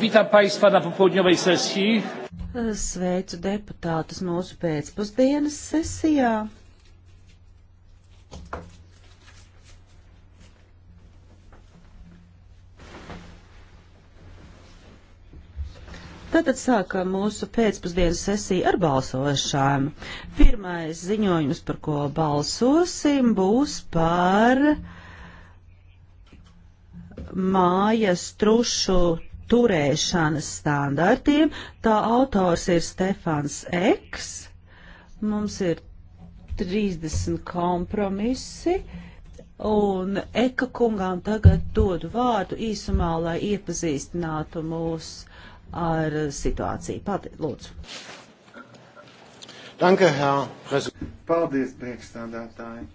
Witam Państwa na popołudniowej sesji. Sveicu deputātus mūsu pēcpusdienas sesijā. Tātad sākam mūsu pēcpusdienas sesiju ar balsošanu. Pirmais ziņojums, par ko balsosim, būs par mājas trušu turēšanas standartiem. Tā autors ir Stefans Eks. Mums ir 30 kompromisi. Un Eka kungām tagad dodu vārdu īsumā, lai iepazīstinātu mūs ar situāciju. Paldies, lūdzu. Danke, Paldies, priekšstādātāji,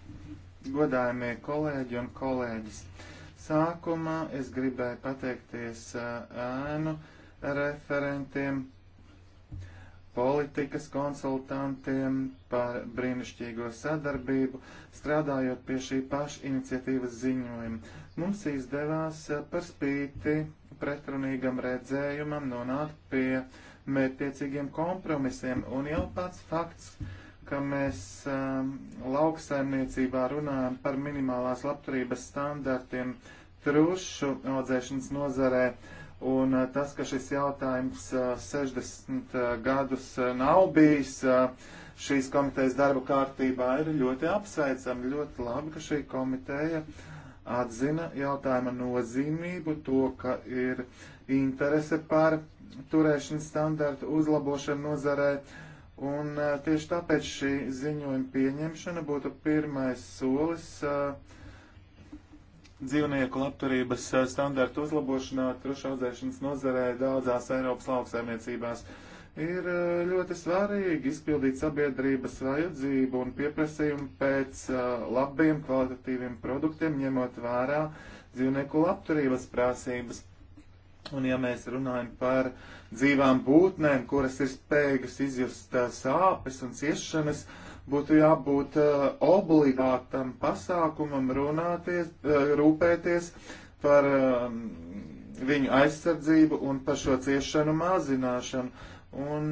godājumie kolēģi un kolēģis. Sākumā es gribēju pateikties eh, ēnu referentiem, politikas konsultantiem par brīnišķīgo sadarbību, strādājot pie šī paša iniciatīvas ziņojuma. Mums izdevās eh, par spīti pretrunīgam redzējumam nonākt pie mērķtiecīgiem kompromisiem, un jau pats fakts, ka mēs um, lauksaimniecībā runājam par minimālās labturības standartiem, uh, trušu audzēšanas nozarē. Un uh, tas, ka šis jautājums 60 uh, uh, gadus nav bijis šīs komitejas darba kārtībā, ir ļoti apsveicami. Ļoti labi, ka šī komiteja atzina jautājuma nozīmību, to, ka ir interese par turēšanas standartu uzlabošanu nozarē. Un tieši tāpēc šī ziņojuma pieņemšana būtu pirmais solis uh, dzīvnieku labturības eh, standartu uzlabošanā trušu audzēšanas nozarē daudzās Eiropas lauksaimniecībās. Ir eh, ļoti svarīgi izpildīt sabiedrības vajadzību un pieprasījumu pēc eh, labiem kvalitatīviem produktiem, ņemot vērā dzīvnieku labturības prasības. Un ja mēs runājam par dzīvām būtnēm, kuras ir spējīgas izjust sāpes un ciešanas, uh, būtu jābūt uh, obligātam pasākumam runāties, uh, rūpēties par um, viņu aizsardzību un par šo ciešanu mazināšanu. Un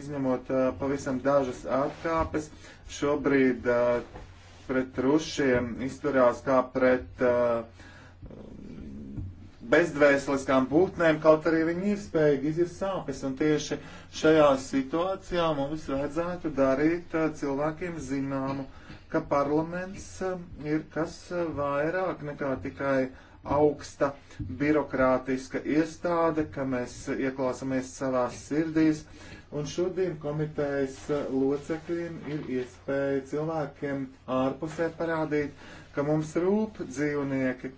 izņemot uh, pavisam dažas atkāpes, šobrīd uh, pret rušiem izturās kā pret uh, bezdvēseliskām būtnēm, kaut arī viņi ir spējīgi izjust sāpes. Un tieši šajā situācijā mums vajadzētu darīt cilvēkiem zināmu, ka parlaments ir kas vairāk nekā tikai augsta birokrātiska iestāde, ka mēs ieklausāmies savās sirdīs. Un šodien komitejas locekļiem ir iespēja cilvēkiem ārpusē parādīt, ka mums rūp dzīvnieki,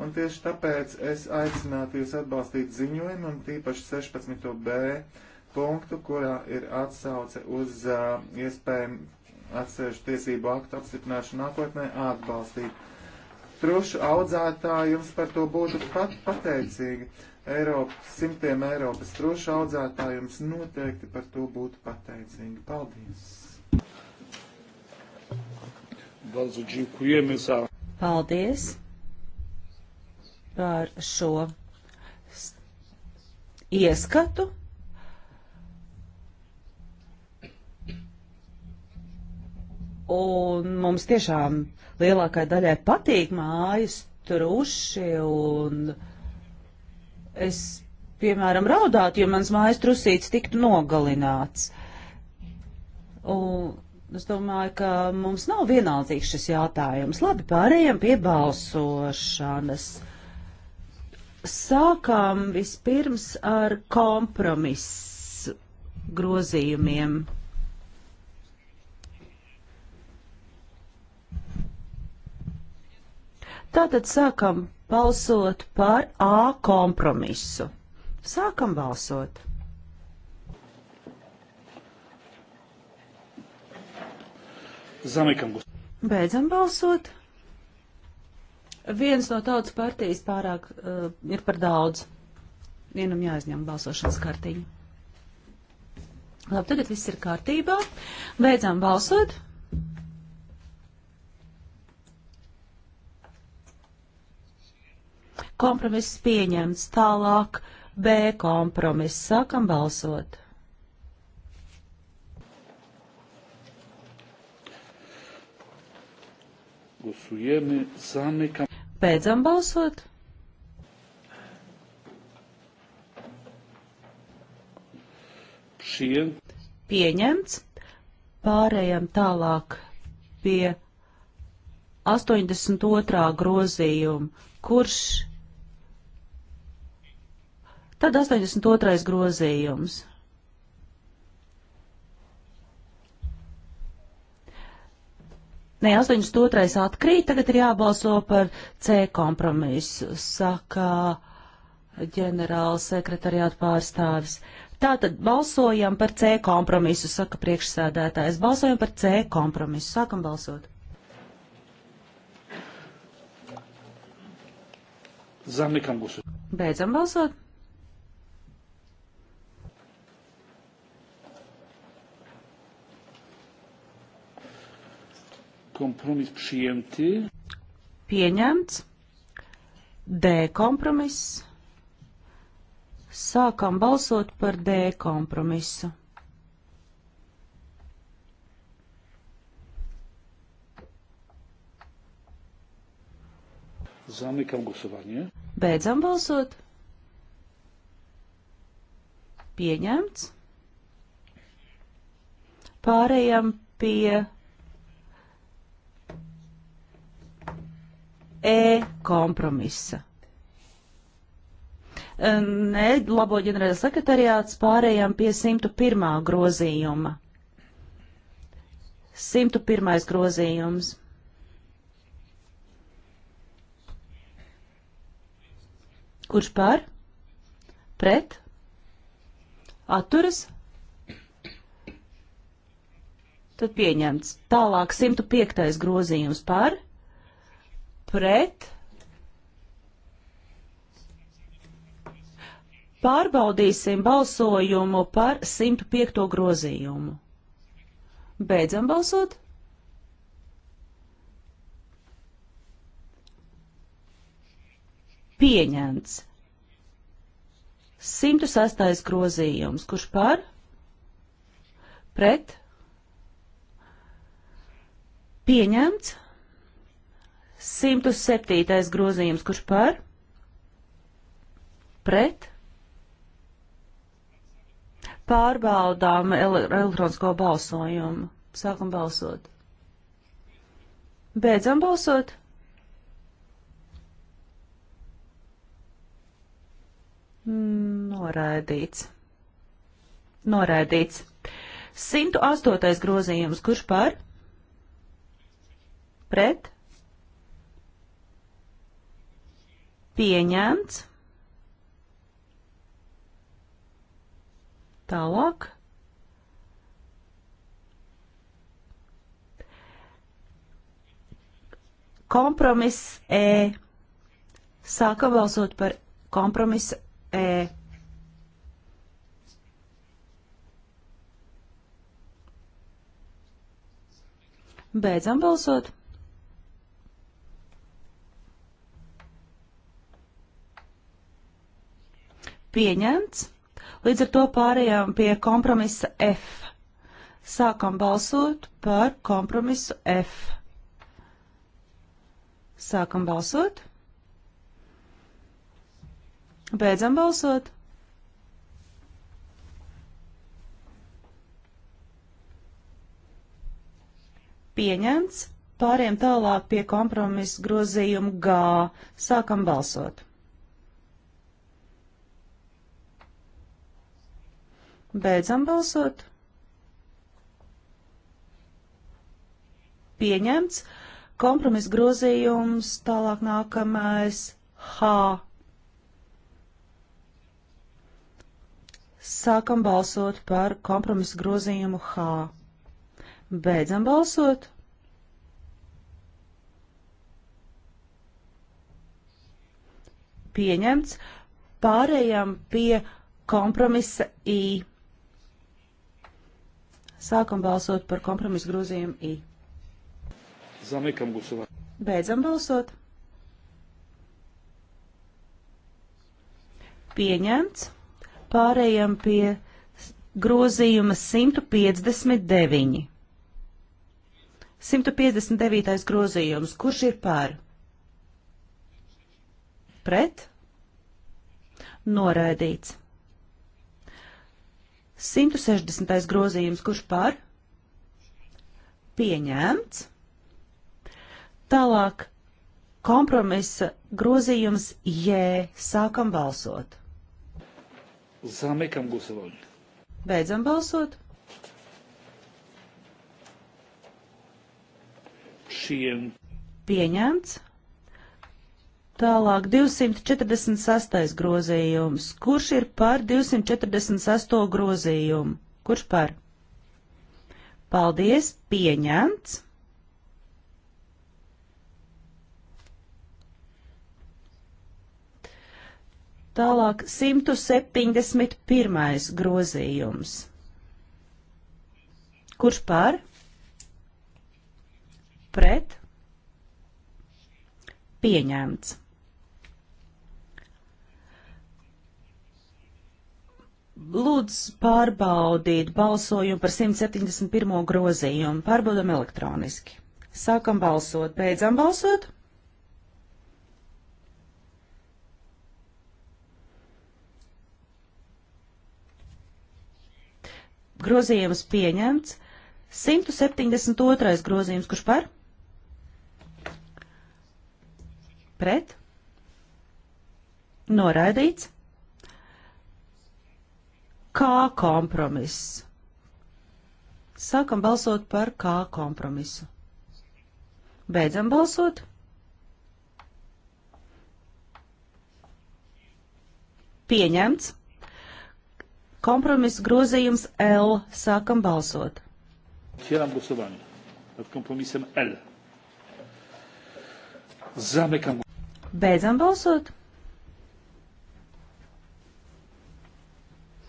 Un tieši tāpēc es aicinātu jūs atbalstīt ziņojumu un tīpaši 16b punktu, kurā ir atsauce uz uh, iespējumu atsevišķu tiesību aktu apstiprināšanu nākotnē atbalstīt. Trušu audzētāji jums par to būtu pat pateicīgi. Eiropas, simtiem Eiropas trušu audzētāji jums noteikti par to būtu pateicīgi. Paldies! Paldies! par šo ieskatu. Un mums tiešām lielākai daļai patīk mājas truši, un es, piemēram, raudātu, ja mans mājas trusīts tiktu nogalināts. Un es domāju, ka mums nav vienaldzīgs šis jātājums. Labi, pārējiem pie balsošanas. Uh, sākām vispirms ar kompromisu grozījumiem. Tātad sākam balsot par A kompromisu. Sākam balsot. Zamekam. Beidzam balsot. Viens no tautas partijas pārāk uh, ir par daudz. Vienam jāizņem balsošanas kartiņu. Labi, tagad viss ir kārtībā. Beidzām balsot. Kompromiss pieņemts. Tālāk B kompromiss. Sākam balsot. Głosujemy. Zamykam. Beidzam balsot. Pieņemts. Pārējām tālāk pie 82. grozījuma, kurš tad 82. grozījums. Nē, 82. atkrīt, tagad ir jābalso par C kompromisu, saka ģenerāla sekretariāta pārstāvis. Tātad balsojam par C kompromisu, saka priekšsēdētājs. Balsojam par C kompromisu. Sākam balsot. Zamnikam būs. Beidzam balsot. kompromis przyjęty. Pieņemts. D kompromiss. Sākam balsot par D kompromisu. Zamykam głosowanie. Beidzam balsot. Pieņemts. Pārējām pie E kompromisa. Nē, labo ģenerāla sekretariāts pārējām pie 101. grozījuma. 101. grozījums. Kurš par? Pret? Atturas? Tad pieņemts. Tālāk 105. grozījums par? pret. Pārbaudīsim balsojumu par 105. grozījumu. Beidzam balsot. Pieņemts. 106. grozījums, kurš par? Pret? Pieņemts. 107. grozījums, kurš par? Pret? Pārbaudām ele elektronisko balsojumu. Sākam balsot. Beidzam balsot. Noraidīts. Noraidīts. 108. grozījums, kurš par? Pret? Pieņemts. Tālāk. Kompromiss E. Sākam balsot par kompromisu E. Beidzam balsot. pieņemts. Līdz ar to pārējām pie kompromisa F. Sākam balsot par kompromisu F. Sākam balsot. Beidzam balsot. Pieņemts. Pāriem tālāk pie kompromisa grozījuma G. Sākam balsot. Beidzam balsot. Pieņemts. Kompromis grozījums. Tālāk nākamais H. Sākam balsot par kompromisu grozījumu H. Beidzam balsot. Pieņemts. Pārējām pie kompromisa I. Sākam balsot par kompromisu grozījumu I. Zamekam gusovā. Beidzam balsot. Pieņemts. Pārējām pie grozījuma 159. 159. grozījums. Kurš ir pār? Pret? Noraidīts. 160. grozījums, kurš par? Pieņemts. Tālāk kompromisa grozījums J. Sākam balsot. Zamekam gusavoņu. Beidzam balsot. Šiem. Pieņemts. Tālāk 246. grozījums. Kurš ir par 248. grozījumu? Kurš par? Paldies, pieņemts. Tālāk 171. grozījums. Kurš par? Pret? Pieņemts. lūdzu pārbaudīt balsojumu par 171. grozījumu. Pārbaudam elektroniski. Sākam balsot, beidzam balsot. Grozījums pieņemts. 172. grozījums, kurš par? Pret? Noraidīts kā kompromiss. Sākam balsot par kā kompromisu. Beidzam balsot. Pieņemts. Kompromiss grozījums L. Sākam balsot. Otwieram głosowanie nad kompromisem L. Zamykam. Beidzam balsot.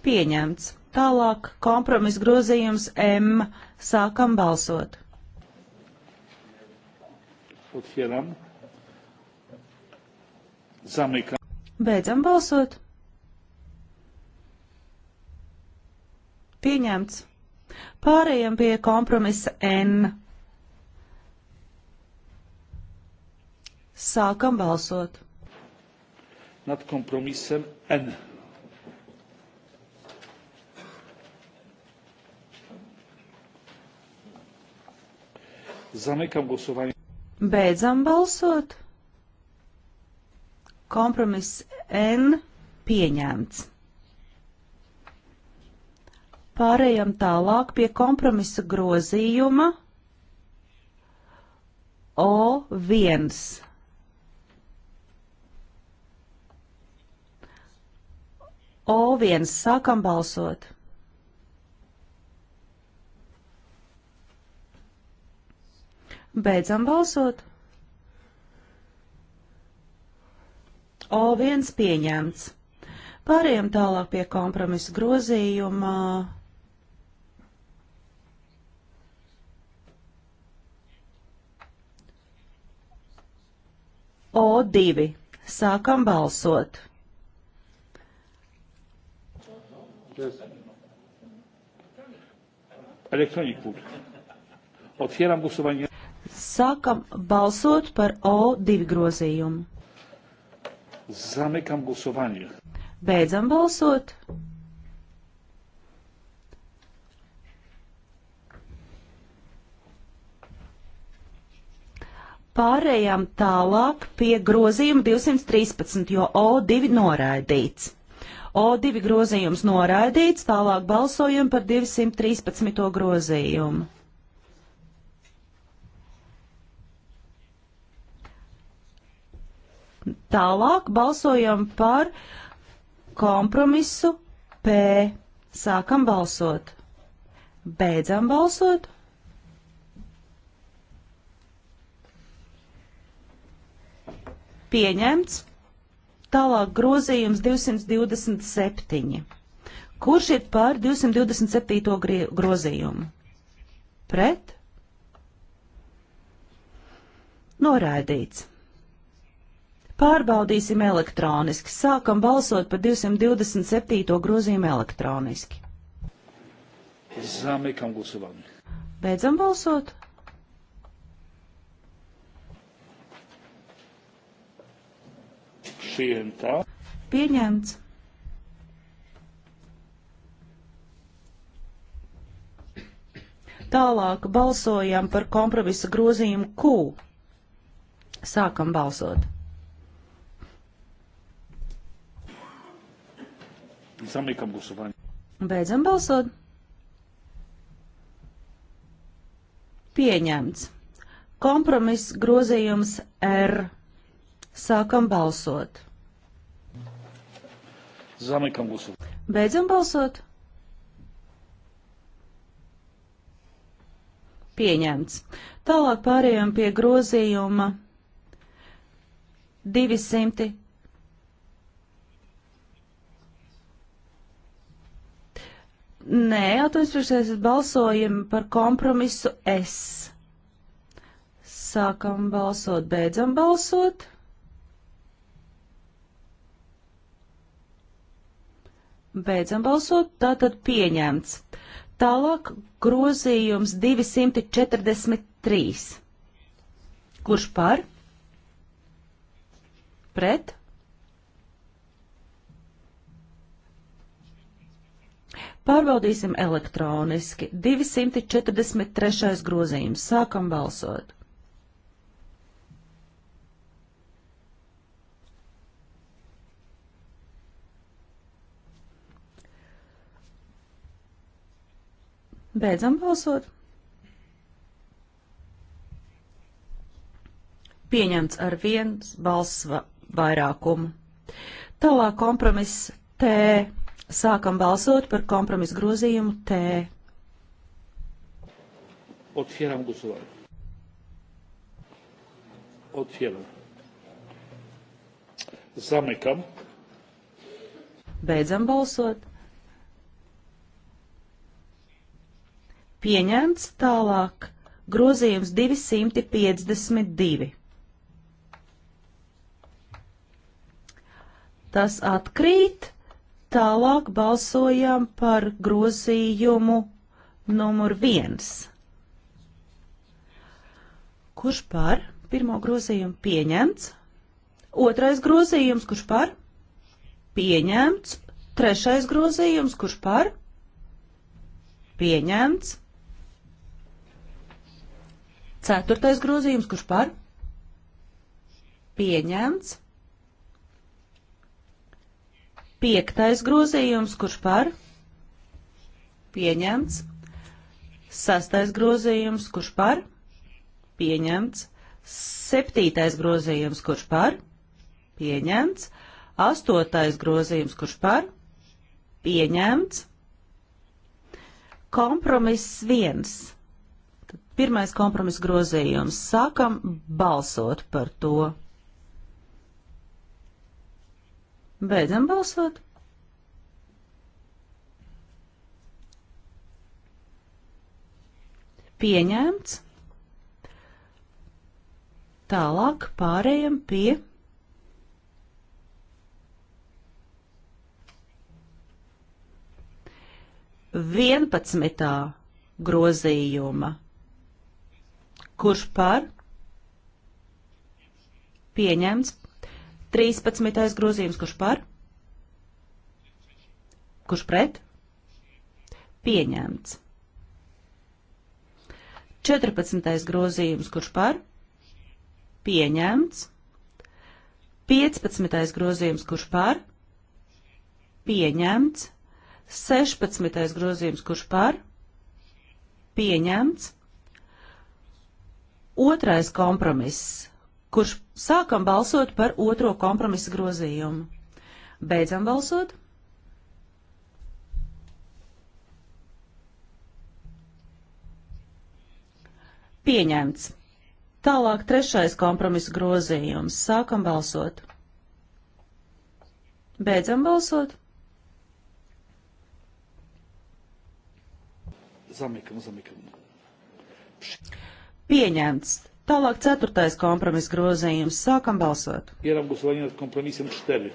Pieņemts. Tālāk kompromis grozījums M. Sākam balsot. Otvieram. Zamykam. Beidzam balsot. Pieņemts. Pārējiem pie kompromisa N. Sākam balsot. Nad kompromisem N. Zamykam głosowanie. Beidzam balsot. Kompromiss N pieņemts. Pārējām tālāk pie kompromisa grozījuma O1. O1 sākam balsot. Beidzam balsot. O1 pieņemts. Pārējām tālāk pie kompromisa grozījuma. O2. Sākam balsot. Elektronik Otwieram głosowanie. Sākam balsot par O2 grozījumu. Zamekam gusovanie. Beidzam balsot. Pārējām tālāk pie grozījuma 213, jo O2 noraidīts. O2 grozījums noraidīts, tālāk balsojam par 213. grozījumu. Tālāk balsojam par kompromisu P. Sākam balsot. Beidzam balsot. Pieņemts. Tālāk grozījums 227. Kurš ir pār 227. grozījumu? Pret? Noraidīts. Pārbaudīsim elektroniski. Sākam balsot par 227. grozījumu elektroniski. Zamykam głosowanie. Beidzam balsot. Przyjęta. Pieņemts. Tālāk balsojam par kompromisa grozījumu Q. Sākam balsot. Zamykam głosowanie. Beidzam balsot. Pieņemts. Kompromiss grozījums R. Sākam balsot. Zamykam głosowanie. Beidzam balsot. Pieņemts. Tālāk pārējām pie grozījuma 200. Nē, atvesušies balsojam par kompromisu S. Sākam balsot, beidzam balsot. Beidzam balsot, tātad pieņemts. Tālāk grozījums 243. Kurš par? Pret? Pārbaudīsim elektroniski. 243. grozījums. Sākam balsot. Beidzam balsot. Pieņemts ar viens balss vairākumu. Tālāk kompromiss T Sākam balsot par kompromisu grozījumu T. Otwieram głosowanie. Otwieram. Zamykam. Beidzam balsot. Pieņemts tālāk grozījums 252. Tas atkrīt, Tālāk balsojam par grozījumu numur viens. Kurš par? Pirmo grozījumu pieņemts. Otrais grozījums, kurš par? Pieņemts. Trešais grozījums, kurš par? Pieņemts. Ceturtais grozījums, kurš par? Pieņemts. Piektais grozījums, kurš par? Pieņemts. Sastais grozījums, kurš par? Pieņemts. Septītais grozījums, kurš par? Pieņemts. Astotais grozījums, kurš par? Pieņemts. Kompromiss viens. Pirmais kompromiss grozījums. Sākam balsot par to. Beidzam balsot. Pieņemts. Tālāk pārējam pie. Vienpadsmitā grozījuma. Kurš par? Pieņemts 13. grozījums, kurš par? Kurš pret? Pieņemts. 14. grozījums, kurš par? Pieņemts. 15. grozījums, kurš par? Pieņemts. 16. grozījums, kurš par? Pieņemts. Otrais kompromiss, kurš Sākam balsot par otro kompromisa grozījumu. Beidzam balsot. Pieņemts. Tālāk trešais kompromisa grozījums. Sākam balsot. Beidzam balsot. Zamikam, zamikam. Pieņemts. Tālāk ceturtais kompromiss grozījums. Sākam balsot. Otwieram głosowanie nad kompromisem 4.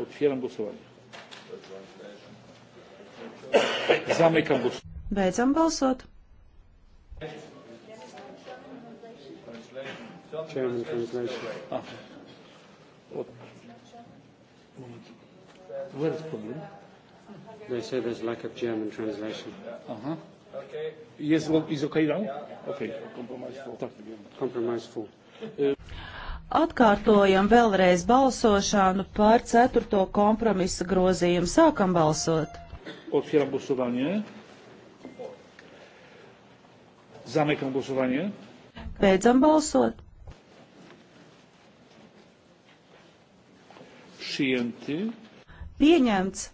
Otwieram głosowanie. Zamykam głosowanie. Beidzam balsot. Chairman translation. Ah. What? Moment. Where is problem? They say there's lack of German translation. Uh-huh. Okay. Yes, well, is okay now? Okay. Compromise for. Compromise for. Atkārtojam vēlreiz balsošanu par ceturto kompromisa grozījumu. Sākam balsot. Otwieram głosowanie. Zamykam głosowanie. Beidzam balsot. Przyjęty. Pieņemts.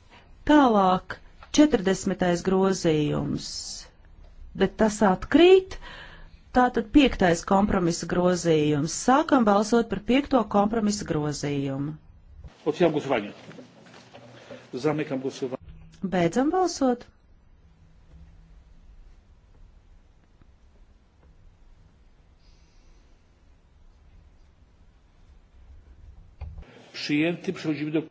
Tālāk 40. grozījums bet tas atkrīt. Tātad piektais kompromisa grozījums. Sākam balsot par piekto kompromisa grozījumu. Beidzam balsot. Przyjęty, przechodzimy do.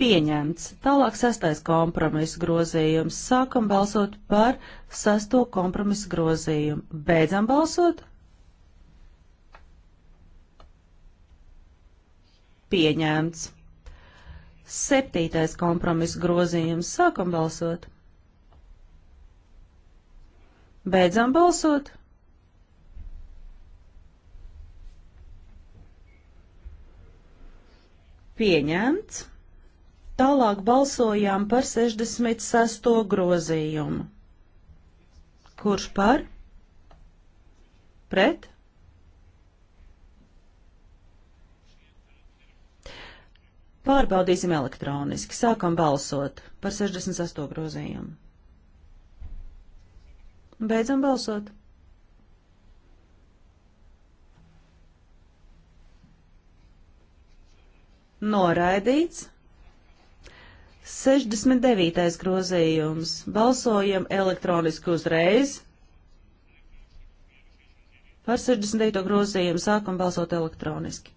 Pieņemts. Tālāk sastais kompromisa grozījums. Sākam balsot par sasto kompromisa grozījumu. Beidzam balsot. Pieņemts. Septītais kompromisa grozījums. Sākam balsot. Beidzam balsot. Pieņemts. Tālāk balsojām par 66. grozījumu. Kurš par? Pret? Pārbaudīsim elektroniski. Sākam balsot par 68 grozījumu. Beidzam balsot. Noraidīts. 69. grozījums. Balsojam elektroniski uzreiz. Par 69. grozījumu sākam balsot elektroniski.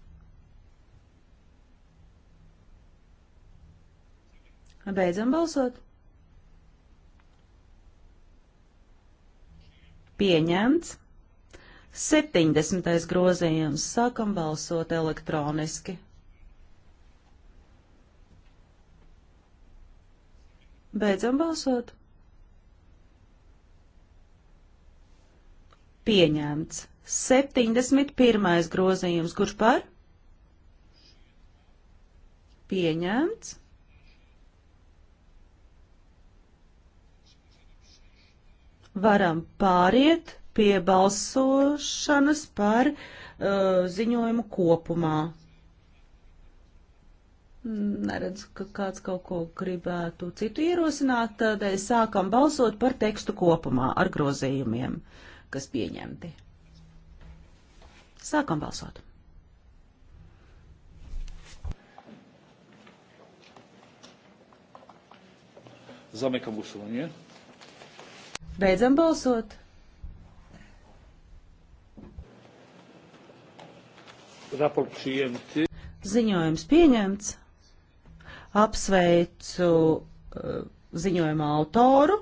Beidzam balsot. Pieņemts. 70. grozījums. Sākam balsot elektroniski. Beidzam balsot. Pieņemts. 71. grozījums, kurš par? Pieņemts. Varam pāriet pie balsošanas par uh, ziņojumu kopumā. Neredzu, ka kāds kaut ko gribētu citu ierosināt, tādēļ sākam balsot par tekstu kopumā ar grozījumiem, kas pieņemti. Sākam balsot. Zamekam głosowanie. Beidzam balsot. Raport przyjęty. Ziņojums pieņemts. Apsveicu eh, ziņojuma autoru.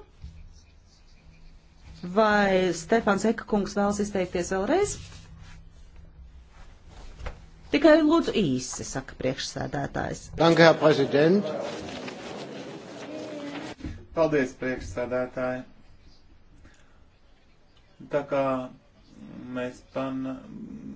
Vai Stefans Ekakungs vēlas izteikties vēlreiz? Tikai lūdzu īsi, saka priekšsēdētājs. Danke, Herr Präsident. Paldies, priekšsēdētāji. Tā kā mēs, pan,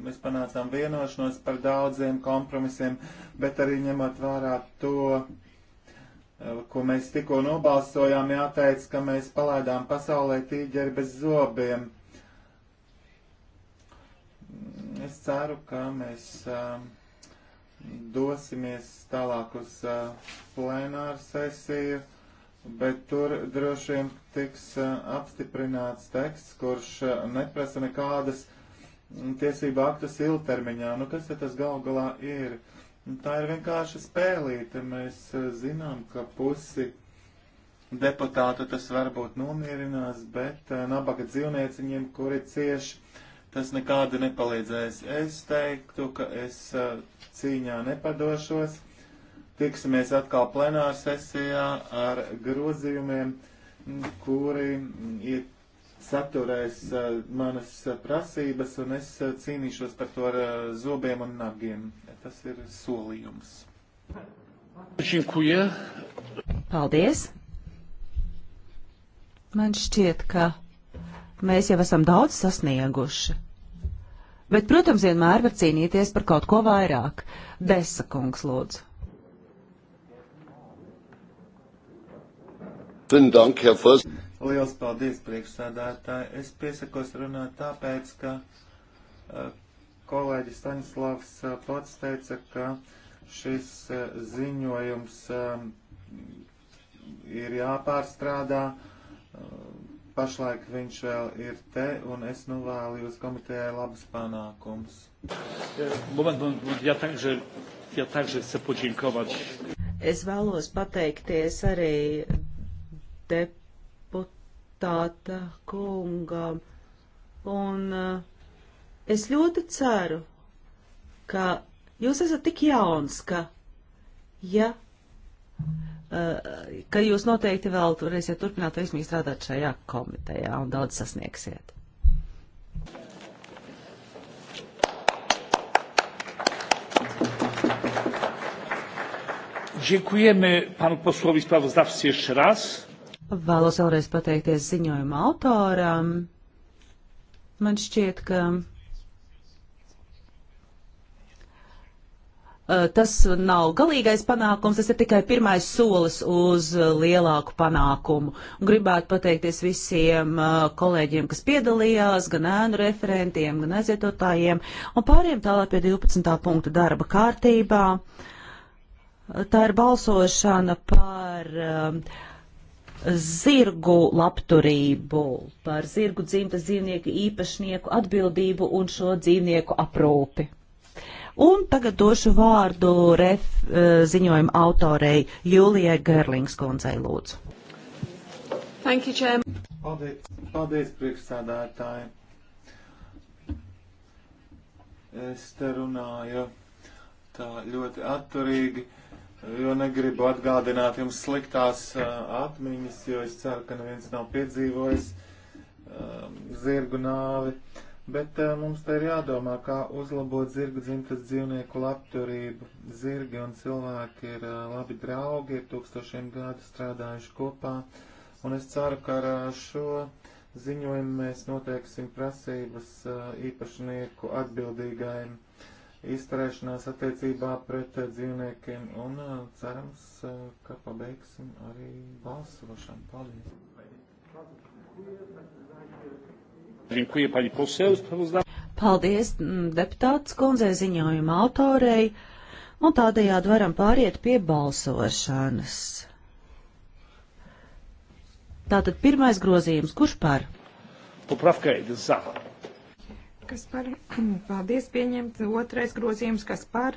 mēs panācām vienošanos par daudziem kompromisiem, bet arī ņemot vērā to, eh, ko mēs tikko nobalsojām, jāteic, ka mēs palaidām pasaulē tīģeri bez zobiem. Es ceru, ka mēs uh, dosimies tālāk uz uh, plenāru sesiju bet tur droši vien tiks apstiprināts teksts, kurš neprasa nekādas tiesību aktus ilgtermiņā. Nu, kas ja tas gal galā ir? Nu, tā ir vienkārši spēlīte. Mēs zinām, ka pusi deputātu tas varbūt nomierinās, bet nabaga dzīvnieciņiem, kuri cieši, tas nekādi nepalīdzēs. Es teiktu, ka es cīņā nepadošos tiksimies atkal plenāra sesijā ar grozījumiem, kuri iet saturēs uh, manas prasības, un es uh, cīnīšos par to ar uh, zobiem un nagiem. Tas ir solījums. Paldies! Man šķiet, ka mēs jau esam daudz sasnieguši. Bet, protams, vienmēr var cīnīties par kaut ko vairāk. Desa kungs, lūdzu. Lielas paldies, priekšsādātāji. Es piesakos runāt tāpēc, ka uh, kolēģis Staņslavs uh, pats teica, ka šis uh, ziņojums ir jāpārstrādā. Pašlaik viņš vēl ir te, un es nu vēlu jūs komitejai labus panākumus. Moment, moment, ja takže, ja takže se podziękować. Es vēlos pateikties arī deputāta kungam. Un eh, es ļoti ceru, ka jūs esat tik jauns, ka, ja, eh, ka jūs noteikti vēl turēsiet turpināt veiksmīgi strādāt šajā komitejā un daudz sasniegsiet. Dziękujemy panu posłowi sprawozdawcy jeszcze raz. Vēlos vēlreiz pateikties ziņojuma autoram. Man šķiet, ka e, tas nav galīgais panākums, tas ir tikai pirmais solis uz lielāku panākumu. Un gribētu pateikties visiem e, kolēģiem, kas piedalījās, gan ēnu referentiem, gan aizietotājiem, un pāriem tālāk pie 12. punktu darba kārtībā. Tā ir balsošana par uh, zirgu labturību, par zirgu dzimtas dzīvnieku īpašnieku atbildību un šo dzīvnieku aprūpi. Un tagad došu vārdu ref, eh, ziņojuma autorei Julijai Gerlings kundzei lūdzu. Thank you, Chair. Paldies, paldies priekšsādātāji. Es te runāju tā ļoti atturīgi jo negribu atgādināt jums sliktās uh, atmiņas, jo es ceru, ka neviens nav piedzīvojis um, zirgu nāvi. Bet uh, mums te ir jādomā, kā uzlabot zirgu dzimtas dzīvnieku labturību. Zirgi un cilvēki ir uh, labi draugi, ir tūkstošiem gadu strādājuši kopā, un es ceru, ka ar uh, šo ziņojumu mēs noteiksim prasības uh, īpašnieku atbildīgajiem izturēšanās attiecībā pret dzīvniekiem un uh, cerams, uh, ka pabeigsim arī balsošanu. Paldies! Dziękuję pani poseł. Paldies mm, deputāts kundzei ziņojuma autorei, un tādējādi varam pāriet pie balsošanas. Tātad pirmais grozījums, kurš par? Popravka ir za kas par, paldies, pieņemts. Otrais grozījums, kas par,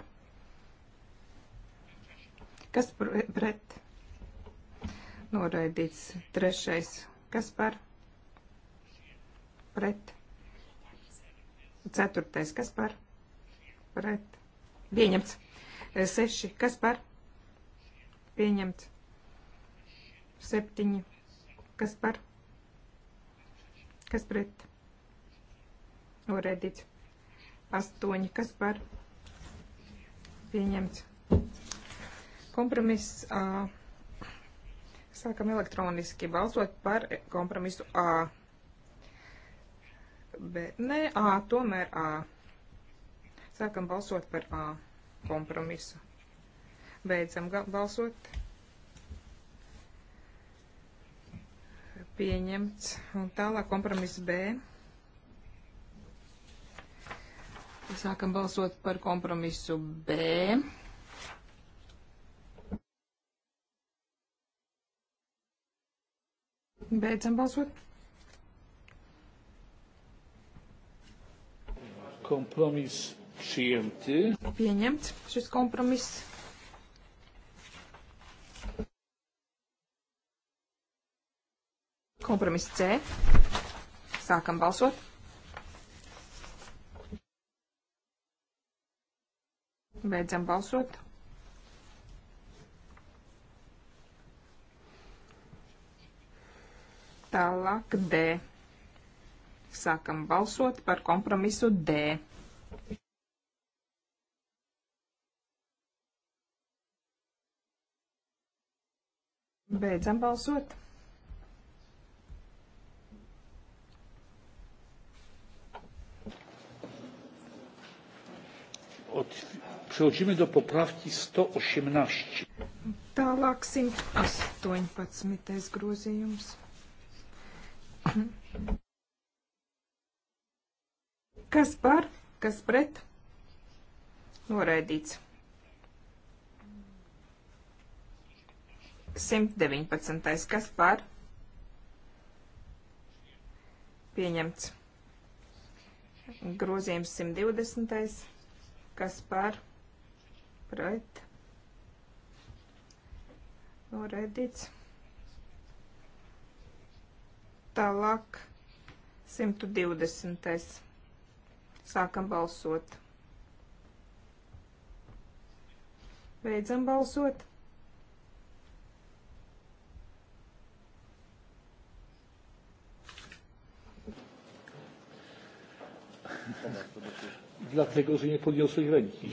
kas pr pret, noraidīts. Trešais, kas par, pret. Ceturtais, kas par, pret, pieņemts. Seši, kas par, pieņemts. Septiņi, kas par, kas pret Noredīts. Astoņi, kas par pieņemts. Kompromiss A. Sākam elektroniski balsot par kompromisu A. Bet nē, A, tomēr A. Sākam balsot par A kompromisu. Beidzam balsot. Pieņemts. Un tālāk kompromiss B. Sākam balsot par kompromisu B. Beidzam balsot. Kompromis przyjęty. Pieņemts šis kompromiss. Kompromiss C. Sākam balsot. Beidzam balsot. Tālāk D. Sākam balsot par kompromisu D. Beidzam balsot. Ot, Przechodzimy do poprawki 118. Tālāk 118. grozījums. Kas par, kas pret? Noraidīts. 119. Kas par? Pieņemts. Grozījums 120. Kas par? pret noraidīts. Tālāk 120. Sākam balsot. Beidzam balsot. Dlatego, że nie podniosłeś ręki.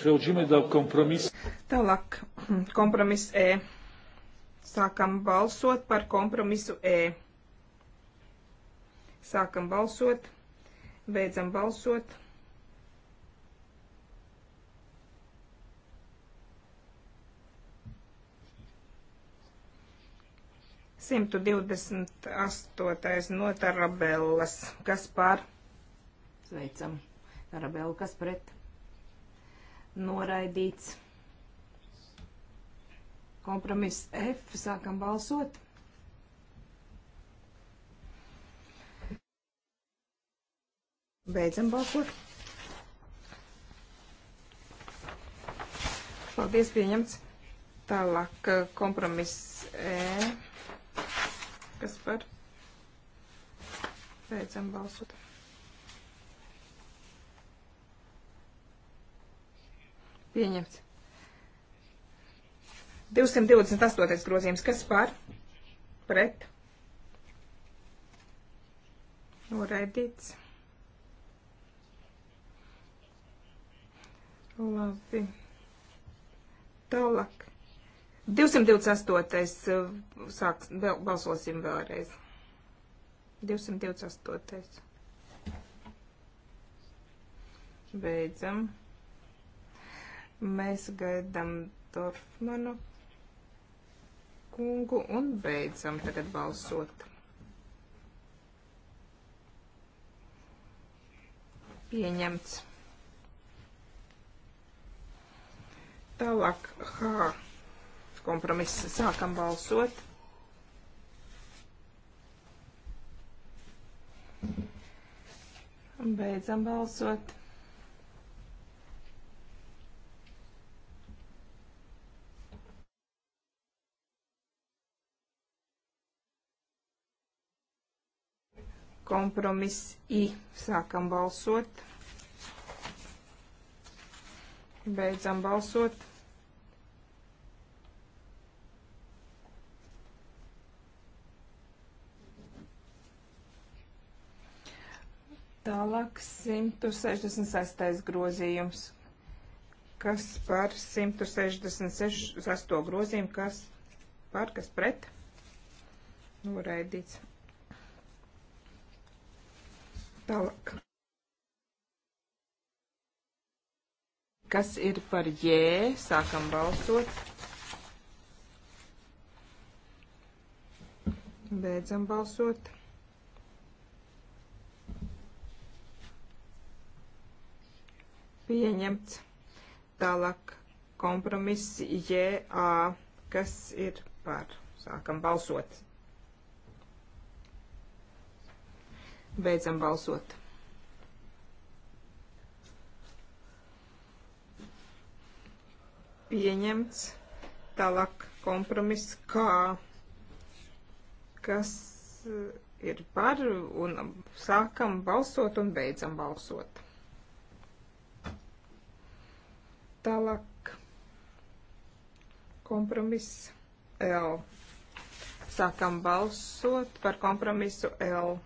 Preoģime da kompromis. Tālāk, kompromis E. Sākam balsot par kompromisu E. Sākam balsot, beidzam balsot. Simtu divdesmit astotais notarabellas, kas par? Sveicam. Tarabelu, kas pret? Noraidīts. Kompromiss F. Sākam balsot. Beidzam balsot. Paldies, pieņemts. Tālāk eh, kompromiss E. Kas par? Beidzam balsot. Pieņemts. 228. grozījums. Kas par? Pret. Noraidīts. Labi. Tālāk. 228. Eh, sāks, vēl, balsosim vēlreiz. 228. Beidzam. Mēs gaidām Dorfmanu kungu un beidzam tagad balsot. Pieņemts. Tālāk H kompromiss sākam balsot. Un beidzam balsot. kompromiss I. Sākam balsot. Beidzam balsot. Tālāk 166. grozījums. Kas par 166. grozījumu, kas par, kas pret? Noraidīts. Tālāk. Kas ir par jē? Sākam balsot. Beidzam balsot. Pieņemts. Tālāk kompromiss JA. Kas ir par? Sākam balsot. Beidzam balsot. Pieņemts tālāk kompromiss, kā kas eh, ir par, un sākam balsot un beidzam balsot. Tālāk kompromiss L. Sākam balsot par kompromisu L.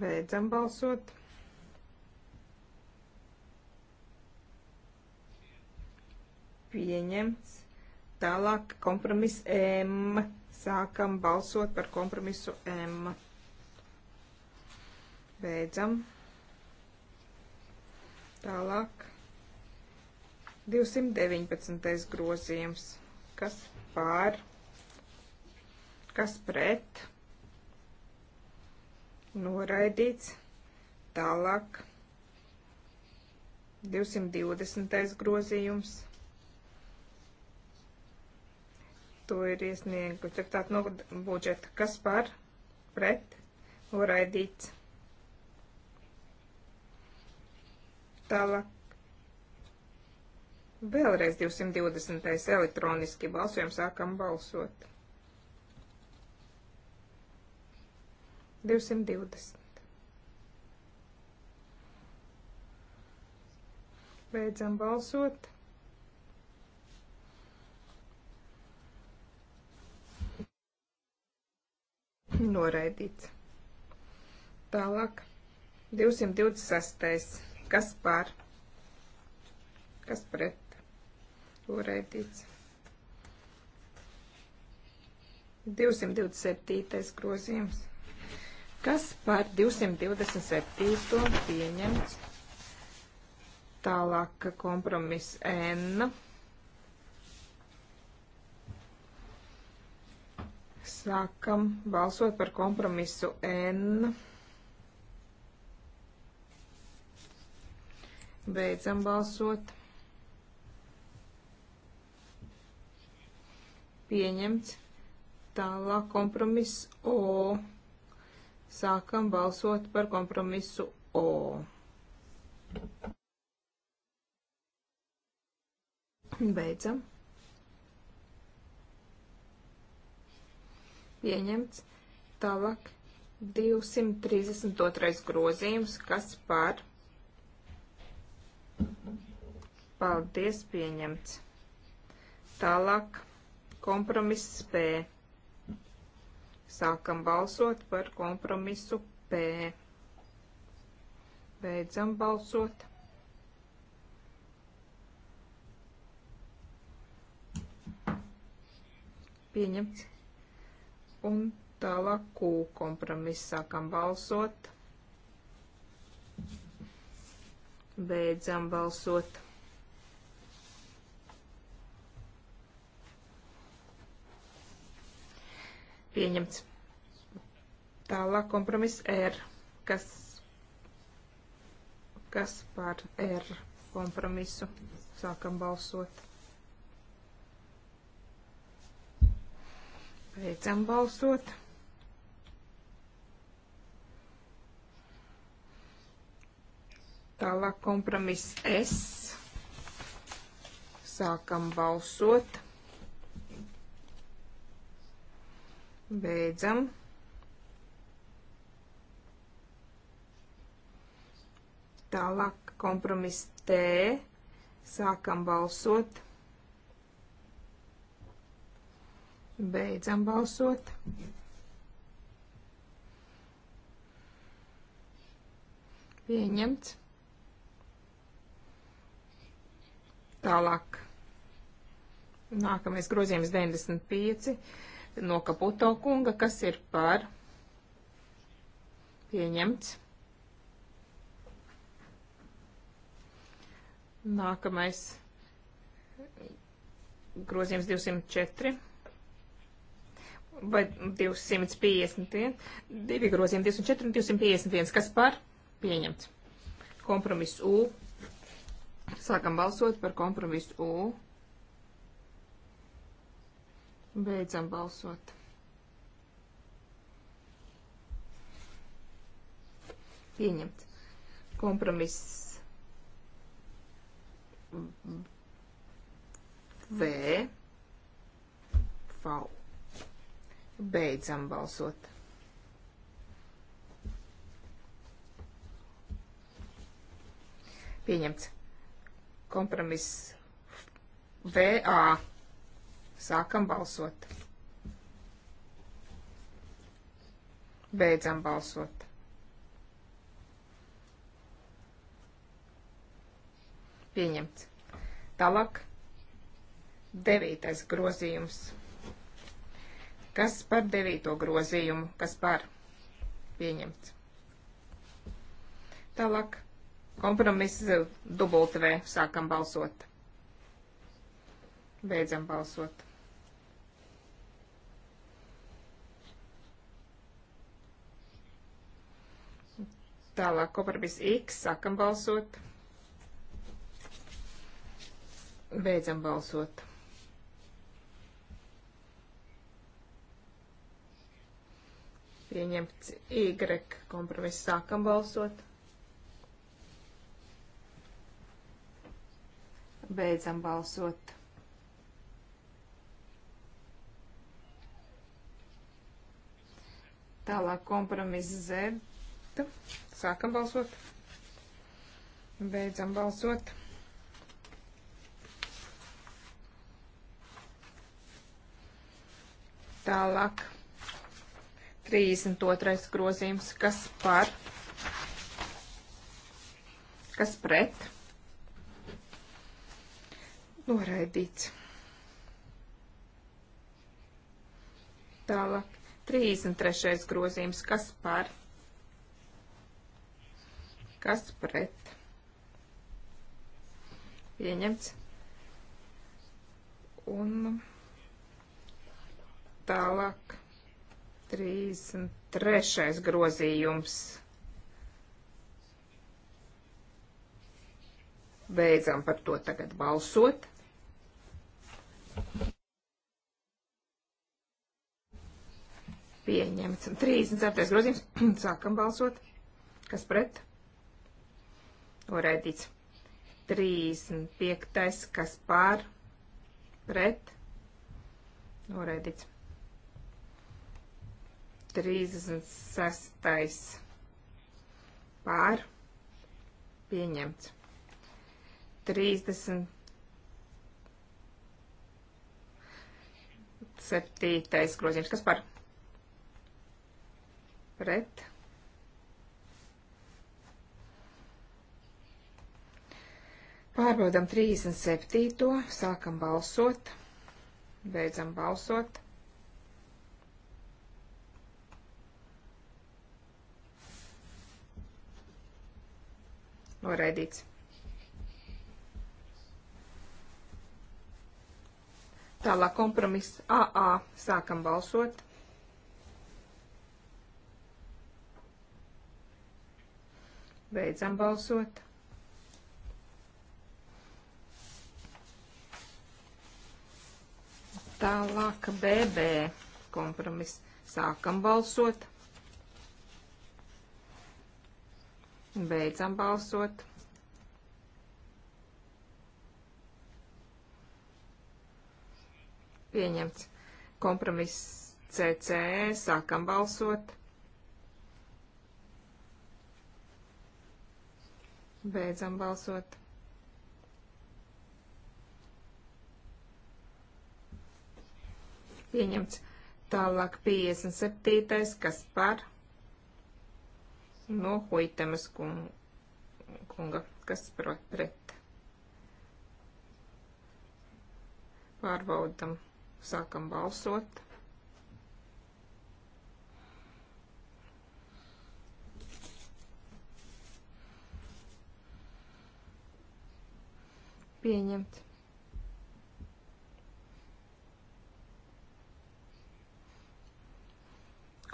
Beidzam balsot. Pieņemts. Tālāk kompromiss M. Sākam balsot par kompromisu M. Beidzam. Tālāk. 219. grozījums. Kas pār? Kas pret? noraidīts. Tālāk 220. grozījums. To ir iesnieguši deputāti no budžeta. Kas par? Pret? Noraidīts. Tālāk. Vēlreiz 220. elektroniski balsojam, sākam balsot. 220. Beidzam balsot. Noraidīts. Tālāk. 226. Kas pār? Kas pret? Noraidīts. 227. grozījums. Kas par 227. pieņemts? Tālāk kompromiss N. Sākam balsot par kompromisu N. Beidzam balsot. Pieņemts. Tālāk kompromiss O. Sākam balsot par kompromisu O. Beidzam. Pieņemts. Tālāk 232. grozījums, kas par. Paldies, pieņemts. Tālāk kompromiss spēja. Sākam balsot par kompromisu P. Beidzam balsot. Pieņemts. Un tālāk Q kompromiss sākam balsot. Beidzam balsot. pieņemts. Tālāk kompromiss R, kas, kas par R kompromisu sākam balsot. Beidzam balsot. Tālāk kompromiss S. Sākam balsot. Beidzam. Tālāk kompromiss T. Sākam balsot. Beidzam balsot. Pieņemts. Tālāk. Nākamais grozījums 95 no Kaputo kunga, kas ir par pieņemts. Nākamais grozījums 204 vai 251. Divi grozījumi 204 un 251. Kas par? Pieņemts. Kompromiss U. Sākam balsot par kompromisu U. Beidzam balsot. Pieņemts. Kompromiss V. V. Beidzam balsot. Pieņemts. Kompromiss VA. Sākam balsot. Beidzam balsot. Pieņemts. Tālāk. Devītais grozījums. Kas par devīto grozījumu? Kas par? Pieņemts. Tālāk. Kompromiss eh, dubultvē. Sākam balsot. Beidzam balsot. Tālāk kompromiss X, sākam balsot. Beidzam balsot. Pieņemts Y kompromiss, sākam balsot. Beidzam balsot. Tālāk kompromiss Z, Marta. Sākam balsot. Beidzam balsot. Tālāk. 32. grozījums, kas par, kas pret, noraidīts. Tālāk, 33. grozījums, kas par, kas pret. Pieņemts. Un tālāk 33. grozījums. Beidzam par to tagad balsot. Pieņemts. 34. grozījums. Sākam balsot. Kas pret? Noraidīts. 35. kas pār pret. Noraidīts. 36. pār pieņemts. 37. grozījums, kas par pret Pārbaudam 37. Sākam balsot. Beidzam balsot. Noraidīts. Tālāk kompromiss AA. Sākam balsot. Beidzam balsot. Tālāk BB kompromis. Sākam balsot. Beidzam balsot. Pieņemts kompromiss CC. Sākam balsot. Beidzam balsot. pieņemts. Tālāk 57. kas par no Huitemas kunga, kas pret. Pārbaudam, sākam balsot. Pieņemt.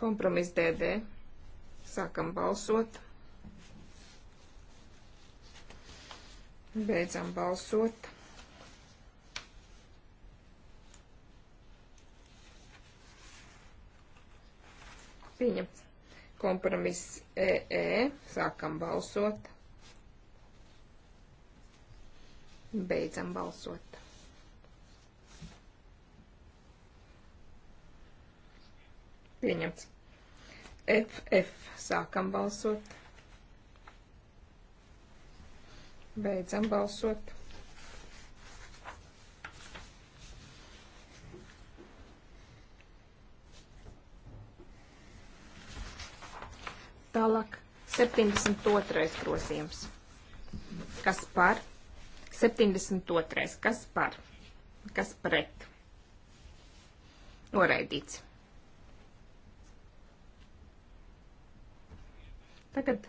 Kompromiss DD. Sākam balsot. Beidzam balsot. Pieņemts kompromiss EE. Sākam balsot. Beidzam balsot. Pieņemts. FF. Sākam balsot. Beidzam balsot. Tālāk 72. grozījums. Kas par? 72. Kas par? Kas pret? Noraidīts. Tagad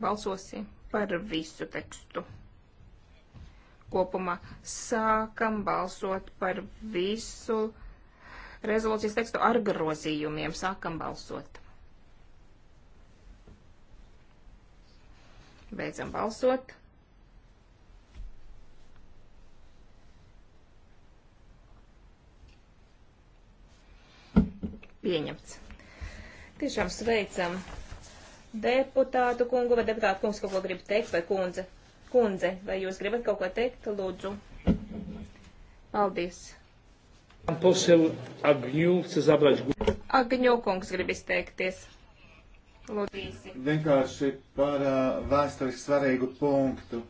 balsosim par visu tekstu. Kopumā sākam balsot par visu rezolūcijas tekstu ar grozījumiem. Sākam balsot. Beidzam balsot. Pieņemts. Tiešām sveicam deputātu kungu, vai deputātu kungs kaut ko grib teikt, vai kundze? Kundze, vai jūs gribat kaut ko teikt? Lūdzu. Paldies. Agņū kungs grib izteikties. Lūdzu. Vienkārši par uh, vēsturiski svarīgu punktu.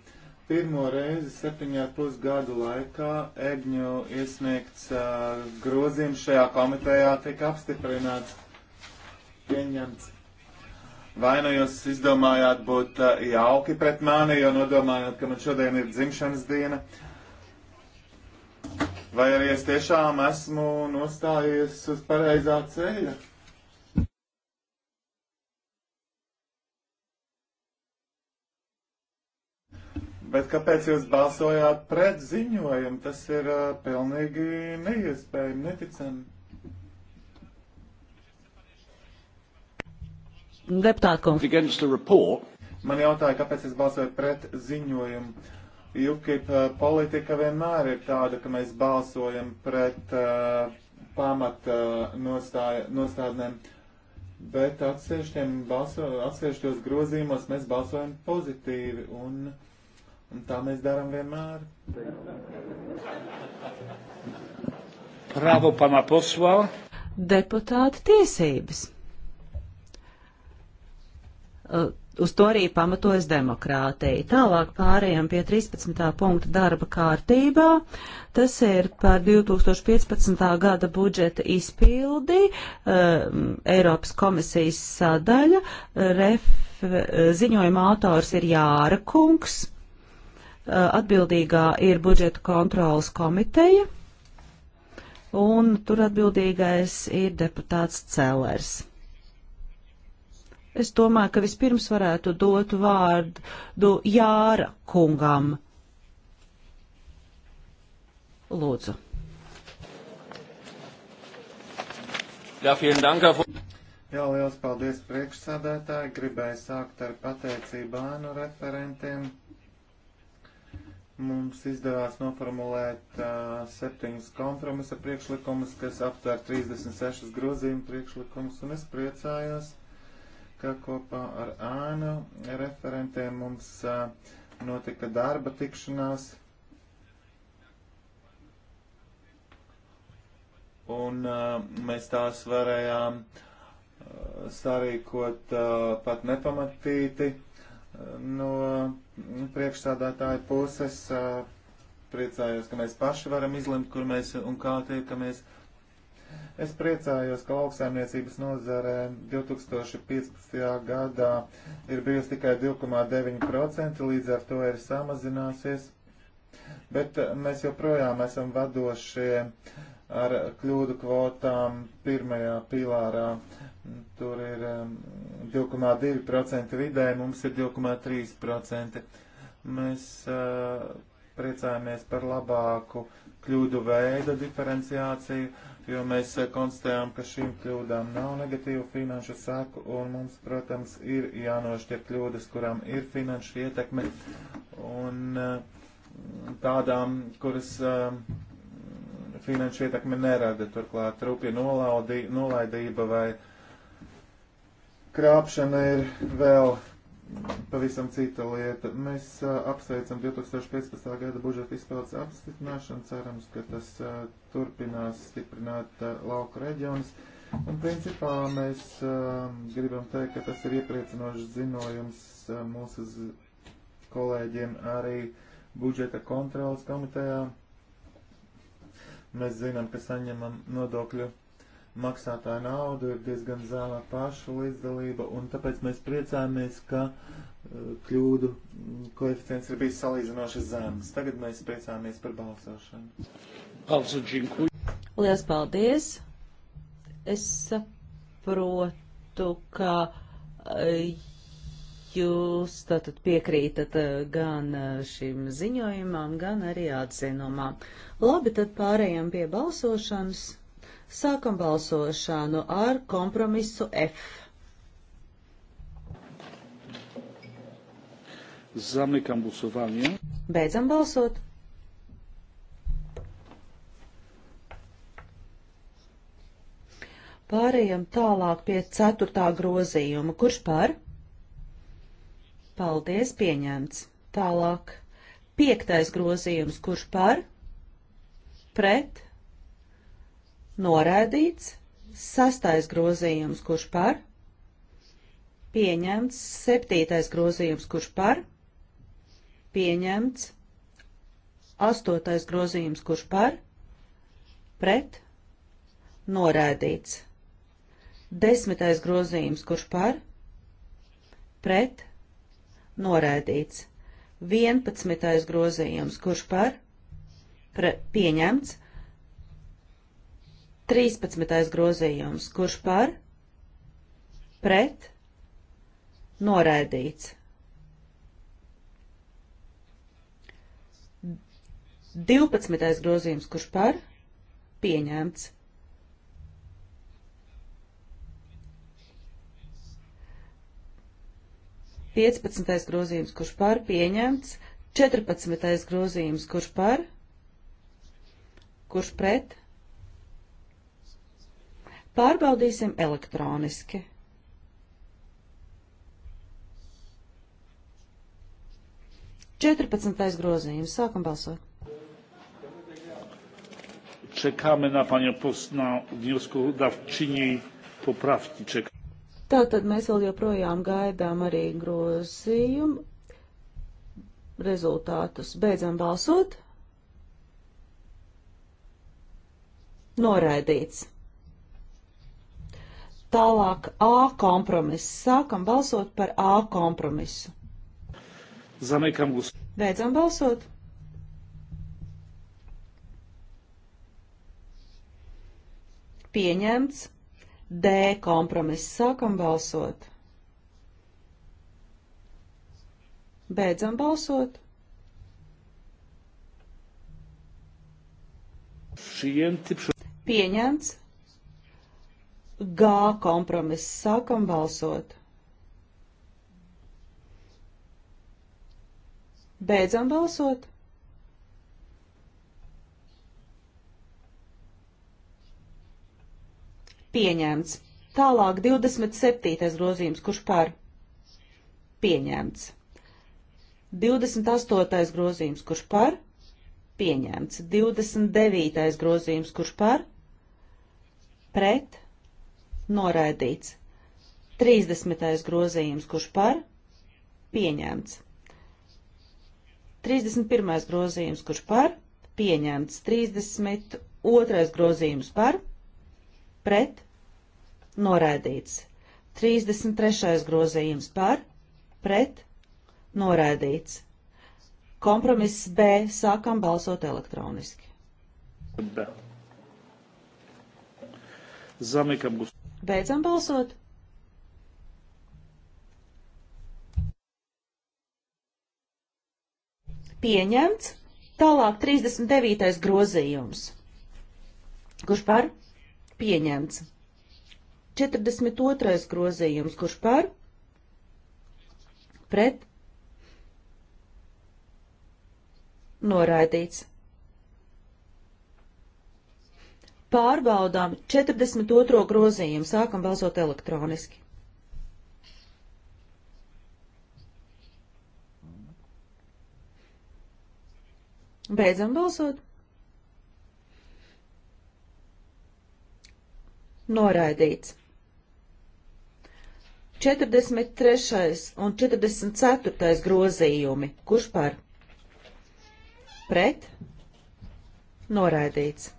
Pirmo reizi septiņā pusgadu laikā Egņu iesniegts uh, grozījums šajā komitejā tika apstiprināts, pieņemts vai nu jūs izdomājāt būt eh, jauki pret mani, jo nodomājāt, ka man šodien ir dzimšanas diena, vai arī es tiešām esmu nostājies uz pareizā ceļa. Bet kāpēc jūs balsojāt pret ziņojumu? Tas ir uh, pilnīgi neiespējami, neticami. Deputāta kungs. Man jautāja, kāpēc es balsoju pret ziņojumu. UKIP uh, politika vienmēr ir tāda, ka mēs balsojam pret uh, pamat uh, nostāja, nostādnēm, bet atsevišķos grozījumos mēs balsojam pozitīvi, un, un tā mēs darām vienmēr. Pravo pana posla. Deputāta tiesības. Eh, uz to arī pamatojas demokrātija. Tālāk pārējām pie 13. punkta darba kārtībā. Tas ir par 2015. gada budžeta izpildi um, Eiropas komisijas sadaļa. Ref, eh, ziņojuma autors ir Jāra Kungs. Atbildīgā ir budžeta kontrolas komiteja. Un tur atbildīgais ir deputāts Celers. Es domāju, ka vispirms varētu dot vārdu Jāra kungam. Lūdzu. Jā, liels paldies priekšsādātāji. Gribēju sākt ar pateicību ānu referentiem. Mums izdevās noformulēt uh, septiņus kompromisa priekšlikumus, kas aptver 36 grozījumu priekšlikumus, un es priecājos ka kopā ar ēnu referentiem mums notika darba tikšanās. Un mēs tās varējām sarīkot pat nepamatīti no priekšstādātāja puses. Priecājos, ka mēs paši varam izlemt, kur mēs un kā tiekamies. Ka Es priecājos, ka lauksaimniecības nozarē 2015. gadā ir bijusi tikai 2,9%, līdz ar to ir samazināsies. Bet eh, mēs joprojām esam vadošie ar kļūdu kvotām pirmajā pilārā. Tur ir 2,2% vidē, mums ir 2,3%. Mēs uh, priecājamies par labāku kļūdu veidu diferenciāciju jo mēs eh, konstatējām, ka šīm kļūdām nav negatīvu finanšu sēku, un mums, protams, ir jānošķir kļūdas, kurām ir finanšu ietekme, un eh, tādām, kuras eh, finanšu ietekme nerada, turklāt rūpja nolaidība vai krāpšana ir vēl pavisam cita lieta. Mēs apsveicam 2015. gada budžeta izpildes apstiprināšanu, cerams, ka tas turpinās stiprināt lauku reģionus. Un principā mēs gribam teikt, ka tas ir iepriecinošs zinojums mūsu kolēģiem arī budžeta kontrolas komitejā. Mēs zinām, ka saņemam nodokļu maksātāja naudu, ir diezgan zēma paša līdzdalība, un tāpēc mēs priecājamies, ka eh, kļūdu mm, koeficients ir bijis salīdzinoši zems. Tagad mēs priecājamies par balsošanu. Paldies, Lielas paldies! Es saprotu, ka eh, jūs tātad piekrītat eh, gan šim ziņojumam, gan arī atzinumam. Labi, tad pārējām pie balsošanas. Sākam balsošanu ar kompromisu F. Zamykam głosowanie. Beidzam balsot. Pārējām tālāk pie ceturtā grozījuma. Kurš par? Paldies, pieņemts. Tālāk. Piektais grozījums. Kurš par? Pret? Noraidīts. Sastais grozījums, kurš par? Pieņemts. Septītais grozījums, kurš par? Pieņemts. Astotais grozījums, kurš par? Pret. Noraidīts. Desmitais grozījums, kurš par? Pret. Noraidīts. Vienpadsmitais grozījums, kurš par? Pre, pieņemts. 13. grozījums, kurš par, pret, noraidīts. 12. grozījums, kurš par, pieņemts. 15. grozījums, kurš par, pieņemts. 14. grozījums, kurš par, kurš pret, Pārbaudīsim elektroniski. Četrpadsmitais grozījums. Sākam balsot. Čekāme na paņa posnā vņosku davčiņī popravki. Ček... Tātad mēs vēl joprojām gaidām arī grozījumu rezultātus. Beidzam balsot. Noraidīts. Tālāk A kompromiss. Sākam balsot par A kompromisu. Zamekam gus. Beidzam balsot. Pieņemts. D kompromiss. Sākam balsot. Beidzam balsot. Pieņemts. G kompromiss. Sākam balsot. Beidzam balsot. Pieņemts. Tālāk 27. grozījums, kurš par? Pieņemts. 28. grozījums, kurš par? Pieņemts. 29. grozījums, kurš par? Pret? noraidīts. 30. grozījums, kurš par, pieņemts. 31. grozījums, kurš par, pieņemts. 32. grozījums par, pret, noraidīts. 33. grozījums par, pret, noraidīts. Kompromiss B. Sākam balsot elektroniski. Zamykam Beidzam balsot. Pieņemts. Tālāk 39. grozījums. Kurš par? Pieņemts. 42. grozījums. Kurš par? Pret? Noraidīts. Pārbaudām 42. grozījumu. Sākam balsot elektroniski. Beidzam balsot. Noraidīts. 43. un 44. grozījumi. Kurš par? Pret? Noraidīts.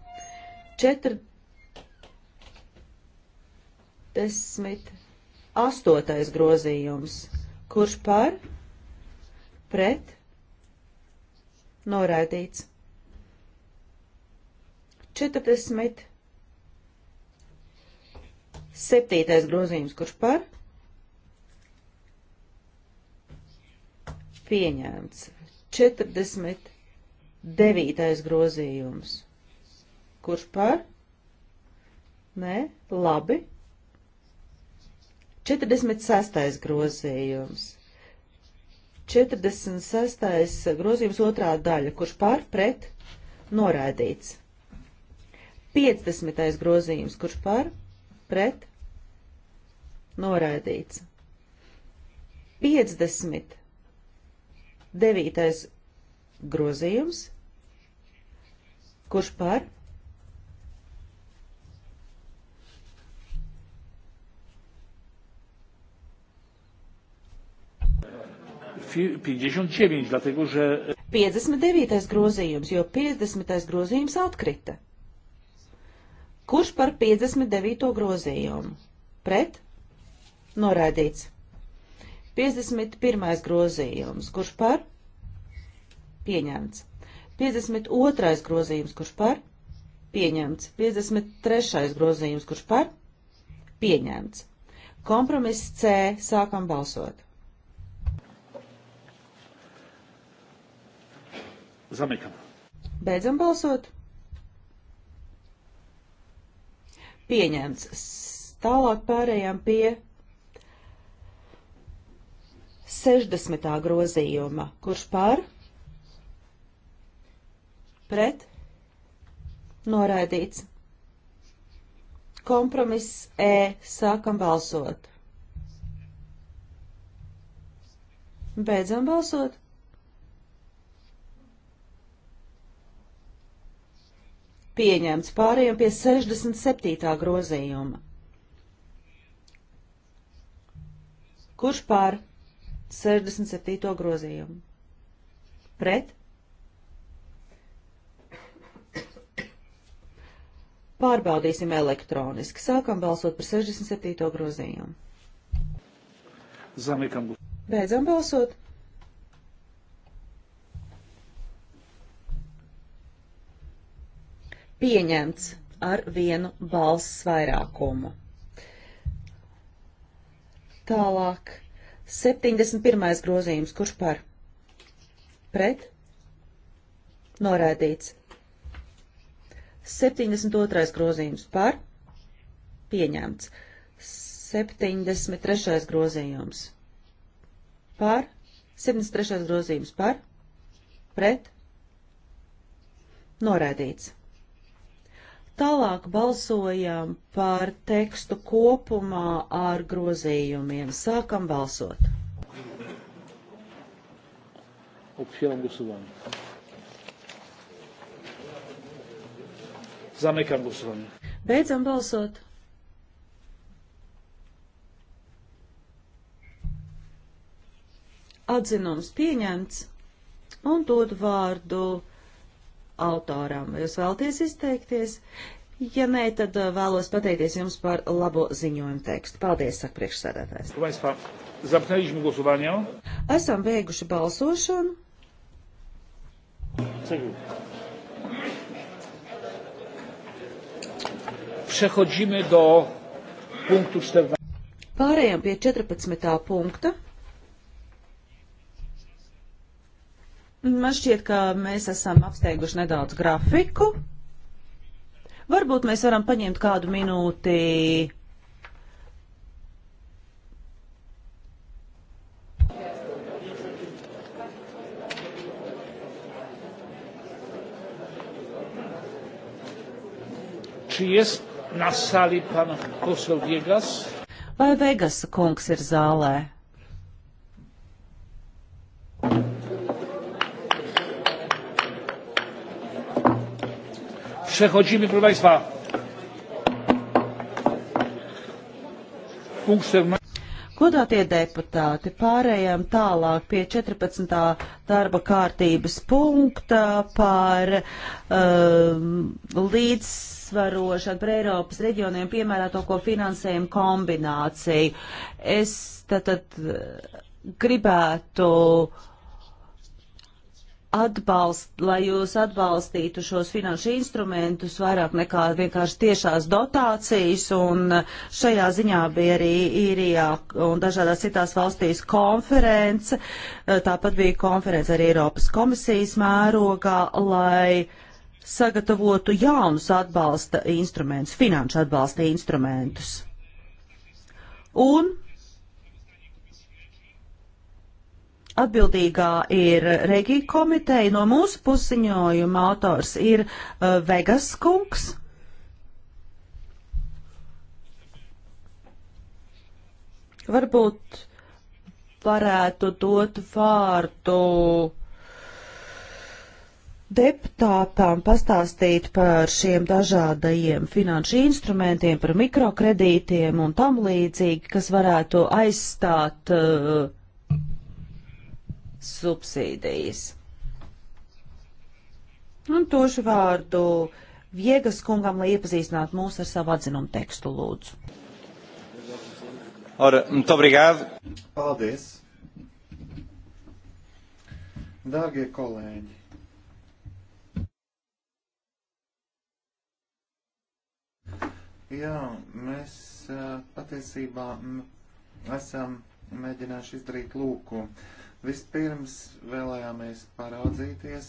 48. grozījums, kurš par, pret, noraidīts. 47. grozījums, kurš par, pieņemts. 49. grozījums Kurš par? Nē, labi. 46. grozījums. 46. grozījums otrā daļa, kurš par pret noraidīts. 50. grozījums, kurš par pret noraidīts. 50. 9. grozījums, kurš par 59, dlatego, že... 59. grozījums, jo 50. grozījums atkrita. Kurš par 59. grozījumu? Pret? Noraidīts. 51. grozījums, kurš par? Pieņemts. 52. grozījums, kurš par? Pieņemts. 53. grozījums, kurš par? Pieņemts. Kompromiss C. Sākam balsot. Zamekam. Beidzam balsot. Pieņemts. Tālāk pārējām pie 60. grozījuma. Kurš par? Pret? Noraidīts. Kompromiss E. Sākam balsot. Beidzam balsot. pieņemts. Pārējiem pie 67. grozījuma. Kurš pār 67. grozījumu? Pret? Pārbaudīsim elektroniski. Sākam balsot par 67. grozījumu. Zamikam. Beidzam balsot. pieņemts ar vienu balss vairākumu. Tālāk, 71. grozījums, kurš par? Pret? Noraidīts. 72. grozījums par? Pieņemts. 73. grozījums par? 73. grozījums par? Pret? Noraidīts. Tālāk balsojam par tekstu kopumā ar grozījumiem. Sākam balsot. Otwieram głosowanie. Zamykam głosowanie. Beidzam balsot. Atzinums pieņemts un dod vārdu autoram. Jūs vēlaties izteikties? Ja nē, tad uh, vēlos pateikties jums par labo ziņojumu tekstu. Paldies, saka priekšsēdētājs. Esam beiguši balsošanu. Przechodzimy do punktu 14. Pārējām pie 14. punkta. Man šķiet, ka mēs esam apsteiguši nedaudz grafiku. Varbūt mēs varam paņemt kādu minūti. Czy jest na sali pan poseł Viegas? Vai Vegas kungs ir zālē? Przechodzimy, proszę Państwa. Godātie deputāti, pārējām tālāk pie 14. darba kārtības punkta par um, līdzsvarošu ar Eiropas reģioniem piemērotāko finansējumu kombināciju. Es tātad gribētu uh, atbalst, lai jūs atbalstītu šos finanšu instrumentus vairāk nekā vienkārši tiešās dotācijas, un šajā ziņā bija arī īrijā un dažādās citās valstīs konference, tāpat bija konference arī Eiropas komisijas mērogā, lai sagatavotu jaunus atbalsta instrumentus, finanšu atbalsta instrumentus. Un Atbildīgā ir Regija komiteja. No mūsu pusiņojuma autors ir uh, Vegas kungs. Varbūt varētu dot vārdu deputātām pastāstīt par šiem dažādajiem finanšu instrumentiem, par mikrokredītiem un tam līdzīgi, kas varētu aizstāt uh, subsīdijas. Un tošu vārdu Viegas kungam, lai iepazīstinātu mūs ar savu atzinumu tekstu, lūdzu. Ora, muito obrigado. Paldies. Dārgie kolēģi. Jā, mēs patiesībā esam mēģinājuši izdarīt lūkumu. Vispirms vēlējāmies paraudzīties,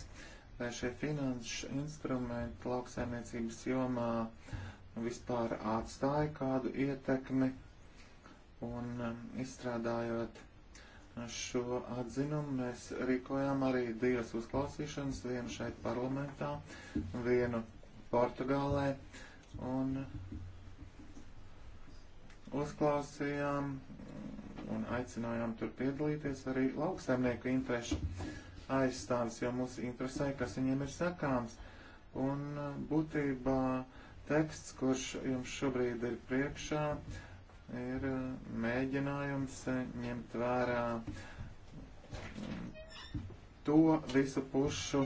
vai šie finanšu instrumenti lauksaimniecības jomā vispār atstāja kādu ietekmi un um, izstrādājot šo atzinumu mēs rīkojām arī divas uzklausīšanas, vienu šeit parlamentā, vienu Portugālē, un uzklausījām un aicinājām tur piedalīties arī lauksaimnieku interešu aizstāvis, jo mūs interesē, kas viņiem ir sakāms. Un uh, būtībā teksts, kurš jums šobrīd ir priekšā, ir uh, mēģinājums uh, ņemt vērā mm, to visu pušu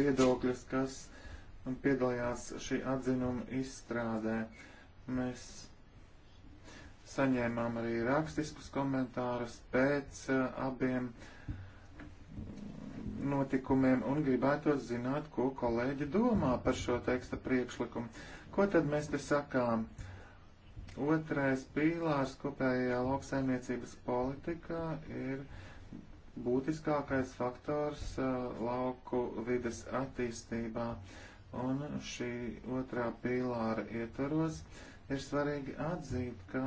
viedokļus, kas mm, piedalījās šī atzinuma izstrādē. Mēs saņēmām arī rakstiskus komentārus pēc eh, abiem notikumiem un gribētos zināt, ko kolēģi domā par šo teksta priekšlikumu. Ko tad mēs te sakām? Otrais pīlārs kopējā lauksaimniecības politikā ir būtiskākais faktors eh, lauku vides attīstībā. Un šī otrā pīlāra ietvaros uh, Ir svarīgi atzīt, ka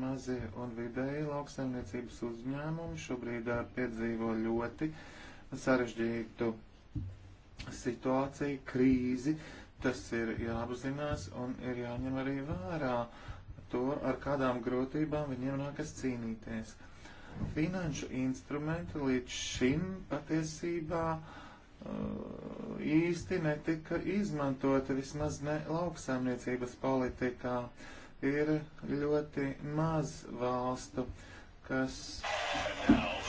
mazie un vidēji lauksaimniecības uzņēmumi šobrīd piedzīvo ļoti sarežģītu situāciju, krīzi. Tas ir jāapzinās un ir jāņem arī vērā to, ar kādām grūtībām viņiem nākas cīnīties. Finanšu instrumenti līdz šim patiesībā uh, īsti netika izmantota, vismaz ne lauksāmniecības politikā. Ir ļoti maz valstu, kas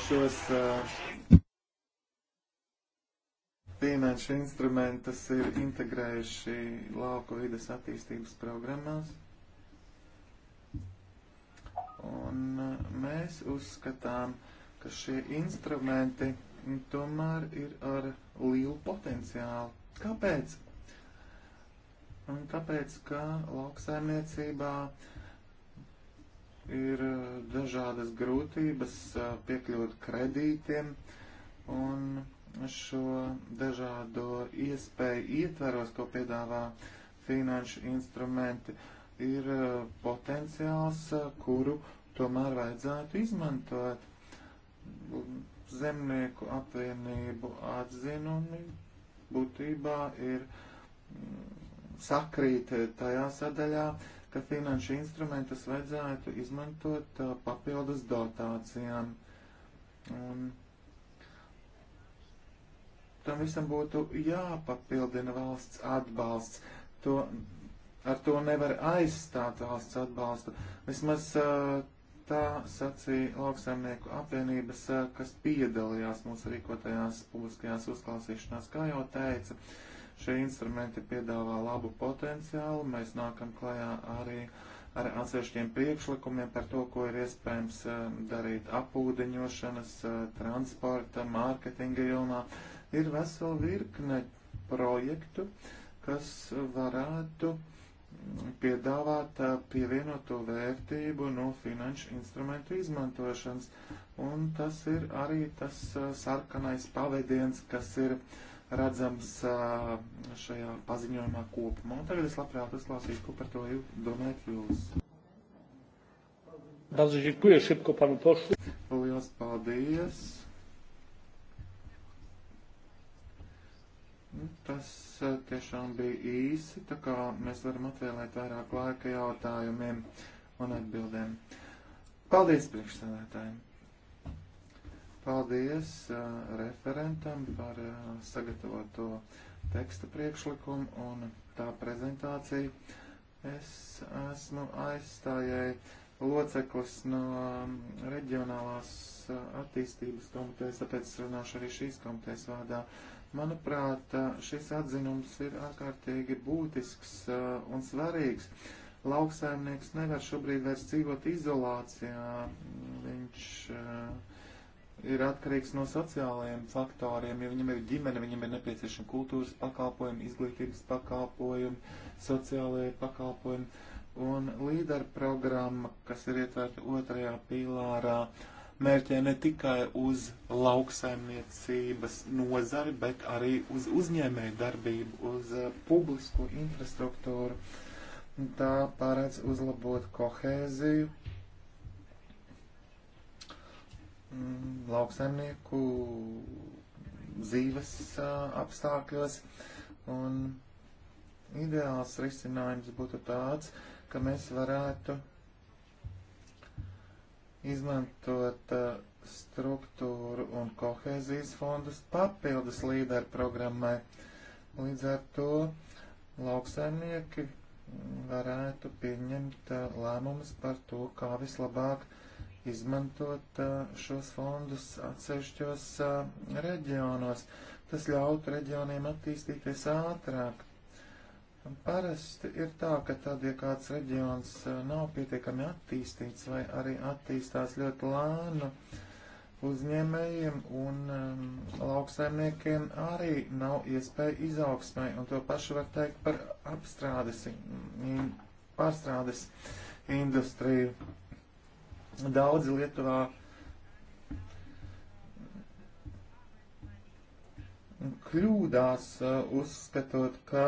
šos uh, finanšu instrumentus ir integrējuši lauku vides attīstības programmās. Un uh, mēs uzskatām, ka šie instrumenti tomēr ir ar lielu potenciālu. Kāpēc? Un tāpēc, ka lauksaimniecībā ir eh, dažādas grūtības eh, piekļūt kredītiem un šo dažādo iespēju ietveros, ko piedāvā finanšu instrumenti, ir eh, potenciāls, kuru tomēr vajadzētu izmantot zemnieku apvienību atzinumi būtībā ir mm, sakrīt tajā sadaļā, ka finanšu instrumentus vajadzētu izmantot papildus dotācijām. Un tam visam būtu jāpapildina valsts atbalsts. To, ar to nevar aizstāt valsts atbalstu. Vismaz uh, Tā sacīja lauksaimnieku apvienības, eh, kas piedalījās mūsu rīkotajās publiskajās uzklausīšanās. Kā jau teica, šie instrumenti piedāvā labu potenciālu. Mēs nākam klajā arī ar atsevišķiem priekšlikumiem par to, ko ir iespējams eh, darīt apūdeņošanas, eh, transporta, mārketinga jomā. Ir vesela virkne projektu, kas varētu uh, piedāvāt pievienoto vērtību no finanšu instrumentu izmantošanas. Un tas ir arī tas sarkanais pavadiens, kas ir redzams šajā paziņojumā kopumā. Un tagad es labprāt uzklausīšu, ko par to domājat jūs. Bardzo dziękuję szybko panu poszlu. Lielas paldies. Tas eh, tiešām bija īsi, tā kā mēs varam atvēlēt vairāk laika jautājumiem un atbildēm. Paldies priekšsēdētājiem! Paldies uh, referentam par uh, sagatavoto teksta priekšlikumu un tā prezentāciju. Es esmu aizstājēji loceklis no mm, reģionālās attīstības komitejas, tāpēc runāšu arī šīs komitejas vārdā. Uh, Manuprāt, šis atzinums ir ārkārtīgi būtisks uh, un svarīgs. Lauksaimnieks nevar šobrīd vairs dzīvot izolācijā. Viņš uh, ir atkarīgs no sociālajiem faktoriem. Ja viņam ir ģimene, viņam ir nepieciešama kultūras pakalpojumi, izglītības pakalpojumi, sociālajie pakalpojumi. Un līderprogramma, kas ir ietverta otrajā pīlārā, uh, mērķē ne tikai uz lauksaimniecības nozari, bet arī uz uzņēmēju darbību, uz uh, eh, publisko infrastruktūru. Tā paredz uzlabot kohēziju, mm, lauksaimnieku dzīves uh, apstākļos. Un ideāls risinājums būtu tāds, ka mēs varētu izmantot struktūru un kohēzijas fondus papildus līderu programmai. Līdz ar to lauksaimnieki varētu pieņemt uh, lēmumus par to, kā vislabāk izmantot uh, šos fondus atsevišķos uh, reģionos. Tas ļautu reģioniem attīstīties ātrāk Parasti ir tā, ka tad, ja kāds reģions eh, nav pietiekami attīstīts vai arī attīstās ļoti lēnu, uzņēmējiem un um, lauksaimniekiem arī nav iespēja izaugsmai, un to pašu var teikt par apstrādes, in, pārstrādes industriju. Daudzi Lietuvā kļūdās uh, uzskatot, ka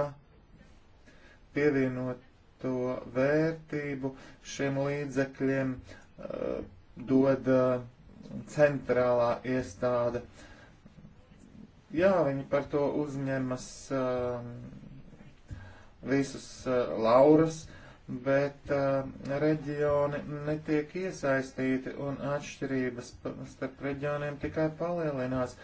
pievienoto vērtību šiem līdzekļiem uh, dod uh, centrālā iestāde. Jā, viņi par to uzņemas um, visus uh, laurus, bet uh, reģioni netiek iesaistīti un atšķirības starp reģioniem tikai palielinās.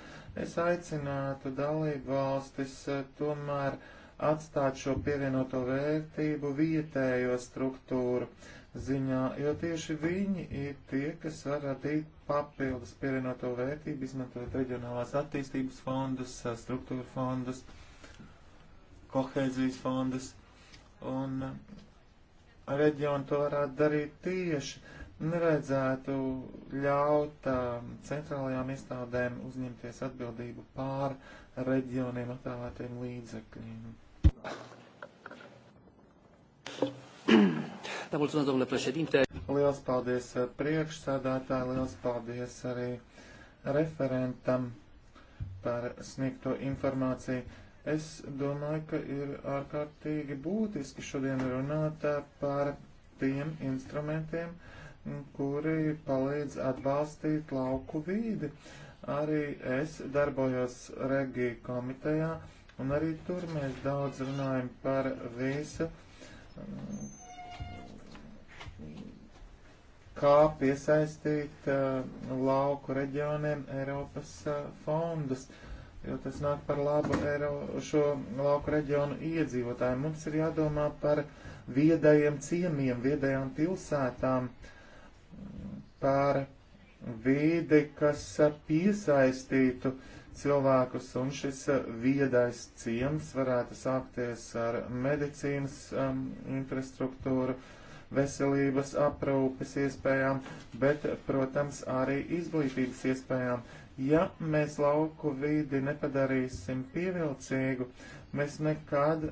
Es aicinātu dalību valstis uh, tomēr atstāt šo pievienoto vērtību vietējo struktūru ziņā, jo tieši viņi ir tie, kas var radīt papildus pievienoto vērtību, izmantojot reģionālās attīstības fondus, struktūra fondus, kohēzijas fondus, un reģionu to varētu darīt tieši. Neredzētu ļaut centrālajām iestādēm uzņemties atbildību pār reģioniem atvēlētiem līdzekļiem. Da, mulțumesc, domnule președinte. Liels paldies eh, priekšsēdētāji, liels paldies arī referentam par sniegto informāciju. Es domāju, ka ir ārkārtīgi būtiski šodien runāt eh, par tiem instrumentiem, kuri palīdz atbalstīt lauku vīdi. Arī es darbojos Regija komitejā Un arī tur mēs daudz runājam par visu, kā piesaistīt uh, lauku reģioniem Eiropas uh, fondus, jo tas nāk par labu Eiro, šo lauku reģionu iedzīvotājiem. Mums ir jādomā par viedajiem ciemiem, viedajām pilsētām, par vīdi, kas uh, piesaistītu uh, cilvēkus, un šis eh, viedais ciems varētu sākties ar medicīnas um, infrastruktūru, veselības aprūpes iespējām, bet, protams, arī izglītības iespējām. Ja mēs lauku vidi nepadarīsim pievilcīgu, mēs nekad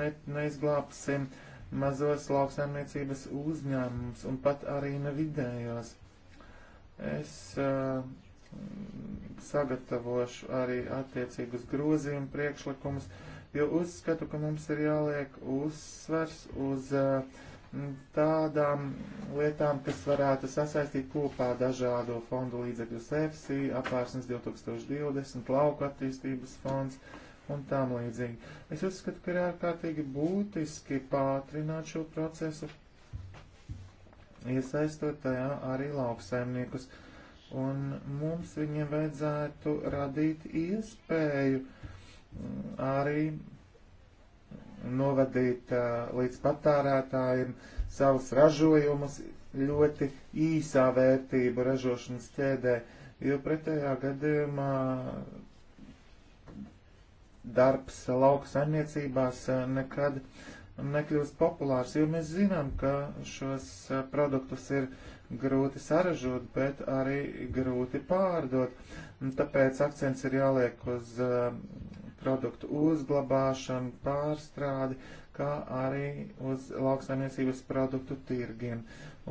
ne, neizglābsim mazos lauksaimniecības uzņēmumus un pat arī nevidējos. Es uh, sagatavošu arī attiecīgus grozījumu priekšlikumus, jo uzskatu, ka mums ir jāliek uzsvers uz uh, tādām lietām, kas varētu sasaistīt kopā dažādo fondu līdzekļus EFSI, apvērsnes 2020, lauku attīstības fonds un tām līdzīgi. Es uzskatu, ka ir ārkārtīgi būtiski pātrināt šo procesu, iesaistot tajā arī lauksaimniekus. Ja, un mums viņiem vajadzētu radīt iespēju mm, arī novadīt uh, līdz patārētājiem savus ražojumus ļoti īsā vērtību ražošanas ķēdē, jo pretējā gadījumā darbs lauku saimniecībās nekad nekļūst populārs, jo mēs zinām, ka šos produktus ir uh, grūti saražot, bet arī grūti pārdot. Un tāpēc akcents ir jāliek uz uh, produktu uzglabāšanu, pārstrādi, kā arī uz lauksaimniecības produktu tirgiem.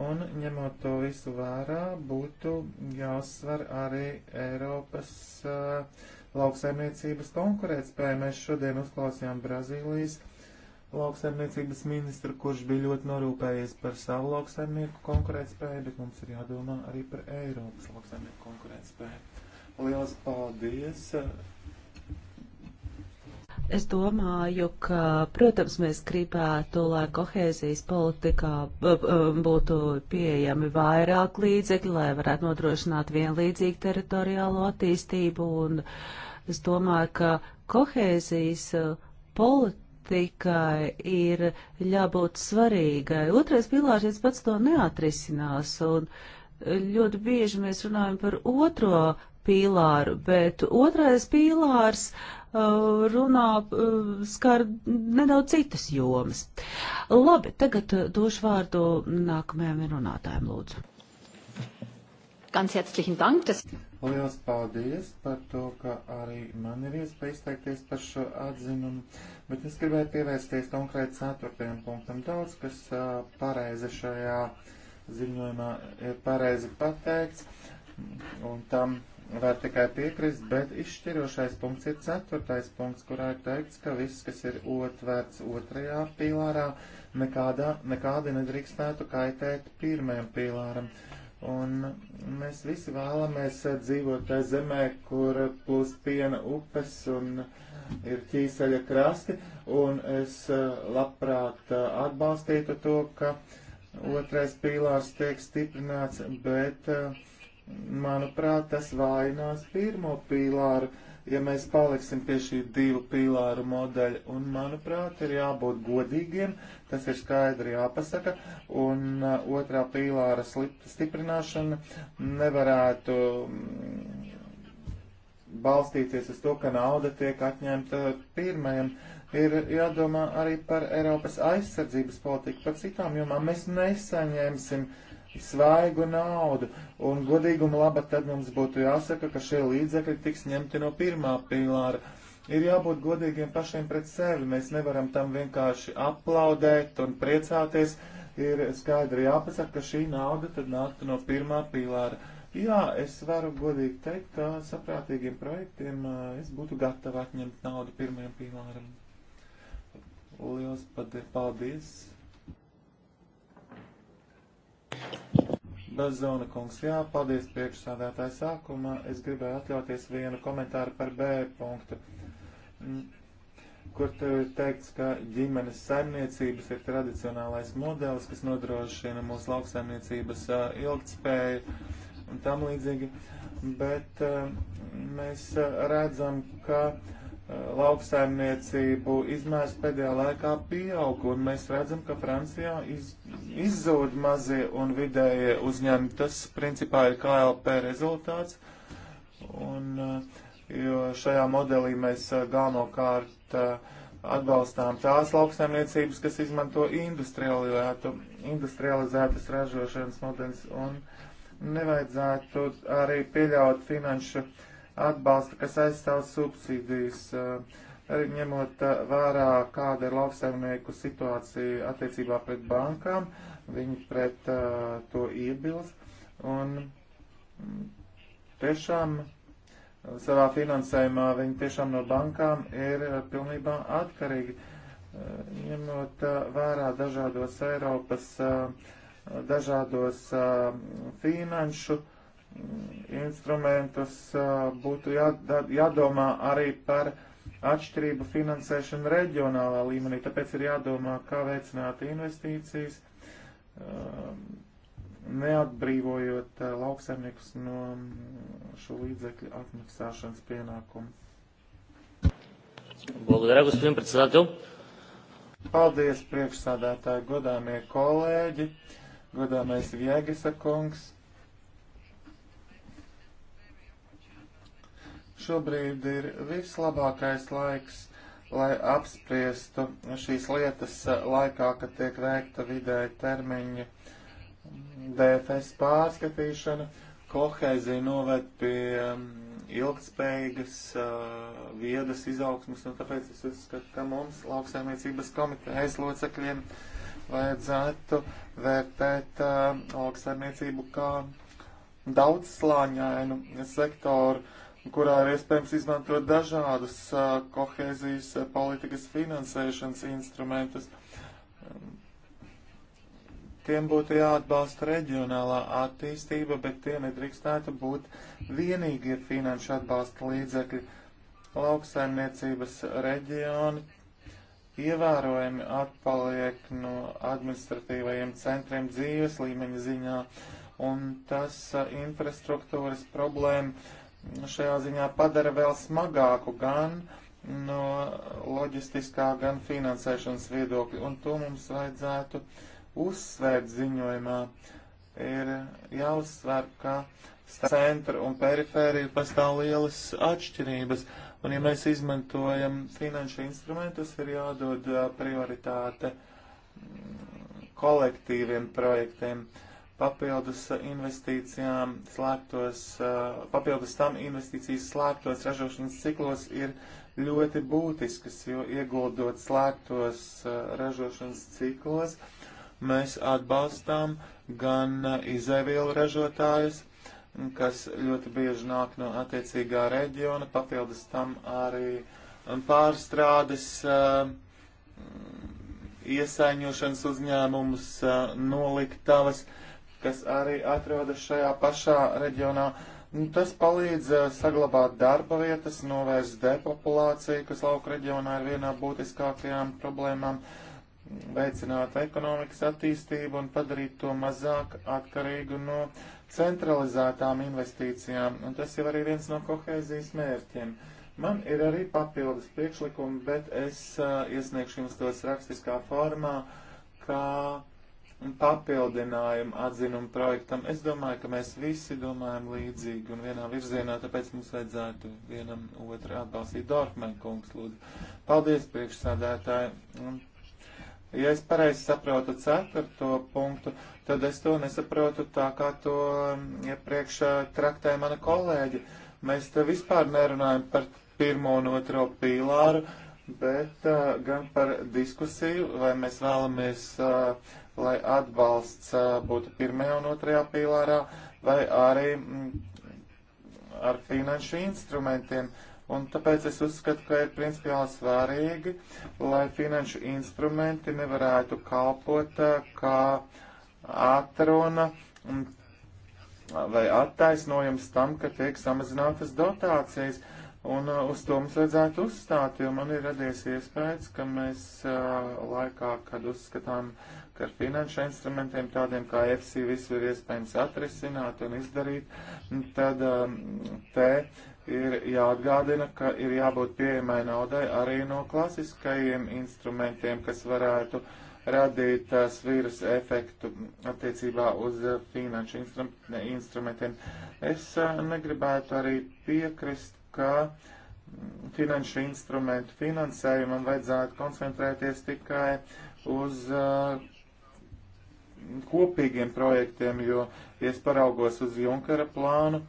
Un ņemot to visu vērā, būtu jāuzsver arī Eiropas uh, lauksaimniecības konkurētspēja. Mēs šodien uzklausījām Brazīlijas lauksaimniecības ministru, kurš bija ļoti norūpējies par savu lauksaimnieku konkurētspēju, bet mums ir jādomā arī par Eiropas lauksaimnieku konkurētspēju. Lielas paldies! Es domāju, ka, protams, mēs gribētu, lai kohēzijas politikā uh, uh, būtu pieejami vairāk līdzekļi, lai varētu nodrošināt vienlīdzīgu teritoriālo attīstību. Un es domāju, ka kohēzijas uh, politika politikai ir jābūt svarīgai. Otrais pilārs viens pats to neatrisinās, un ļoti bieži mēs runājam par otro pīlāru, bet otrais pīlārs uh, runā, uh, skar nedaudz citas jomas. Labi, tagad uh, došu vārdu nākamajam runātājam, lūdzu. Ganz herzlichen Dank. Das... Lielas paldies par to, ka arī man ir iespēja izteikties par šo atzinumu, bet es gribēju pievērsties konkrēti ceturtajam punktam. Daudz, kas uh, pareizi šajā ziņojumā ir pareizi pateikts, un tam var tikai piekrist, bet izšķirošais punkts ir ceturtais punkts, kurā ir teikts, ka viss, kas ir otvērts otrajā pīlārā, nekādā, nekādi nedrīkstētu kaitēt pirmajam pīlāram. Uh, Un mēs visi vēlamies dzīvot tajā zemē, kur plūst piena upes un ir ķīseļa krasti, un es eh, labprāt eh, atbalstītu to, ka otrais pīlārs tiek stiprināts, bet, eh, manuprāt, tas vājinās pirmo pīlāru ja mēs paliksim pie šī divu pīlāru modeļa, un, manuprāt, ir jābūt godīgiem, tas ir skaidri jāpasaka, un uh, otrā pīlāra stiprināšana nevarētu mm, balstīties uz to, ka nauda tiek atņemta pirmajam. Ir jādomā arī par Eiropas aizsardzības politiku, par citām jomām. Mēs nesaņemsim uh, svaigu naudu. Un godīguma laba tad mums būtu jāsaka, ka šie līdzekļi tiks ņemti no pirmā pīlāra. Ir jābūt godīgiem pašiem pret sevi. Mēs nevaram tam vienkārši aplaudēt un priecāties. Ir skaidri jāpasaka, ka šī nauda tad nāktu no pirmā pīlāra. Jā, es varu godīgi teikt, ka saprātīgiem projektiem es būtu gatava atņemt naudu pirmajam pīlāram. Lielas paldies! Dazona kungs, jā, paldies priekšsādātāja sākumā. Es gribēju atļauties vienu komentāru par B punktu, mm. kur tev ir teikts, ka ģimenes saimniecības ir tradicionālais modelis, kas nodrošina mūsu lauksaimniecības ilgtspēju un tam līdzīgi. Bet mēs redzam, ka Eh, lauksaimniecību izmērs pēdējā laikā pieaug, un mēs redzam, ka Francijā iz, izzūd mazie un vidējie uzņēmumi. Tas principā ir KLP rezultāts, un, eh, jo šajā modelī mēs eh, galvenokārt atbalstām tās lauksaimniecības, kas izmanto industrializētas ražošanas modeļus, un nevajadzētu arī pieļaut finanšu uh, atbalsta, kas aizstāv subsīdijas, eh, ņemot eh, vērā, kāda ir lauksaimnieku situācija attiecībā pret bankām, viņi pret eh, to iebilst. Un mm, tiešām savā finansējumā viņi tiešām no bankām ir pilnībā atkarīgi, ņemot vērā dažādos Eiropas, dažādos finanšu instrumentus, būtu jā, jādomā arī par atšķirību finansēšanu reģionālā līmenī. Tāpēc ir jādomā, kā veicināt investīcijas, neatbrīvojot lauksaimniekus no šo līdzekļu atmaksāšanas pienākumu. Благодаря, господин председател. Paldies, priekšsādātāji, godāmie kolēģi, godāmais Viegisa kungs. Šobrīd ir vislabākais laiks, lai apspriestu šīs lietas laikā, kad tiek veikta vidēja termiņa DFS pārskatīšana. Koheizija noved pie um, ilgspējīgas, uh, viedas izaugsmas, un tāpēc es uzskatu, ka mums, lauksaimniecības komitejas locekļiem, vajadzētu vērtēt uh, lauksaimniecību kā daudzslāņainu sektoru, kurā ir iespējams izmantot dažādus kohēzijas politikas finansēšanas instrumentus. Tiem būtu jāatbalsta reģionālā attīstība, bet tie nedrīkstētu būt vienīgie finanšu atbalsta līdzekļi. Lauksaimniecības reģioni ievērojami atpaliek no administratīvajiem centriem dzīves līmeņa ziņā, un tas infrastruktūras problēma Nu, šajā ziņā padara vēl smagāku gan no loģistiskā, gan finansēšanas viedokļa, un to mums vajadzētu uzsvērt ziņojumā. Ir jāuzsver, ka centra un perifērija pastāv lielas atšķirības, un ja mēs izmantojam finanšu instrumentus, ir jādod prioritāte mm, kolektīviem projektiem. Uh, papildus eh, investīcijām slēptos, eh, papildus tam investīcijas slēptos ražošanas ciklos ir ļoti būtiskas, jo ieguldot slēptos eh, ražošanas ciklos, mēs atbalstām gan izēvielu ražotājus, kas ļoti bieži nāk no attiecīgā reģiona, papildus tam arī pārstrādes iesaiņošanas uzņēmumus, noliktavas, tavas kas arī atrodas šajā pašā reģionā. Nu, tas palīdz eh, saglabāt darba vietas, novērst depopulāciju, kas lauka reģionā ir vienā būtiskākajām problēmām, veicināt ekonomikas attīstību un padarīt to mazāk atkarīgu no centralizētām investīcijām. Un tas jau arī viens no kohēzijas mērķiem. Man ir arī papildus priekšlikumi, bet es uh, iesniegšu jums tos rakstiskā formā, kā uh, papildinājumu atzinumu projektam. Es domāju, ka mēs visi domājam līdzīgi un vienā virzienā, tāpēc mums vajadzētu vienam otru atbalstīt. Dorfmēn kungs, lūdzu. Paldies, priekšsādētāji. Ja es pareizi saprotu ceturto punktu, tad es to nesaprotu tā, kā to mm, iepriekš ja traktēja mana kolēģi. Mēs te vispār nerunājam par pirmo un otro pīlāru, bet uh, gan par diskusiju, vai mēs vēlamies uh, lai atbalsts būtu pirmajā un otrajā pīlārā, vai arī mm, ar finanšu instrumentiem. Un tāpēc es uzskatu, ka ir principiāli svarīgi, lai finanšu instrumenti nevarētu kalpot kā atruna mm, vai attaisnojums tam, ka tiek samazinātas dotācijas. Un uh, uz to mums vajadzētu uzstāt, jo man ir radies iespējas, ka mēs uh, laikā, kad uzskatām uh, bet ar finanšu instrumentiem tādiem kā FC visu ir iespējams atrisināt un izdarīt, tad um, te ir jāatgādina, ka ir jābūt pieejamai naudai arī no klasiskajiem instrumentiem, kas varētu radīt svīrus efektu attiecībā uz uh, finanšu instrumentiem. Es uh, negribētu arī piekrist, ka mm, finanšu instrumentu finansējumam vajadzētu koncentrēties tikai uz uh, kopīgiem projektiem, jo, ja es paraugos uz Junkara plānu,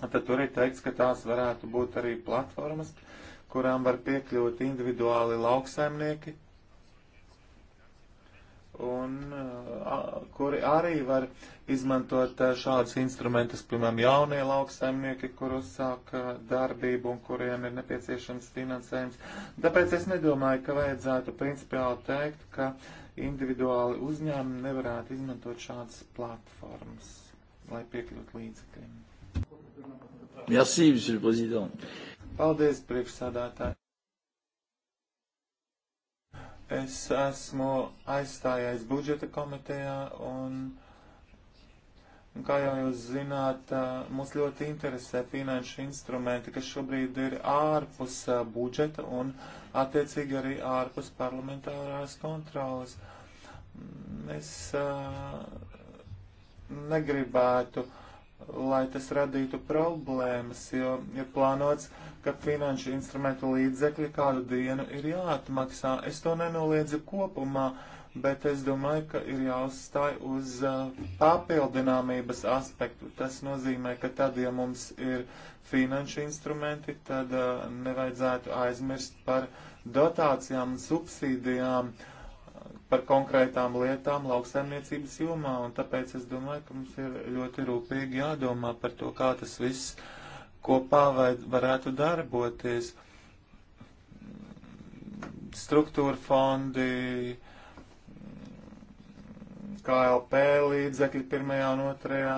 tad tur ir teikts, ka tās varētu būt arī platformas, kurām var piekļūt individuāli lauksaimnieki un uh, a, kuri arī var izmantot a, uh, šādus instrumentus, piemēram, jaunie lauksaimnieki, kur uzsāk darbību un kuriem ir nepieciešams finansējums. Tāpēc es nedomāju, ka vajadzētu principiāli teikt, ka individuāli uzņēmumi nevarētu izmantot šādas platformas, lai piekļūtu līdzekļiem. Merci, Paldies, priekšsādātāji! Es esmu aizstājais budžeta komitejā un, kā jau jūs zināt, mūs ļoti interesē finanšu instrumenti, kas šobrīd ir ārpus budžeta un attiecīgi arī ārpus parlamentārās kontrolas. Es negribētu, lai tas radītu problēmas, jo ir plānots ka finanšu instrumentu līdzekļi kādu dienu ir jāatmaksā. Es to nenoliedzu kopumā, bet es domāju, ka ir jāuzstāj uz uh, papildināmības aspektu. Tas nozīmē, ka tad, ja mums ir finanšu instrumenti, tad uh, nevajadzētu aizmirst par dotācijām un subsīdijām uh, par konkrētām lietām lauksaimniecības jomā, un tāpēc es domāju, ka mums ir ļoti rūpīgi jādomā par to, kā tas viss kopā vai varētu darboties. Struktūra fondi, KLP līdzekļi pirmajā un otrajā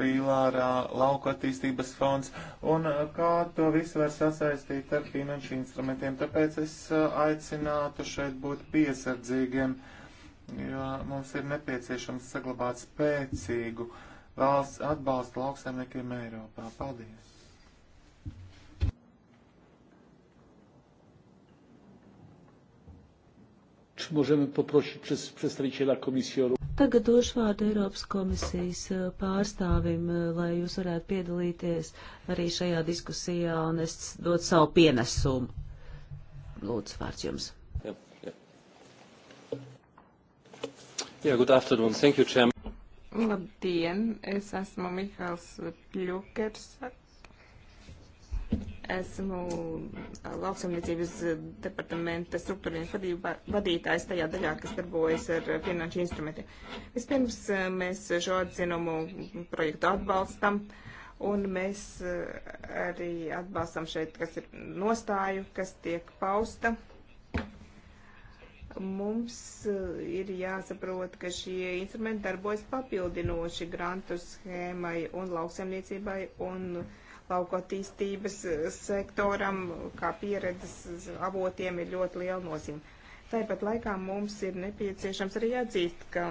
pīlārā, lauku attīstības fonds un uh, kā to visu var sasaistīt ar finanšu instrumentiem. Tāpēc es uh, aicinātu šeit būt piesardzīgiem, jo mums ir nepieciešams saglabāt spēcīgu valsts atbalstu lauksaimniekiem Eiropā. Paldies! Czy możemy poprosić przez przedstawiciela Komisji Europejskiej? Tagad došu vārdu Eiropas komisijas e, pārstāvim, e, lai jūs varētu piedalīties arī šajā diskusijā un es dot savu pienesumu. Lūdzu, vārds jums. Yeah, yeah. yeah, good afternoon. Thank you, Chairman. Labdien, es esmu Mihāls Pļukers Esmu lauksaimniecības departamenta struktūra vadītājs tajā daļā, kas darbojas ar finanšu instrumentiem. Vispirms mēs šo atzinumu projektu atbalstam, un mēs arī atbalstam šeit, kas ir nostāju, kas tiek pausta mums ir jāsaprot, ka šie instrumenti darbojas papildinoši grantu schēmai un lauksaimniecībai un lauku attīstības eh, sektoram, kā pieredzes eh, avotiem, ir ļoti liela nozīme. Tāpat laikā mums ir nepieciešams arī atzīt, ka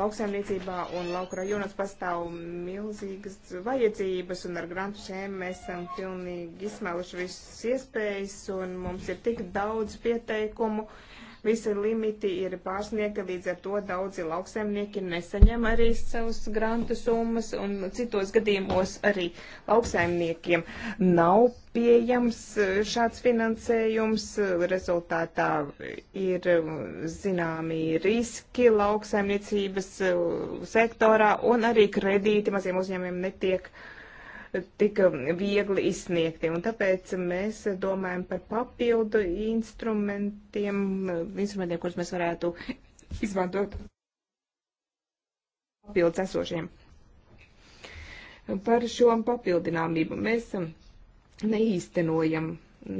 lauksaimniecībā un lauku rajonos pastāv milzīgas vajadzības, un ar grantu šēm mēs esam pilnīgi izsmēluši visas iespējas, un mums ir tik daudz pieteikumu, uh, visi limiti ir pārsniegti, līdz ar to daudzi lauksaimnieki nesaņem arī savus grantu summas, un citos gadījumos arī lauksaimniekiem nav pieejams eh, šāds finansējums, rezultātā ir eh, zināmi riski lauksaimniecības eh, sektorā, un arī kredīti maziem uzņēmiem netiek tik viegli izsniegti. Un tāpēc mēs domājam par papildu instrumentiem, instrumentiem, kurus mēs varētu izmantot papildus esošiem. Par šo papildināmību mēs neīstenojam,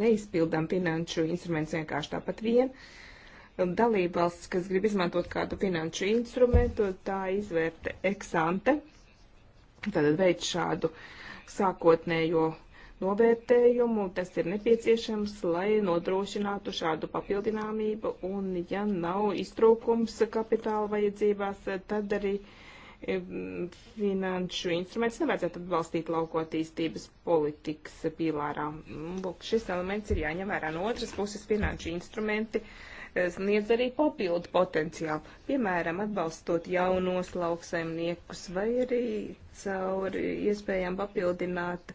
neizpildām finanšu instrumentus vienkārši tāpat vien. Dalībvalsts, kas grib izmantot kādu finanšu instrumentu, tā izvērta eksante, tātad veids šādu uh, sākotnējo novērtējumu. Tas ir nepieciešams, lai nodrošinātu šādu papildināmību, un ja nav iztrūkums kapitāla vajadzībās, tad arī finanšu instruments nevajadzētu atbalstīt lauko attīstības politikas pīlārā. Lūk, šis elements ir jāņem vērā. No otras puses, finanšu instrumenti uh, Eh, sniedz arī papildu potenciālu, piemēram, atbalstot jaunos lauksaimniekus vai arī caur iespējām papildināt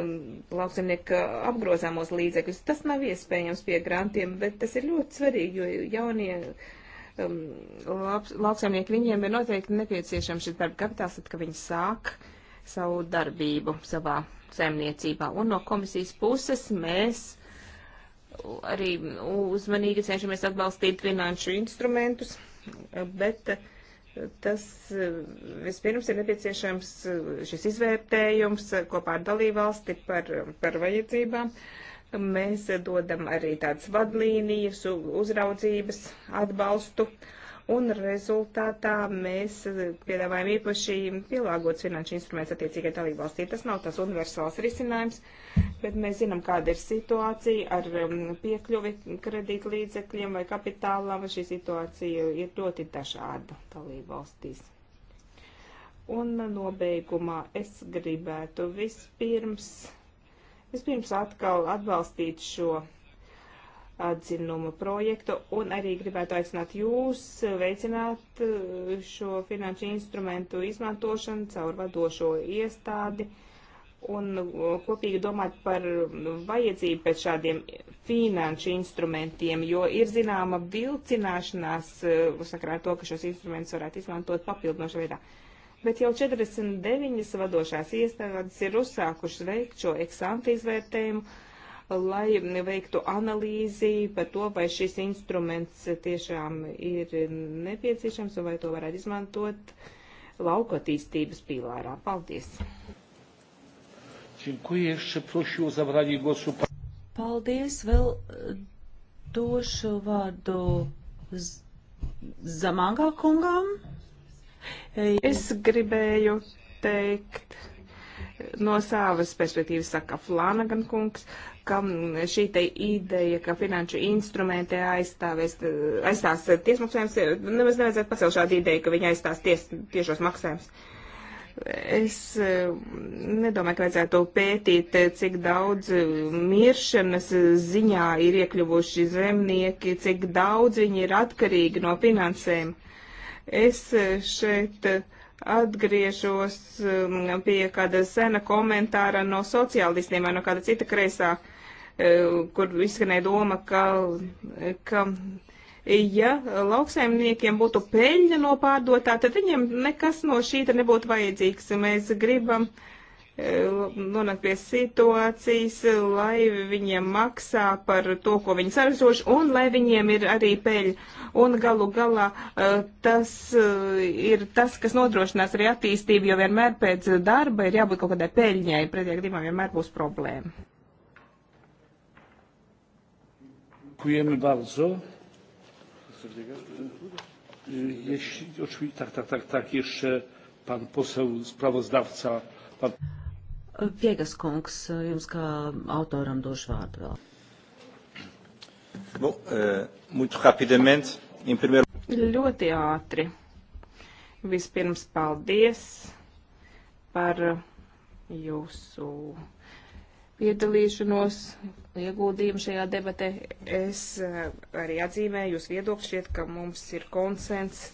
um, lauksaimnieka apgrozāmos līdzekļus. Tas nav iespējams pie grantiem, bet tas ir ļoti svarīgi, jo jaunie um, lauksaimnieki viņiem ir noteikti nepieciešams šis darba kapitāls, tad, kad viņi sāk savu darbību savā saimniecībā. Un no komisijas puses mēs arī uzmanīgi cenšamies atbalstīt finanšu instrumentus, bet eh, tas eh, vispirms ir nepieciešams eh, šis izvērtējums kopā ar dalībvalsti par, par vajadzībām. Mēs dodam arī tādas vadlīnijas, uzraudzības atbalstu. Uh, un rezultātā mēs piedāvājam īpaši pielāgots finanšu instruments attiecīgai dalībvalstī. Tas nav tas universāls risinājums, bet mēs zinām, kāda ir situācija ar um, piekļuvi kredītlīdzekļiem vai kapitālam. Šī situācija ir ļoti dažāda dalībvalstīs. Un nobeigumā es gribētu vispirms, vispirms atkal atbalstīt šo atzinuma projektu un arī gribētu aicināt jūs veicināt uh, šo finanšu instrumentu izmantošanu caur vadošo iestādi un uh, kopīgi domāt par vajadzību pēc šādiem finanšu instrumentiem, jo ir zināma vilcināšanās uh, sakarā ar to, ka šos instrumentus varētu izmantot papildinošā veidā. Bet jau 49 vadošās iestādes ir uzsākušas veikt šo eksāmtu izvērtējumu lai veiktu analīzi par to, vai šis instruments tiešām ir nepieciešams un vai to varētu izmantot lauko attīstības pīlārā. Paldies! Paldies! Vēl e, došu vārdu Zamagā kungam. Es gribēju teikt no savas perspektīvas saka Flanagan kungs, ka šī te ideja, ka finanšu instrumenti aizstāvēs, aizstās tiesmaksājums, nemaz nevajadzētu pacelt šādu ideju, ka viņi aizstās ties, tiešos maksājumus. Es eh, nedomāju, ka vajadzētu pētīt, eh, cik daudz eh, miršanas ziņā ir iekļuvuši zemnieki, cik daudz viņi ir atkarīgi no finansēm. Es šeit atgriežos pie kāda sena komentāra no sociālistiem vai no kāda cita kreisā Eh, kur izskanēja doma, ka, eh, ka ja lauksaimniekiem būtu peļņa no pārdotā, tad viņiem nekas no šīta nebūtu vajadzīgs. Mēs gribam eh, nonākt pie situācijas, lai viņiem maksā par to, ko viņi saražoši, un lai viņiem ir arī peļņa. Un galu galā tas ir tas, kas nodrošinās arī attīstību, jo vienmēr pēc darba ir jābūt kaut kādai peļņai, pretējā gadījumā vienmēr būs problēma. Dziękujemy bardzo. Jeśli, oczywiście, tak, tak, tak, tak, jeszcze pan poseł sprawozdawca. Pan... Viegas kungs, jums kā autoram došu vārdu vēl. Nu, e, muito rapidamente, em primeiro... Ļoti ātri. Vispirms paldies par jūsu piedalīšanos, ieguldījumu šajā debatē. Es eh, arī atzīmēju jūs viedokli, šķiet, ka mums ir konsens.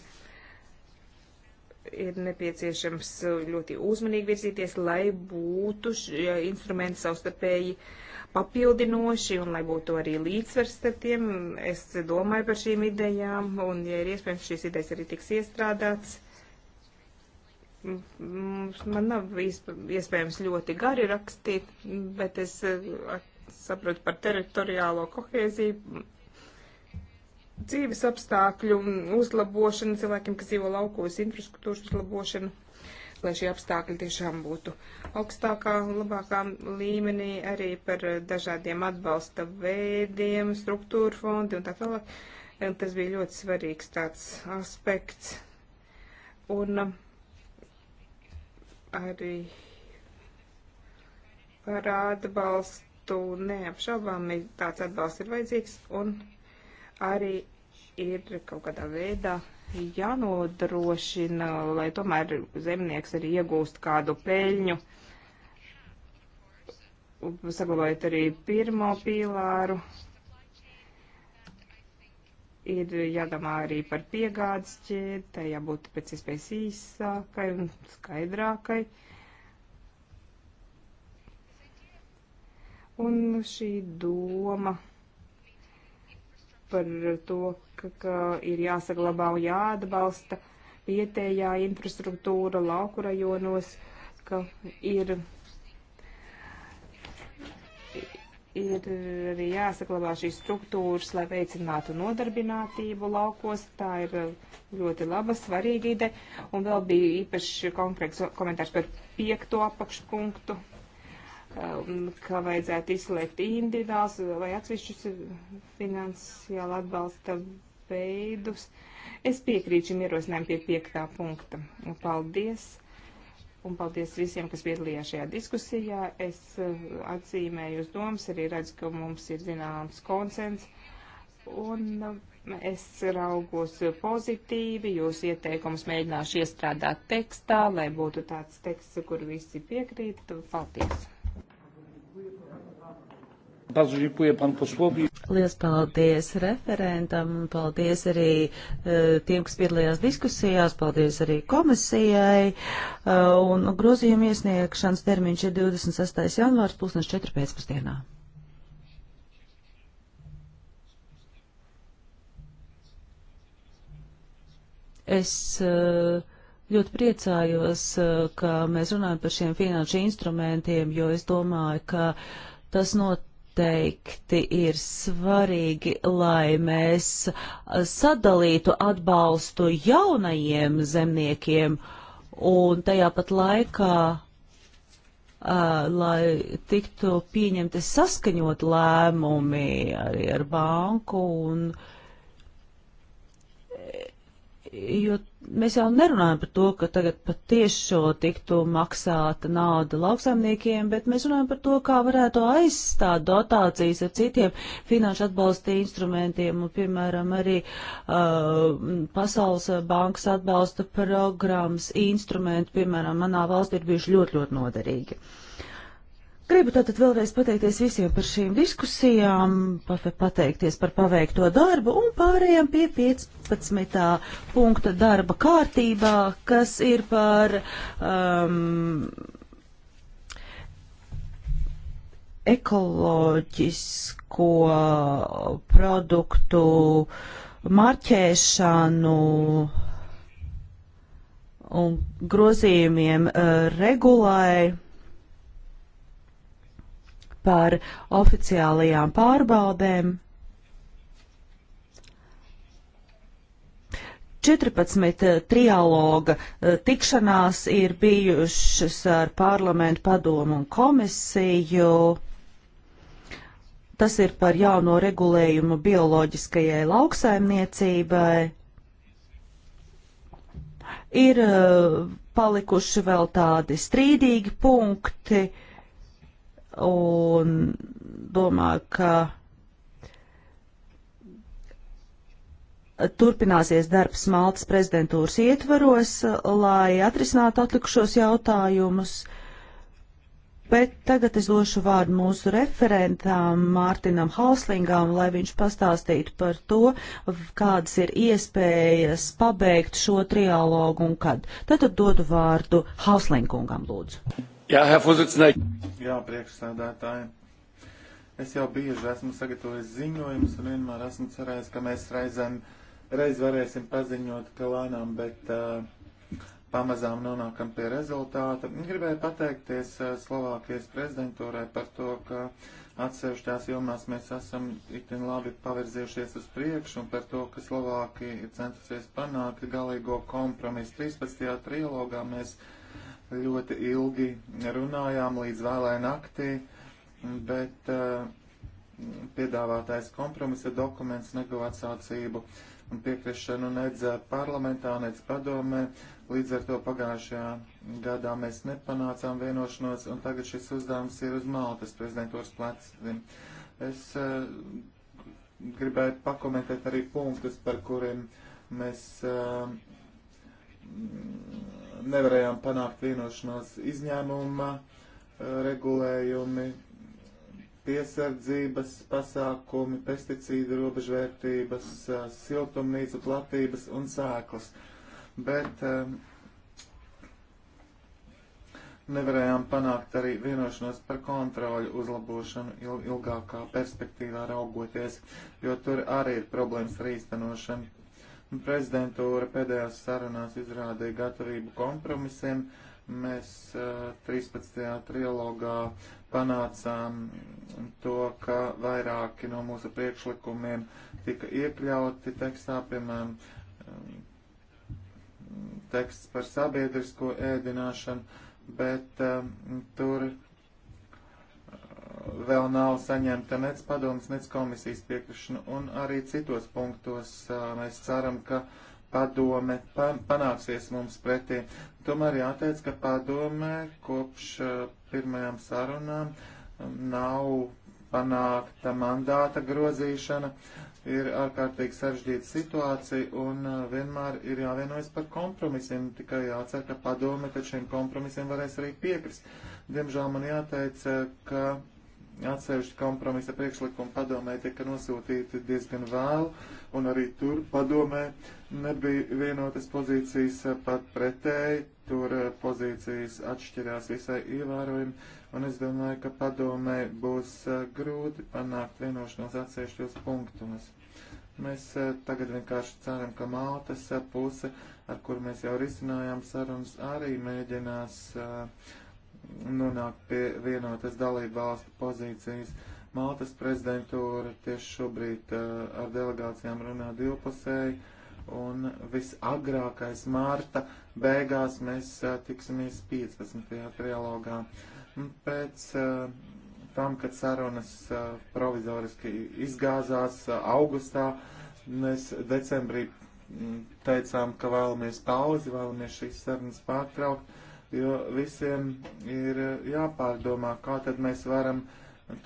Ir nepieciešams ļoti uzmanīgi virzīties, lai būtu šie instrumenti savstarpēji papildinoši un lai būtu arī līdzsvers starp tiem. Es domāju par šīm idejām, un, ja ir iespējams, šīs idejas arī tiks iestrādāts man nav iespējams ļoti gari rakstīt, bet es eh, saprotu par teritoriālo kohēziju, dzīves apstākļu uzlabošanu cilvēkiem, kas dzīvo laukos, infrastruktūras uzlabošanu, lai šie apstākļi tiešām būtu augstākā, labākā līmenī, arī par dažādiem atbalsta veidiem, struktūra fondi un tā tālāk. Tas bija ļoti svarīgs tāds aspekts. Un uh, arī par atbalstu neapšaubāmi tāds atbalsts ir vajadzīgs un arī ir kaut kādā veidā jānodrošina, lai tomēr zemnieks arī iegūst kādu peļņu, saglabājot arī pirmo pīlāru ir jādomā arī par piegādes ķēdi, tai jābūt pēc iespējas īsākai un skaidrākai. Un šī doma par to, ka, ka ir jāsaglabā un jāatbalsta vietējā infrastruktūra lauku rajonos, ka ir ir arī jāsaklabā šīs struktūras, lai veicinātu nodarbinātību laukos. Tā ir ļoti laba, svarīga ideja. Un vēl bija īpaši konkrēts komentārs par piekto apakšpunktu, um, ka vajadzētu izslēgt individuāls vai atsevišķus finansiāli atbalsta veidus. Es piekrītu šim ierosinājumam pie piektā punkta. Paldies! Un paldies visiem, kas piedalījās šajā diskusijā. Es eh, atzīmēju uz domas, arī redzu, ka mums ir zināms konsens. Un eh, es raugos pozitīvi, jūs ieteikumus mēģināšu iestrādāt tekstā, lai būtu tāds teksts, kur visi piekrīt. Paldies! Bardzo dziękuję panu posłowi. Lielas paldies referentam un paldies arī uh, tiem, kas piedalījās diskusijās, paldies arī komisijai. Uh, un grozījuma iesniegšanas termiņš ir 26. janvārs pusnes 4 pēcpusdienā. Es uh, ļoti priecājos, ka mēs runājam par šiem finanšu instrumentiem, jo es domāju, ka tas notiek noteikti ir svarīgi, lai mēs sadalītu atbalstu jaunajiem zemniekiem un tajā pat laikā, uh, lai tiktu pieņemti saskaņot lēmumi arī ar banku un uh, jo mēs jau nerunājam par to, ka tagad pat tiešo tiktu maksāta nauda lauksaimniekiem, bet mēs runājam par to, kā varētu aizstāt dotācijas ar citiem finanšu atbalsta instrumentiem un, piemēram, arī uh, Pasaules bankas atbalsta programmas instrumenti, piemēram, manā valstī ir bijuši ļoti, ļoti noderīgi. Uh, Gribu tātad vēlreiz pateikties visiem par šīm diskusijām, pateikties par paveikto darbu un pārējām pie 15. punkta darba kārtībā, kas ir par um, ekoloģisko produktu marķēšanu un grozījumiem uh, regulai par oficiālajām pārbaudēm. 14 eh, trialoga eh, tikšanās ir bijušas ar parlamentu padomu un komisiju. Tas ir par jauno regulējumu bioloģiskajai lauksaimniecībai. Ir eh, palikuši vēl tādi strīdīgi punkti. Uh, un domāju, ka turpināsies darbs Maltas prezidentūras ietvaros, lai atrisinātu atlikušos jautājumus. Bet tagad es došu vārdu mūsu referentām Mārtinam Hauslingām, lai viņš pastāstītu par to, kādas ir iespējas pabeigt šo trialogu un kad. Tad dodu vārdu Hauslingungam, lūdzu. Jā, Herr Fuzicinai. Jā, priekšsēdētāji. Es jau bieži esmu sagatavojis ziņojumus un vienmēr esmu cerējis, ka mēs reizēm reiz varēsim paziņot, ka lēnām, bet uh, pamazām nonākam pie rezultāta. Gribēju pateikties uh, Slovākijas prezidentūrai par to, ka atsevišķās jomās mēs esam itin labi pavirzījušies uz priekšu un par to, ka Slovākija ir centusies panākt galīgo kompromisu. 13. trilogā mēs ļoti ilgi runājām līdz vēlai naktī, bet uh, piedāvātais kompromisa dokuments neguva atsaucību un piekrišanu nedz parlamentā, nedz padomē. Līdz ar to pagājušajā gadā mēs nepanācām vienošanos, un tagad šis uzdevums ir uz Maltas prezidentūras pleciem. Es uh, gribētu pakomentēt arī punktus, par kuriem mēs uh, nevarējām panākt vienošanos izņēmuma eh, regulējumi, piesardzības pasākumi, pesticīdu robežvērtības, eh, siltumnīcu platības un sēklas. Bet eh, nevarējām panākt arī vienošanos par kontroļu uzlabošanu il ilgākā perspektīvā raugoties, jo tur arī ir problēmas ar īstenošanu. Prezidentūra pēdējās sarunās izrādīja gatavību kompromisiem. Mēs uh, eh, 13. trilogā panācām to, ka vairāki no mūsu priekšlikumiem tika iekļauti tekstā, piemēram, eh, teksts par sabiedrisko ēdināšanu, bet um, tur vēl nav saņemta nec padomas, nec komisijas piekrišana, un arī citos punktos mēs ceram, ka padome panāksies mums pretī. Tomēr jāteic, ka padome kopš pirmajām sarunām nav panākta mandāta grozīšana, ir ārkārtīgi sarežģīta situācija un vienmēr ir jāvienojas par kompromisiem, tikai jācer, ka padome, ka šiem kompromisiem varēs arī piekrist. Diemžēl man jāteic, ka Atsevišķi kompromisa priekšlikumi padomē tika nosūtīti diezgan vēlu, un arī tur padomē nebija vienotas pozīcijas eh, pat pretēji, tur eh, pozīcijas atšķirās visai ievērojami, un es domāju, ka padomē būs eh, grūti panākt vienošanos atsevišķos punktos. Mēs tagad vienkārši ceram, ka Maltas puse, ar kur mēs jau risinājām sarunas, arī mēģinās uh, nonākt pie vienotas dalību valstu pozīcijas. Maltas prezidentūra tieši šobrīd uh, ar delegācijām runā divpusēji, un visagrākais mārta beigās mēs uh, tiksimies 15. trialogā. Pēc uh, tam, kad sarunas uh, provizoriski izgāzās uh, augustā, mēs decembrī mm, teicām, ka vēlamies pauzi, vēlamies šīs sarunas pārtraukt jo visiem ir eh, jāpārdomā, kā tad mēs varam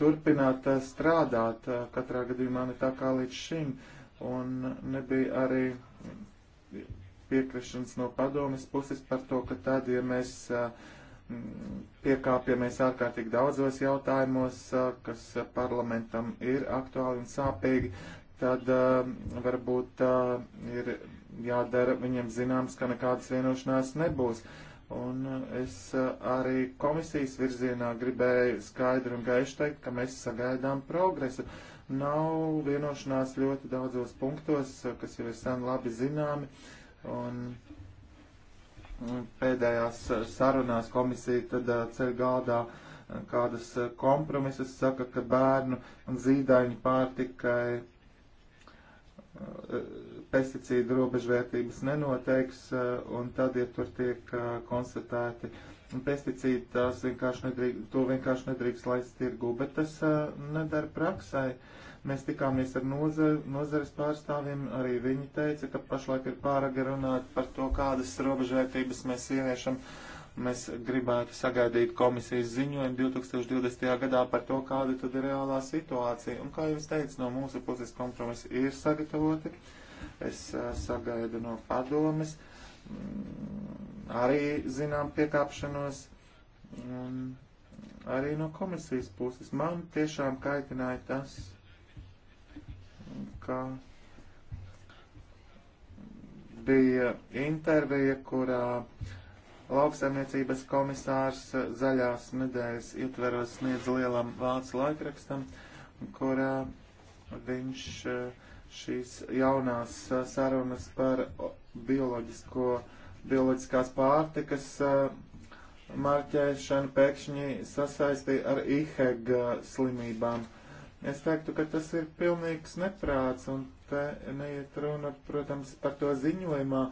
turpināt eh, strādāt eh, katrā gadījumā ne tā kā līdz šim. Un nebija arī piekrišanas no padomes puses par to, ka tad, ja mēs piekāpjamies ārkārtīgi daudzos jautājumos, kas parlamentam ir aktuāli un sāpīgi, tad varbūt ir jādara viņiem zināms, ka nekādas vienošanās nebūs. Uh, Un es uh, arī komisijas virzienā gribēju skaidri un gaiši teikt, ka mēs sagaidām progresu. Nav vienošanās ļoti daudzos punktos, uh, kas jau ir sen labi zināmi. Un pēdējās uh, sarunās komisija tad ceļ galdā kādas kompromisas, saka, ka bērnu un zīdaiņu pārtikai pesticīdu robežvērtības nenoteiks, eh, un tad, ja tur tiek eh, konstatēti pesticīdi, tās vienkārši nedrīkst, to vienkārši nedrīkst laist tirgu, bet tas eh, nedara praksai. Mēs tikāmies ar nozari, nozares pārstāvjiem, arī viņi teica, ka pašlaik ir pāragri runāt par to, kādas robežvērtības mēs ieviešam. Mēs gribētu sagaidīt komisijas ziņojumu 2020. gadā par to, kāda tad ir reālā situācija. Un, kā jau es teicu, no mūsu puses kompromisi ir sagatavoti. Uh, Es eh, sagaidu no padomes mm, arī zinām piekāpšanos un arī no komisijas puses. Man tiešām kaitināja tas, ka bija intervija, kurā lauksaimniecības komisārs zaļās nedēļas ietveros sniedz lielam vācu laikrakstam, kurā viņš uh, šīs jaunās sarunas par bioloģisko, bioloģiskās pārtikas marķēšanu pēkšņi sasaistīja ar IHEG slimībām. Es teiktu, ka tas ir pilnīgs neprāts, un te neiet runa, protams, par to ziņojumā,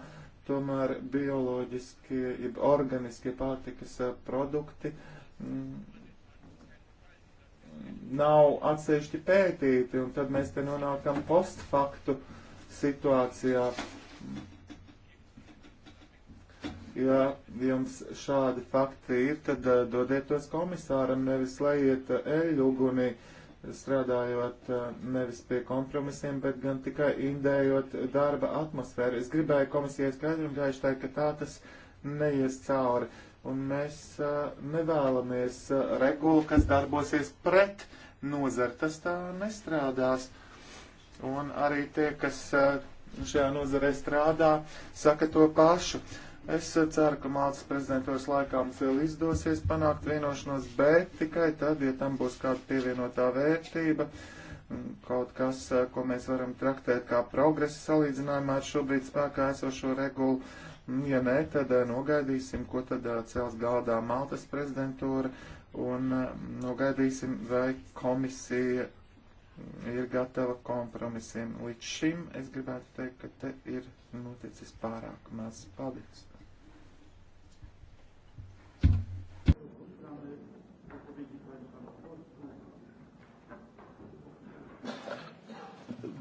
tomēr bioloģiskie, jeb organiskie pārtikas produkti. Mm, nav atsevišķi pētīti, un tad mēs te nonākam postfaktu situācijā. Ja jums šādi fakti ir, tad uh, dodiet tos komisāram, nevis lejiet uh, eh, eļugunī, strādājot uh, nevis pie kompromisiem, bet gan tikai indējot darba atmosfēru. Es gribēju komisijai skaidri un gaiši teikt, ka tā tas neies cauri. Uh, un mēs nevēlamies regulu, kas darbosies pret nozari. Tas tā nestrādās. Un arī tie, kas šajā nozarē strādā, saka to pašu. Es ceru, ka Maltas prezidentūras laikā mums vēl izdosies panākt vienošanos, bet tikai tad, ja tam būs kāda pievienotā vērtība, kaut kas, ko mēs varam traktēt kā progresa salīdzinājumā ar šobrīd spēkā esošo regulu, Nu, ja nē, tad eh, nogaidīsim, ko tad eh, cels galdā Maltas prezidentūra un eh, nogaidīsim, vai komisija ir gatava kompromisiem. Līdz šim es gribētu teikt, ka te ir noticis pārāk maz. Paldies!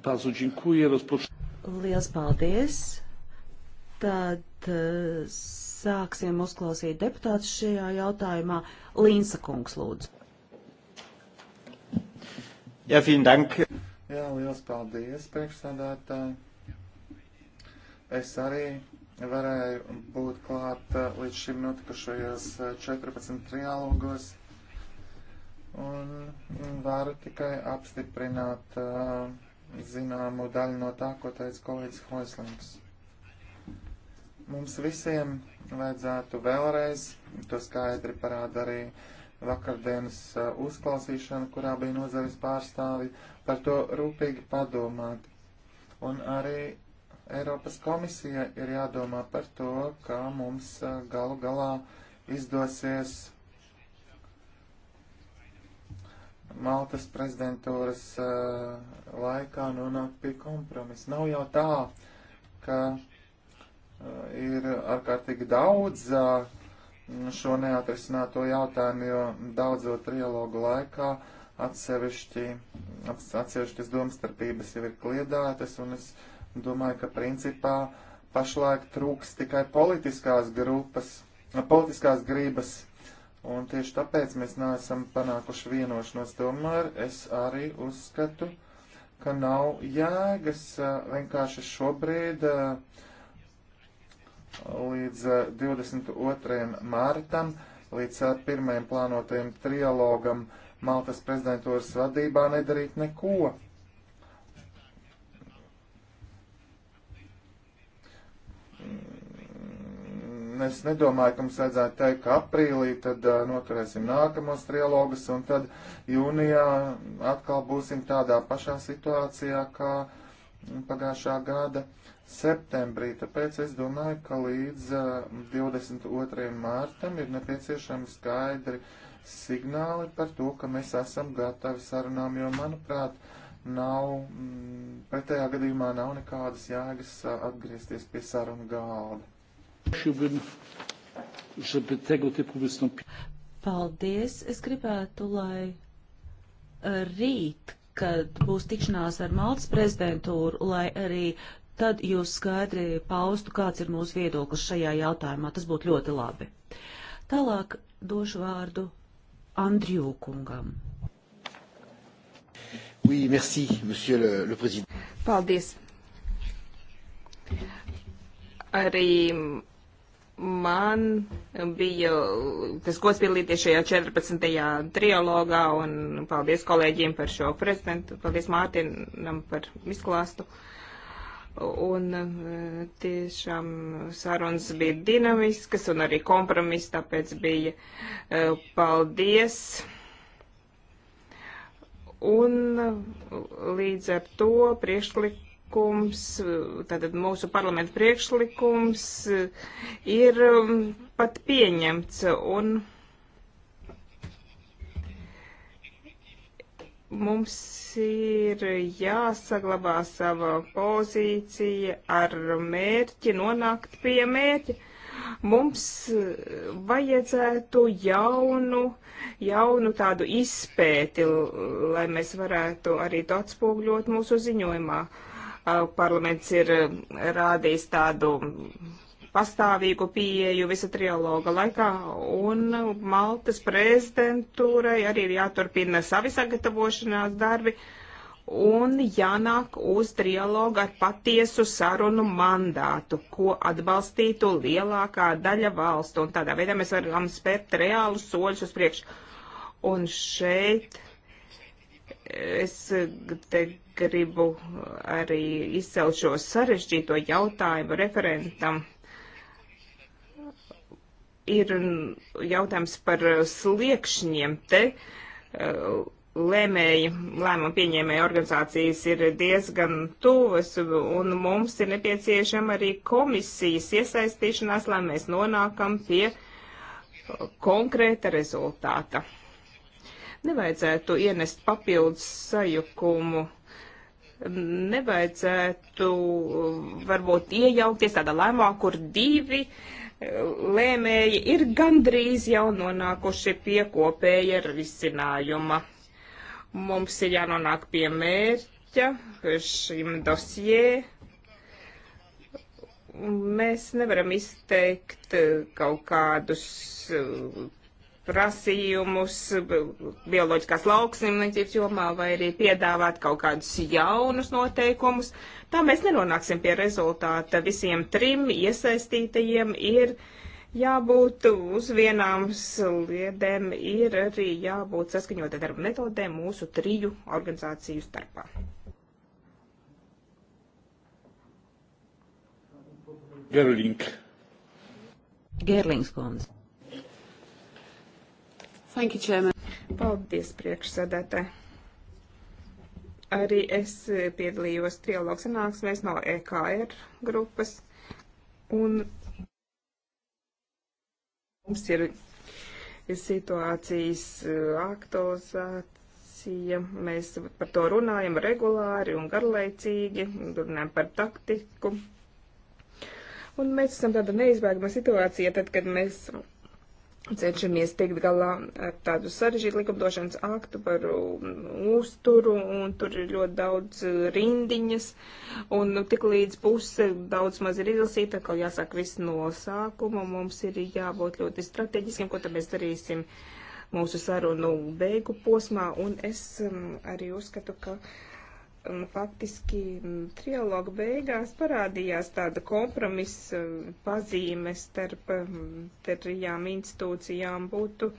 Bardzo dziękuję. Rozpocz... Liels paldies. Tad Eh, sāksim uzklausīt deputātus šajā jautājumā. Līnsa kungs, lūdzu. Jā, vielen dank. Jā, liels paldies, priekšsādātāji. Es arī varēju būt klāt eh, līdz šim notikušajos 14 eh, trialogos un varu tikai apstiprināt zināmu daļu no tā, ko teica kolēģis Hoislings mums visiem vajadzētu vēlreiz, to skaidri parāda arī vakardienas uh, uzklausīšana, kurā bija nozares pārstāvi, par to rūpīgi padomāt. Un arī Eiropas komisija ir jādomā par to, kā mums uh, galu galā izdosies Maltas prezidentūras uh, laikā nonākt pie kompromisa. Nav jau tā, ka Eh, ir ārkārtīgi daudz eh, šo neatrisināto jautājumu, jo daudzo trialogu laikā atsevišķi, atsevišķas domstarpības jau ir kliedētas, un es domāju, ka principā pašlaik trūks tikai politiskās grupas, eh, politiskās grības, un tieši tāpēc mēs neesam panākuši vienošanos. Tomēr es arī uzskatu, ka nav jēgas vienkārši šobrīd uh, līdz 22. Eh, mārtam, līdz eh, pirmajam plānotajam trialogam Maltas prezidentūras vadībā nedarīt neko. Mm, es nedomāju, ka mums vajadzētu teikt, ka aprīlī tad uh, noturēsim nākamos trilogus un tad jūnijā atkal būsim tādā pašā situācijā, kā uh, pagājušā gada septembrī, tāpēc es domāju, ka līdz 22. mārtam ir nepieciešami skaidri signāli par to, ka mēs esam gatavi sarunām, jo, manuprāt, nav, mm, pretējā gadījumā nav nekādas jēgas atgriezties pie sarunu galda. Paldies! Es gribētu, lai rīt kad būs tikšanās ar Maltas prezidentūru, lai arī tad jūs skaidri paustu, kāds ir mūsu viedoklis šajā jautājumā. Tas būtu ļoti labi. Tālāk došu vārdu Andriju kungam. Oui, merci, monsieur le, le président. Paldies. Arī man bija tas gods piedalīties šajā 14. trialogā, un paldies kolēģiem par šo prezidentu, paldies Mārtiņam par izklāstu. Un eh, tiešām sarunas bija dinamiskas un arī kompromiss, tāpēc bija eh, paldies. Un eh, līdz ar to priekšlikums priekšlikums, tātad mūsu parlamenta priekšlikums ir um, pat pieņemts un mums ir jāsaglabā sava pozīcija ar mērķi, nonākt pie mērķa mums vajadzētu jaunu, jaunu tādu izpēti, lai mēs varētu arī to atspūgļot mūsu ziņojumā. Parlaments ir rādījis tādu pastāvīgu pieeju visa trialoga laikā, un Maltas prezidentūrai arī ir jāturpina savi sagatavošanās darbi un jānāk uz trialogu ar patiesu sarunu mandātu, ko atbalstītu lielākā daļa valstu, un tādā veidā mēs varam spērt reālus soļus uz priekšu. Un šeit es te gribu arī izcelt šo sarežģīto jautājumu referentam. Ir jautājums par sliekšņiem te. Uh, lēmēji, lēmumu pieņēmēju organizācijas ir diezgan tuvas, un mums ir nepieciešama arī komisijas iesaistīšanās, lai mēs nonākam pie konkrēta rezultāta nevajadzētu ienest papildus sajukumu nevajadzētu varbūt iejaukties tādā lēmā, kur divi eh, lēmēji ir gandrīz jau nonākuši pie kopēja risinājuma. Mums ir jānonāk pie mērķa šim dosjē. Mēs nevaram izteikt eh, kaut kādus eh, prasījumus bioloģiskās lauksimniecības jomā vai arī piedāvāt kaut kādus jaunus noteikumus. Tā mēs nenonāksim pie rezultāta. Visiem trim iesaistītajiem ir jābūt uz vienām sliedēm, ir arī jābūt saskaņotā darba metodēm mūsu triju organizāciju starpā. Gerling. Gerlings kundze. Thank you, Chairman. Paldies, priekšsēdētāji. Arī es piedalījos trialogu sanāksmēs no EKR grupas. Un mums ir situācijas eh, aktualizācija. Mēs par to runājam regulāri un garlaicīgi, runājam par taktiku. Un mēs esam tāda neizbēgama situācija, tad, kad mēs cenšamies tikt galā ar tādu sarežģītu likumdošanas aktu par uzturu, un tur ir ļoti daudz rindiņas, un nu, tik līdz puse daudz maz ir izlasīta, ka jāsāk viss no sākuma, mums ir jābūt ļoti strateģiskiem, ko tad mēs darīsim mūsu sarunu beigu posmā, un es um, arī uzskatu, ka. Uh, faktiski mm, trialoga beigās parādījās tāda kompromisa mm, pazīme starp mm, trijām institūcijām būtu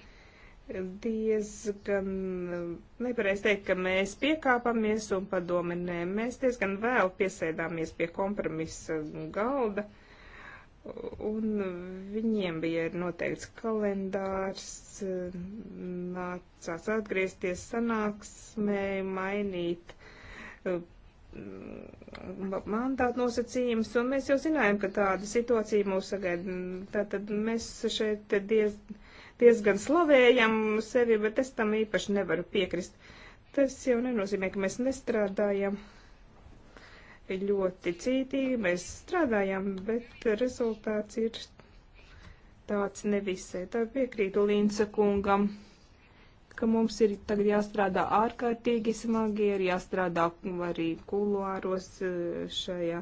diezgan, nepareiz teikt, ka mēs piekāpamies un padominē, mēs diezgan vēl piesēdāmies pie kompromisa galda, un viņiem bija noteikts kalendārs, nācās atgriezties sanāksmē, mainīt mandātu nosacījumus, un mēs jau zinājām, ka tāda situācija mūs sagaida. Tātad mēs šeit diez, diezgan slavējam sevi, bet es tam īpaši nevaru piekrist. Tas jau nenozīmē, ka mēs nestrādājam ļoti cītīgi, mēs strādājam, bet rezultāts ir tāds nevisai. Tā piekrītu Līnca kungam ka mums ir tagad jāstrādā ārkārtīgi smagi, ir jāstrādā arī kuluāros eh, šajā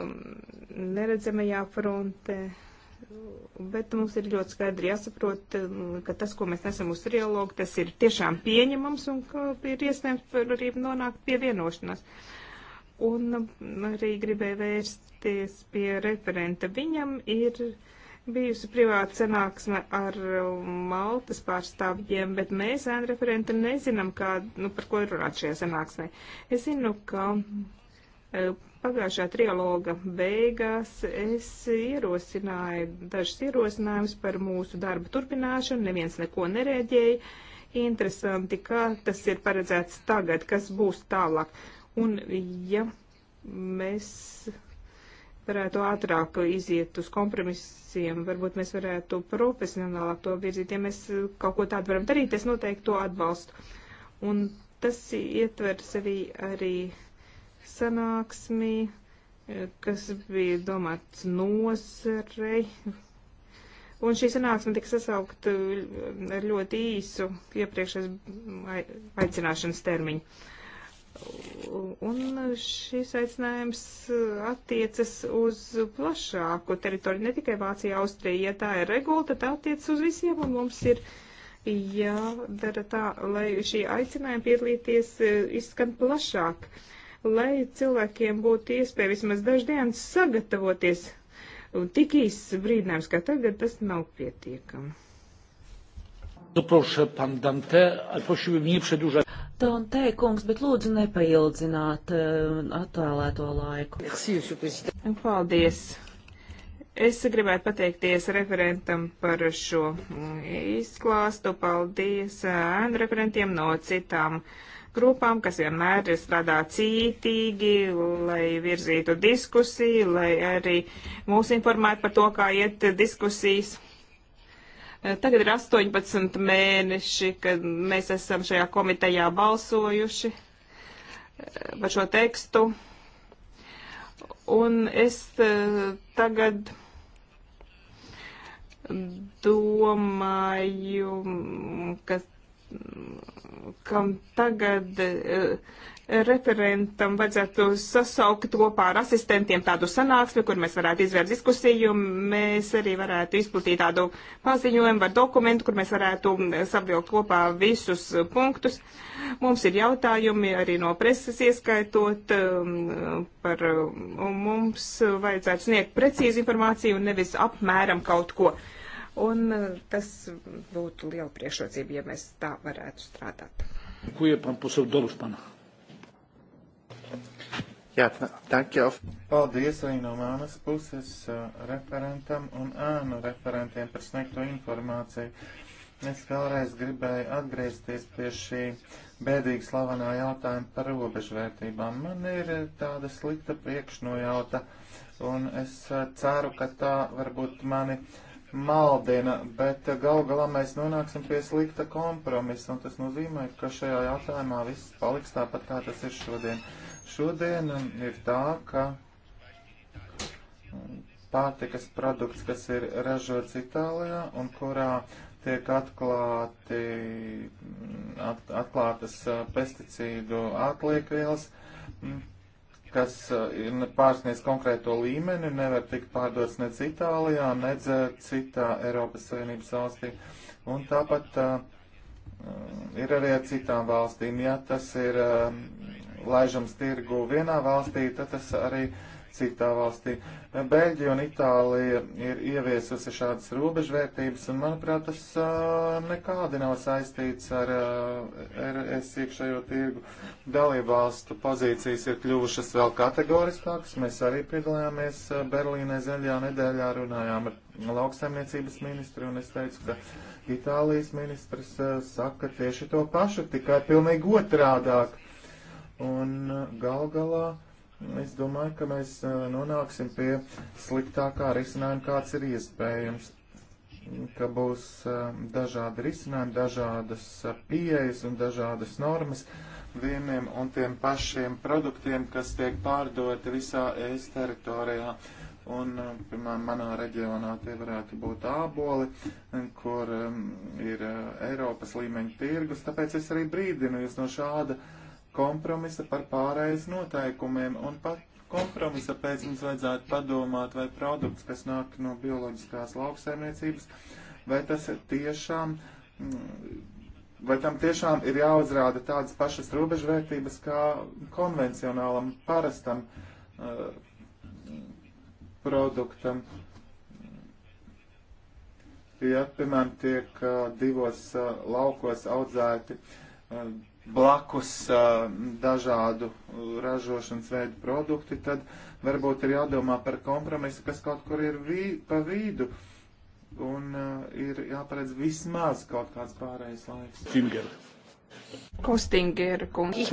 um, neredzamajā frontē. Bet mums ir ļoti skaidri jāsaprot, um, ka tas, ko mēs nesam uz trialogu, tas ir tiešām pieņemams un ka ir iespējams arī nonākt pie vienošanās. Un um, arī gribēju vērsties pie referenta. Viņam ir uh, bijusi privāta sanāksme ar um, Maltas pārstāvjiem, bet mēs, ēna referenti, nezinām, kā, nu, par ko ir runāt šajā sanāksmē. Es zinu, ka eh, pagājušā trialoga beigās es ierosināju dažus ierosinājumus par mūsu darba turpināšanu, neviens neko nereaģēja. Interesanti, kā tas ir paredzēts tagad, kas būs tālāk. Un, ja mēs varētu ātrāk iziet uz kompromisiem, varbūt mēs varētu profesionālāk to virzīt, ja mēs kaut ko tādu varam darīt, es noteikti to atbalstu. Un tas ietver sevi arī sanāksmī, kas bija domāts nozarei. Un šī sanāksme tika sasaukt uh, ar ļoti īsu iepriekšējais aicināšanas termiņu. Un šis aicinājums attiecas uz plašāku teritoriju, ne tikai Vācija, Austrija. Ja tā ir regula, tad tā attiecas uz visiem, un mums ir jādara tā, lai šī aicinājuma piedalīties e, izskan plašāk, lai cilvēkiem būtu iespēja vismaz dažs dienas sagatavoties. Un tik īsts brīdinājums kā tagad, tas nav pietiekami. Prošu, pan Dante, prosiłbym nie przedłużać. Dante, kungs, bet lūdzu nepaildzināt eh, atvēlēto laiku. Paldies. Es gribētu pateikties referentam par šo mm, izklāstu. Paldies eh, ēnu referentiem no citām grupām, kas vienmēr ir strādā cītīgi, lai virzītu diskusiju, lai arī mūs informētu par to, kā iet diskusijas. Eh, tagad ir 18 mēneši, kad mēs esam šajā komitejā balsojuši eh, par šo tekstu. Un es eh, tagad domāju, ka, ka tagad referentam vajadzētu sasaukt kopā ar asistentiem tādu sanāksmi, kur mēs varētu izvērst diskusiju. Mēs arī varētu izplatīt tādu paziņojumu vai dokumentu, kur mēs varētu savilkt kopā visus punktus. Mums ir jautājumi arī no preses ieskaitot um, par, un mums vajadzētu sniegt precīzi informāciju un nevis apmēram kaut ko. Un uh, tas būtu liela priekšrocība, ja mēs tā varētu strādāt. Dziękuję pan poseł Dorfman. Jā, tā jau. Paldies arī no manas puses uh, referentam un ānu referentiem par sniegto informāciju. Es vēlreiz gribēju atgriezties pie šī bēdīgi slavenā jautājuma par robežvērtībām. Man ir uh, tāda slikta priekšnojauta, un es uh, ceru, ka tā varbūt mani maldina, bet uh, gal galā mēs nonāksim pie slikta kompromisa, un tas nozīmē, ka šajā jautājumā viss paliks tāpat, kā tas ir šodien. Uh, šodien ir tā, ka pārtikas produkts, kas ir ražots Itālijā un kurā tiek atklāti, at, atklātas pesticīdu atliekvielas, kas pārsniedz konkrēto līmeni, nevar tikt pārdots nec Itālijā, nec citā Eiropas Savienības valstī. Un tāpat uh, ir arī ar citām valstīm. Ja tas ir uh, laižams tirgu vienā valstī, tad tas arī citā valstī. Beļģija un Itālija ir ieviesusi šādas robežvērtības, un, manuprāt, tas uh, nekādi nav saistīts ar RS iekšējo tirgu. Dalībvalstu pozīcijas ir kļuvušas vēl kategoriskākas. Mēs arī piedalījāmies Berlīnē zaļajā nedēļā, runājām ar lauksaimniecības ministru, un es teicu, ka Itālijas ministrs uh, saka tieši to pašu, tikai pilnīgi otrādāk un uh, gal galā es domāju, ka mēs uh, nonāksim pie sliktākā risinājuma, kāds ir iespējams, ka būs uh, dažādi risinājumi, dažādas pieejas un dažādas normas vieniem un tiem pašiem produktiem, kas tiek pārdoti visā ES teritorijā. Un, piemēram, manā reģionā tie varētu būt āboli, kur um, ir Eiropas līmeņa tirgus, tāpēc es arī brīdinu jūs no šāda uh, kompromisa par pārējais noteikumiem, un pat kompromisa pēc mums vajadzētu padomāt, vai produkts, kas nāk no bioloģiskās lauksaimniecības, vai tas tiešām. Mm, vai tam tiešām ir jāuzrāda tādas pašas robežvērtības kā konvencionālam, parastam uh, produktam? Ja, piemēram, tiek uh, divos uh, laukos audzēti uh, blakus uh, dažādu ražošanas veidu produkti, tad varbūt ir jādomā par kompromisu, kas kaut kur ir vī, pa vidu. Un uh, ir jāparedz vismaz kaut kāds pārējais laiks. Finger. Kostingera kungs.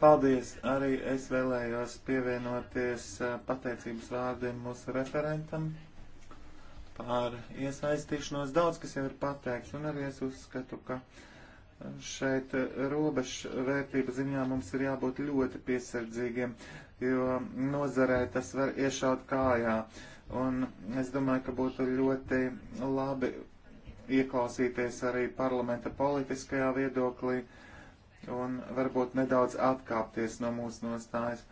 Paldies! Arī es vēlējos pievienoties uh, pateicības vārdiem mūsu referentam par iesaistīšanos. Daudz, kas jau ir pateikts, un arī es uzskatu, ka uh, šeit eh, robežvērtību ziņā mums ir jābūt ļoti piesardzīgiem, jo nozarē tas var iešaut kājā. Un es domāju, ka būtu ļoti labi ieklausīties arī parlamenta politiskajā viedoklī un varbūt nedaudz atkāpties no mūsu nostājas.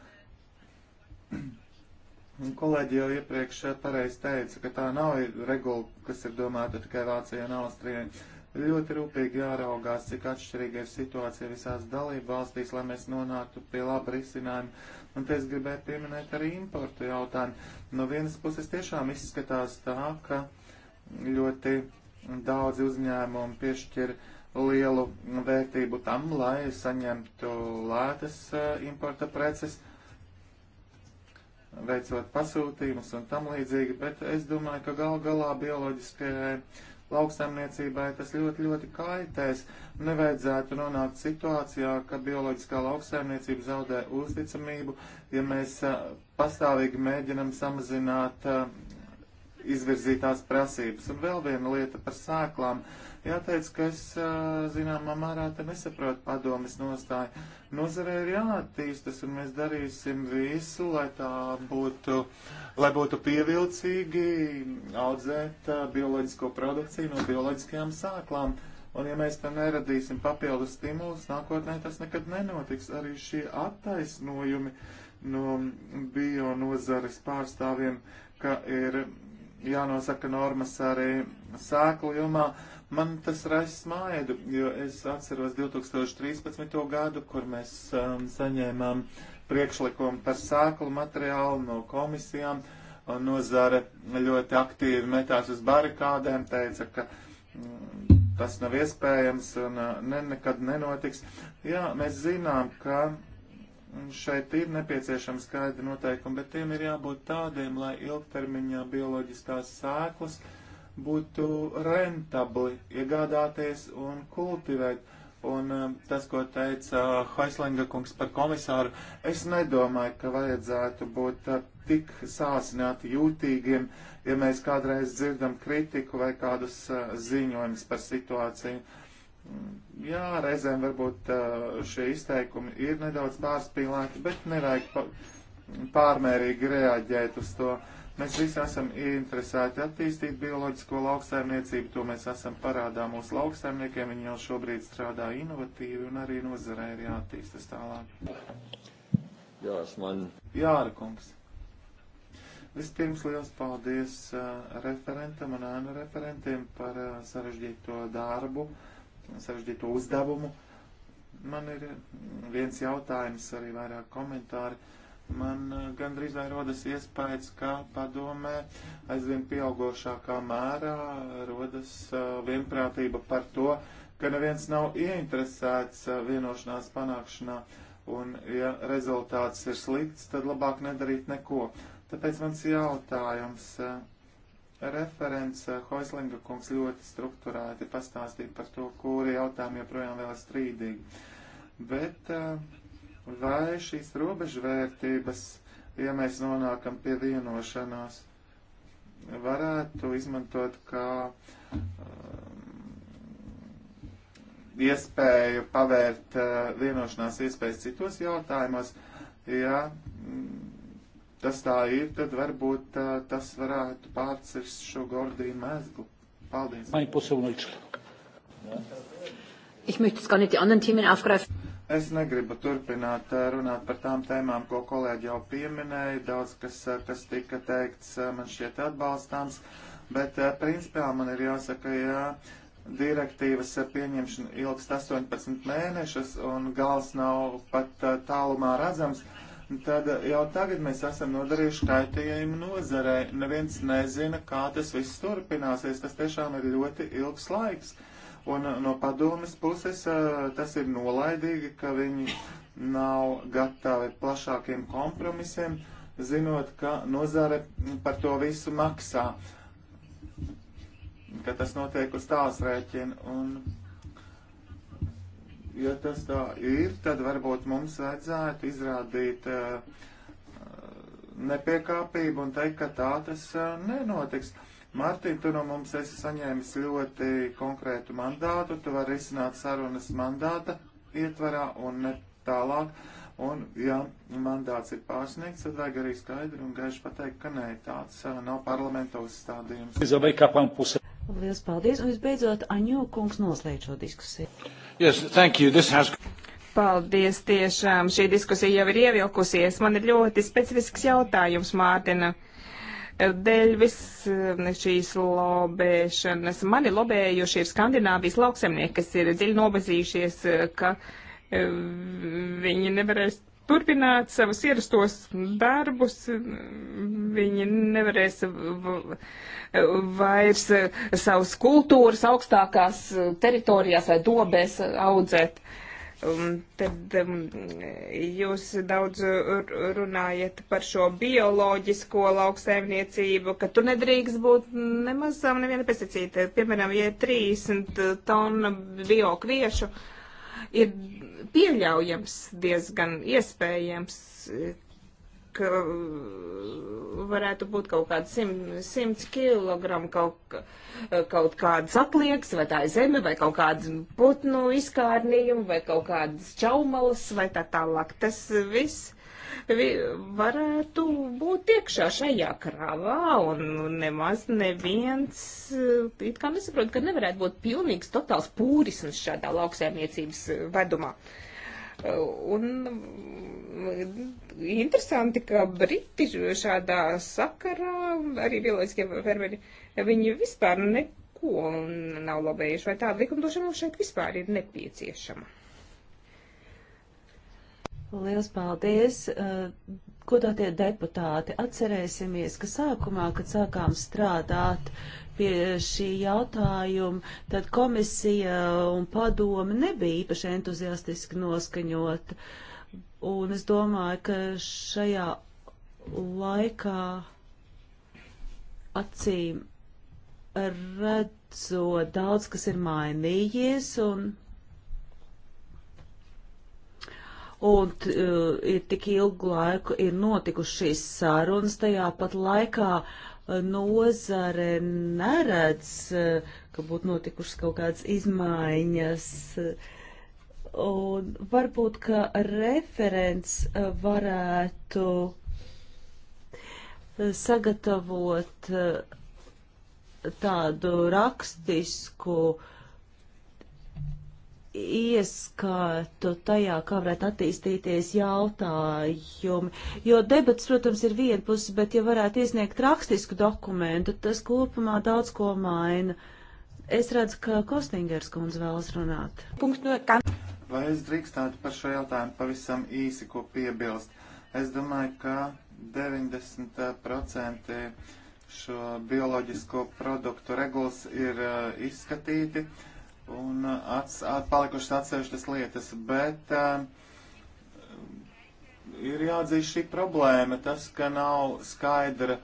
Kolēģi jau iepriekš pareizi teica, ka tā nav regula, kas ir domāta tikai Vācijai un Austrijai ļoti rūpīgi jāraugās, cik atšķirīga ir situācija visās dalību valstīs, lai mēs nonāktu pie laba risinājuma. Un te es gribēju pieminēt arī importu jautājumu. No vienas puses tiešām izskatās tā, ka ļoti daudzi uzņēmumi piešķir lielu vērtību tam, lai saņemtu lētas eh, importa preces, veicot pasūtījumus un tam līdzīgi, bet es domāju, ka gal galā bioloģiskajai lauksaimniecībai tas ļoti, ļoti kaitēs. Nevajadzētu nonākt situācijā, ka bioloģiskā lauksaimniecība zaudē uzticamību, ja mēs pastāvīgi mēģinam samazināt izvirzītās prasības. Un vēl viena lieta par sēklām. Uh, Jāteic, ka es zināmā mērā te nesaprotu padomis nostāju. Nozarē ir jāattīstas, un mēs darīsim visu, lai tā būtu, lai būtu pievilcīgi audzēt bioloģisko produkciju no bioloģiskajām sāklām. Un ja mēs tam neradīsim papildus stimulus, nākotnē tas nekad nenotiks. Arī šie attaisnojumi no bio nozares pārstāvjiem, ka ir jānosaka normas arī sēklu jomā, Man tas rais smaidu, jo es atceros 2013. gadu, kur mēs um, saņēmām priekšlikumu par sēklu materiālu no komisijām, un nozare ļoti aktīvi metās uz barikādēm, teica, ka mm, tas nav iespējams un uh, ne, nekad nenotiks. Jā, mēs zinām, ka šeit ir nepieciešama skaidra noteikuma, bet tiem ir jābūt tādiem, lai ilgtermiņā bioloģiskās sēklas uh, būtu rentabli iegādāties un kultivēt. Un um, tas, ko teica Haislinga kungs par komisāru, es nedomāju, ka vajadzētu būt uh, tik sāsināti jūtīgiem, ja mēs kādreiz dzirdam kritiku vai kādus uh, ziņojumus par situāciju. Mm, jā, reizēm varbūt uh, šie izteikumi ir nedaudz pārspīlēti, bet nevajag pārmērīgi reaģēt uz to. Uh, Mēs visi esam interesēti attīstīt bioloģisko lauksaimniecību, to mēs esam parādā mūsu lauksaimniekiem, viņi jau šobrīd strādā inovatīvi un arī nozarē ir jātīstas tālāk. Jā, es man. Jāra kungs. Vispirms liels paldies uh, referentam un ēnu referentiem par uh, sarežģīto darbu, sarežģīto uzdevumu. Man ir viens jautājums, arī vairāk komentāri. Uh, Man eh, gandrīz vai rodas iespējas, ka padomē aizvien pieaugošākā mērā rodas eh, vienprātība par to, ka neviens nav ieinteresēts eh, vienošanās panākšanā, un ja rezultāts ir slikts, tad labāk nedarīt neko. Tāpēc mans jautājums referents Hoislinga kungs ļoti strukturēti pastāstīja par to, kuri jautājumi joprojām vēl ir strīdīgi. Bet uh, vai šīs robežvērtības, ja mēs nonākam pie vienošanās, varētu izmantot kā um, iespēju pavērt uh, vienošanās iespējas citos jautājumos. Ja mm, tas tā ir, tad varbūt uh, tas varētu pārcirst šo Gordiju mēzglu. Paldies. Ich möchte jetzt gar nicht die anderen Themen aufgreifen. Es negribu turpināt eh, runāt par tām tēmām, ko kolēģi jau pieminēja. Daudz, kas, eh, kas tika teikts, eh, man šķiet atbalstāms. Bet principā man ir jāsaka, jā, direktīvas pieņemšana ilgst 18 mēnešus un gals nav pat tālumā redzams, tad jau tagad mēs esam nodarījuši kaitējumu nozarei. Neviens nezina, kā tas viss turpināsies. Tas tiešām ir ļoti ilgs laiks. Uh, Un uh, no padomas puses uh, tas ir nolaidīgi, ka viņi nav gatavi plašākiem kompromisiem, zinot, ka nozare par to visu maksā, ka tas notiek uz tās rēķina. Un, ja tas tā ir, tad varbūt mums vajadzētu izrādīt uh, uh nepiekāpību un teikt, ka tā tas uh, nenotiks. Uh, Martī, tu no mums esi saņēmis ļoti konkrētu mandātu, tu vari izsināt sarunas mandāta ietvarā un ne tālāk. Un, ja mandāts ir pārsniegts, tad vajag arī skaidri un gaiši pateikt, ka nē, tāds uh, nav parlamenta uzstādījums. Lielas paldies, un visbeidzot, Aņo kungs noslēdz šo diskusiju. Yes, thank you. This has... Paldies, tiešām šī diskusija jau ir ievilkusies. Man ir ļoti specifisks jautājums, Mārtiņa dēļ viss eh, šīs lobēšanas. Mani lobējuši ir Skandināvijas lauksemnieki, kas ir dziļi nobazījušies, eh, ka eh, viņi nevarēs turpināt savus ierastos darbus, viņi nevarēs vairs savus kultūras augstākās teritorijās vai dobēs audzēt. Uh, Um, tad um, jūs daudz runājat par šo bioloģisko lauksaimniecību, ka tur nedrīkst būt nemazām um, neviena pesticīta. Piemēram, ja 30 tonu biokviešu ir pieļaujams diezgan iespējams, ka uh, varētu būt kaut kāds simt, simts kilogramu kaut, uh, kaut kādas atliekas, vai tā ir zeme, vai kaut kādas putnu izkārnījumi, vai kaut kādas čaumalas, vai tā tālāk. Tas viss vi, varētu būt iekšā šajā kravā, un nemaz neviens, uh, it kā nesaprot, ka nevarētu būt pilnīgs totāls pūrisms šādā lauksēmniecības vedumā. Uh, Un mm, interesanti, ka Briti šādā sakarā, arī bioloģiskie fermeri, viņi vispār neko nav lobējuši, vai tāda likumdošana mums šeit vispār ir nepieciešama. Liels paldies! Uh, godātie deputāti, atcerēsimies, ka sākumā, kad sākām strādāt pie šī jautājuma, tad komisija un padome nebija īpaši entuziastiski noskaņota. Un es domāju, ka šajā laikā acīm redzot daudz, kas ir mainījies un un uh, ir tik ilgu laiku ir notikušas šīs sarunas, tajā pat laikā nozare neredz, ka būtu notikušas kaut kādas izmaiņas. Un varbūt, ka referents varētu sagatavot eh, tādu rakstisku uh, ieskatu tajā, kā varētu attīstīties jautājumi. Jo debats, protams, ir viena puse, bet ja varētu iesniegt rakstisku dokumentu, tas kopumā daudz ko maina. Es redzu, ka Kostingers kundze vēlas runāt. Vai es drīkstātu par šo jautājumu pavisam īsi, ko piebilst? Es domāju, ka 90% šo bioloģisko produktu regulas ir uh, izskatīti. Uh, un uh, ats, palikušas atsevišķas lietas, bet uh, ir jāatzīst šī problēma, tas, ka nav skaidra,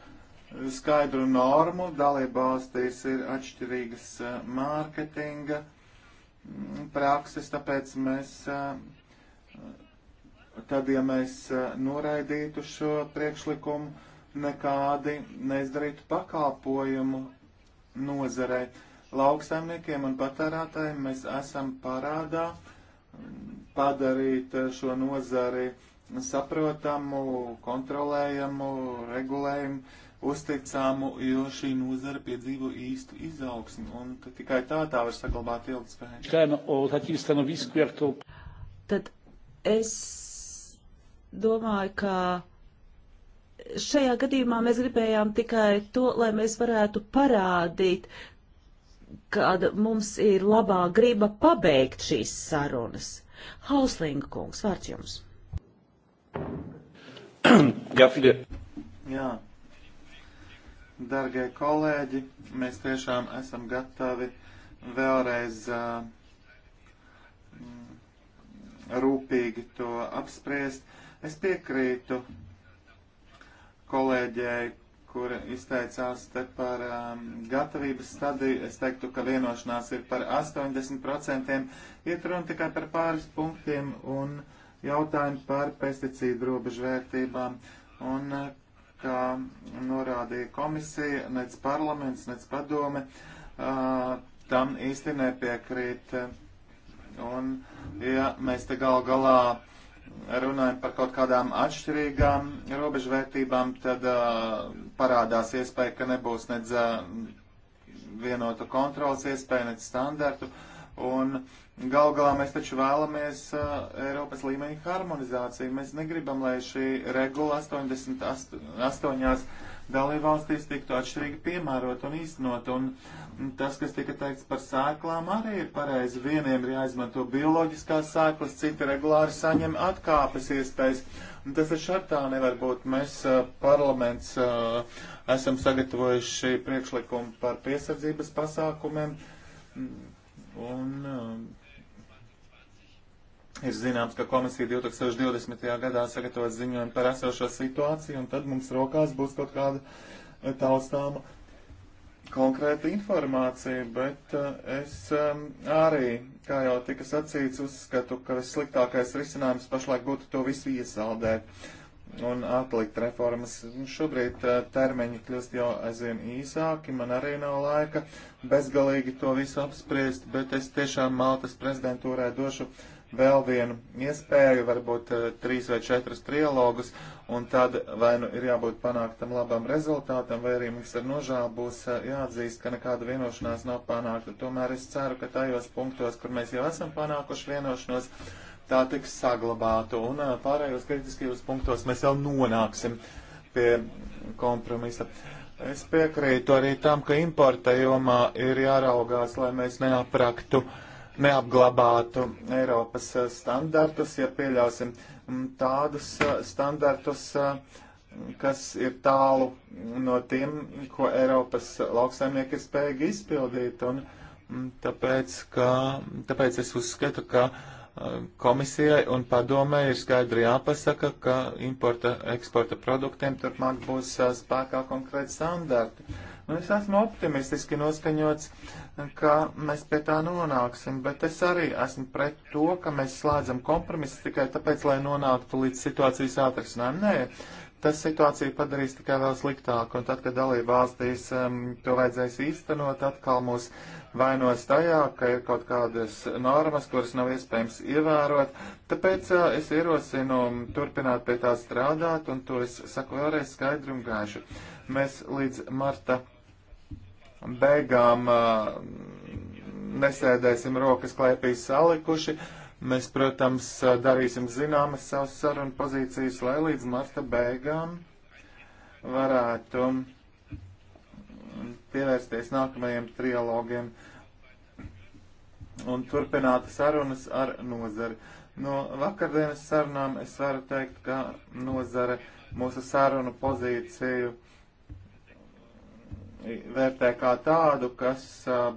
skaidru normu, dalībvalstīs ir atšķirīgas uh, mārketinga mm, prakses, tāpēc mēs, uh, tad, ja mēs uh, noraidītu šo priekšlikumu, nekādi neizdarītu pakāpojumu nozarei Lauksaimniekiem un patērētājiem mēs esam parādā mm, padarīt eh, šo nozari saprotamu, kontrolējamu, regulējumu, uzticamu, jo šī nozara piedzīvo īstu izaugsmu. Un tikai tā tā var saglabāt ilgspēju. Tad es domāju, ka šajā gadījumā mēs gribējām tikai to, lai mēs varētu parādīt, kad mums ir labā griba pabeigt šīs sarunas. Hauslinga kungs, vārds jums. Jā, Filip. Jā. Dargie kolēģi, mēs tiešām esam gatavi vēlreiz uh, rūpīgi to apspriest. Es piekrītu kolēģei, kura izteicās te par um, gatavības stadiju. Es teiktu, ka vienošanās ir par 80%, iet runa tikai par pāris punktiem un jautājumu par pesticīdu robežvērtībām. Un, uh, kā norādīja komisija, nec parlaments, nec padome, uh, tam īsti nepiekrīt. Un, ja mēs te gal galā runājam par kaut kādām atšķirīgām robežvērtībām, tad uh, parādās iespēja, ka nebūs nedz uh, vienotu kontrols iespēju, nedz standartu. Un gal galā mēs taču vēlamies uh, Eiropas līmeņa harmonizāciju. Mēs negribam, lai šī regula 88. dalībvalstīs tiktu atšķirīgi piemērot un īstenot. Un, uh, Tas, kas tika teikts par sēklām, arī ir pareizi. Vieniem ir jāizmanto bioloģiskās sēklas, citi regulāri saņem atkāpes iespējas. Tas ar šartā nevar būt. Mēs parlaments esam sagatavojuši priekšlikumu par piesardzības pasākumiem. Un ir zināms, ka komisija 2020. gadā sagatavos ziņojumu par esošo situāciju, un tad mums rokās būs kaut kāda taustāma konkrēta informācija, bet eh, es ehm, arī, kā jau tika sacīts, uzskatu, ka vissliktākais risinājums pašlaik būtu to visu iesaldēt un atlikt reformas. Nu, šobrīd eh, termiņi kļūst jau aizvien īsāki, man arī nav laika bezgalīgi to visu apspriest, bet es tiešām Maltas prezidentūrai došu uh, vēl vienu iespēju, varbūt eh, trīs vai četras trilogus, un tad vai nu ir jābūt panāktam labam rezultātam, vai arī mums ar nožēlu būs eh, jāatzīst, ka nekāda vienošanās nav panākta. Tomēr es ceru, ka tajos punktos, kur mēs jau esam panākuši vienošanos, tā tiks saglabāta, un eh, pārējos kritiskajos punktos mēs jau nonāksim pie kompromisa. Es piekrītu arī tam, ka importa jomā ir jāraugās, lai mēs neapraktu uh, neapglabātu Eiropas eh, standartus, ja pieļausim mm, tādus eh, standartus, eh, kas ir tālu no tiem, ko Eiropas lauksaimnieki ir spējīgi izpildīt. Un mm, tāpēc, ka, tāpēc es uzskatu, ka komisijai un padomē ir skaidri jāpasaka, ka importa, eksporta produktiem turpmāk būs spēkā konkrēti standarti. Un es esmu optimistiski noskaņots. Uh, ka mēs pie tā nonāksim, bet es arī esmu pret to, ka mēs slēdzam kompromisus tikai tāpēc, lai nonāktu līdz situācijas atrisinājumam. Nē, tas situāciju padarīs tikai vēl sliktāku, un tad, kad dalība valstīs um, to vajadzēs īstenot, atkal mūs vainos tajā, ka ir kaut kādas normas, kuras nav iespējams ievērot. Tāpēc uh, es ierosinu turpināt pie tā strādāt, un to es saku vēlreiz skaidri un gaiši. Mēs līdz marta beigām nesēdēsim rokas klēpīs salikuši. Mēs, protams, darīsim zināmas savas sarunu pozīcijas, lai līdz marta beigām varētu pievērsties nākamajiem trialogiem un turpināt sarunas ar nozari. No vakardienas sarunām es varu teikt, ka nozare mūsu sarunu pozīciju vērtē kā tādu, kas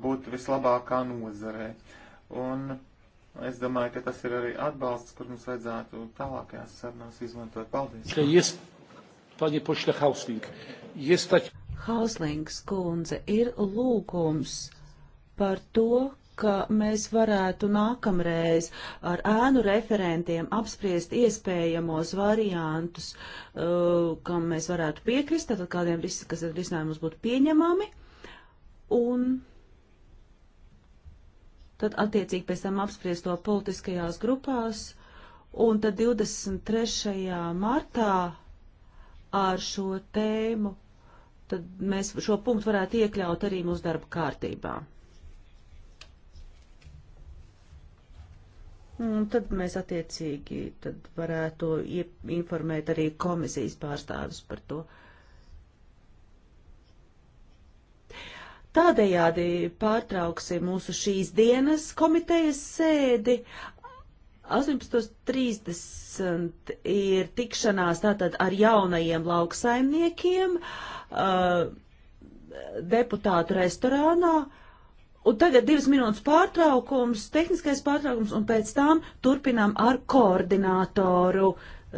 būtu vislabākā nozarē. Un es domāju, ka tas ir arī atbalsts, kur mums vajadzētu tālākajās sarunās izmantot. Paldies! Paņi pošļa Hauslink. Hauslings kundze ir lūgums par to, ka mēs varētu nākamreiz ar ēnu referentiem apspriest iespējamos variantus, uh, kam mēs varētu piekrist, tad kādiem ris kas risinājumus būtu pieņemami. Un tad attiecīgi pēc tam apspriest to politiskajās grupās. Un tad 23. martā ar šo tēmu, tad mēs šo punktu varētu iekļaut arī mūsu darba kārtībā. Un tad mēs attiecīgi tad varētu informēt arī komisijas pārstāvis par to. Tādējādi pārtrauksim mūsu šīs dienas komitejas sēdi. 18.30 ir tikšanās tātad ar jaunajiem lauksaimniekiem uh, deputātu restorānā. Uh, Un tagad divas minūtes pārtraukums, tehniskais pārtraukums, un pēc tam turpinām ar koordinātoru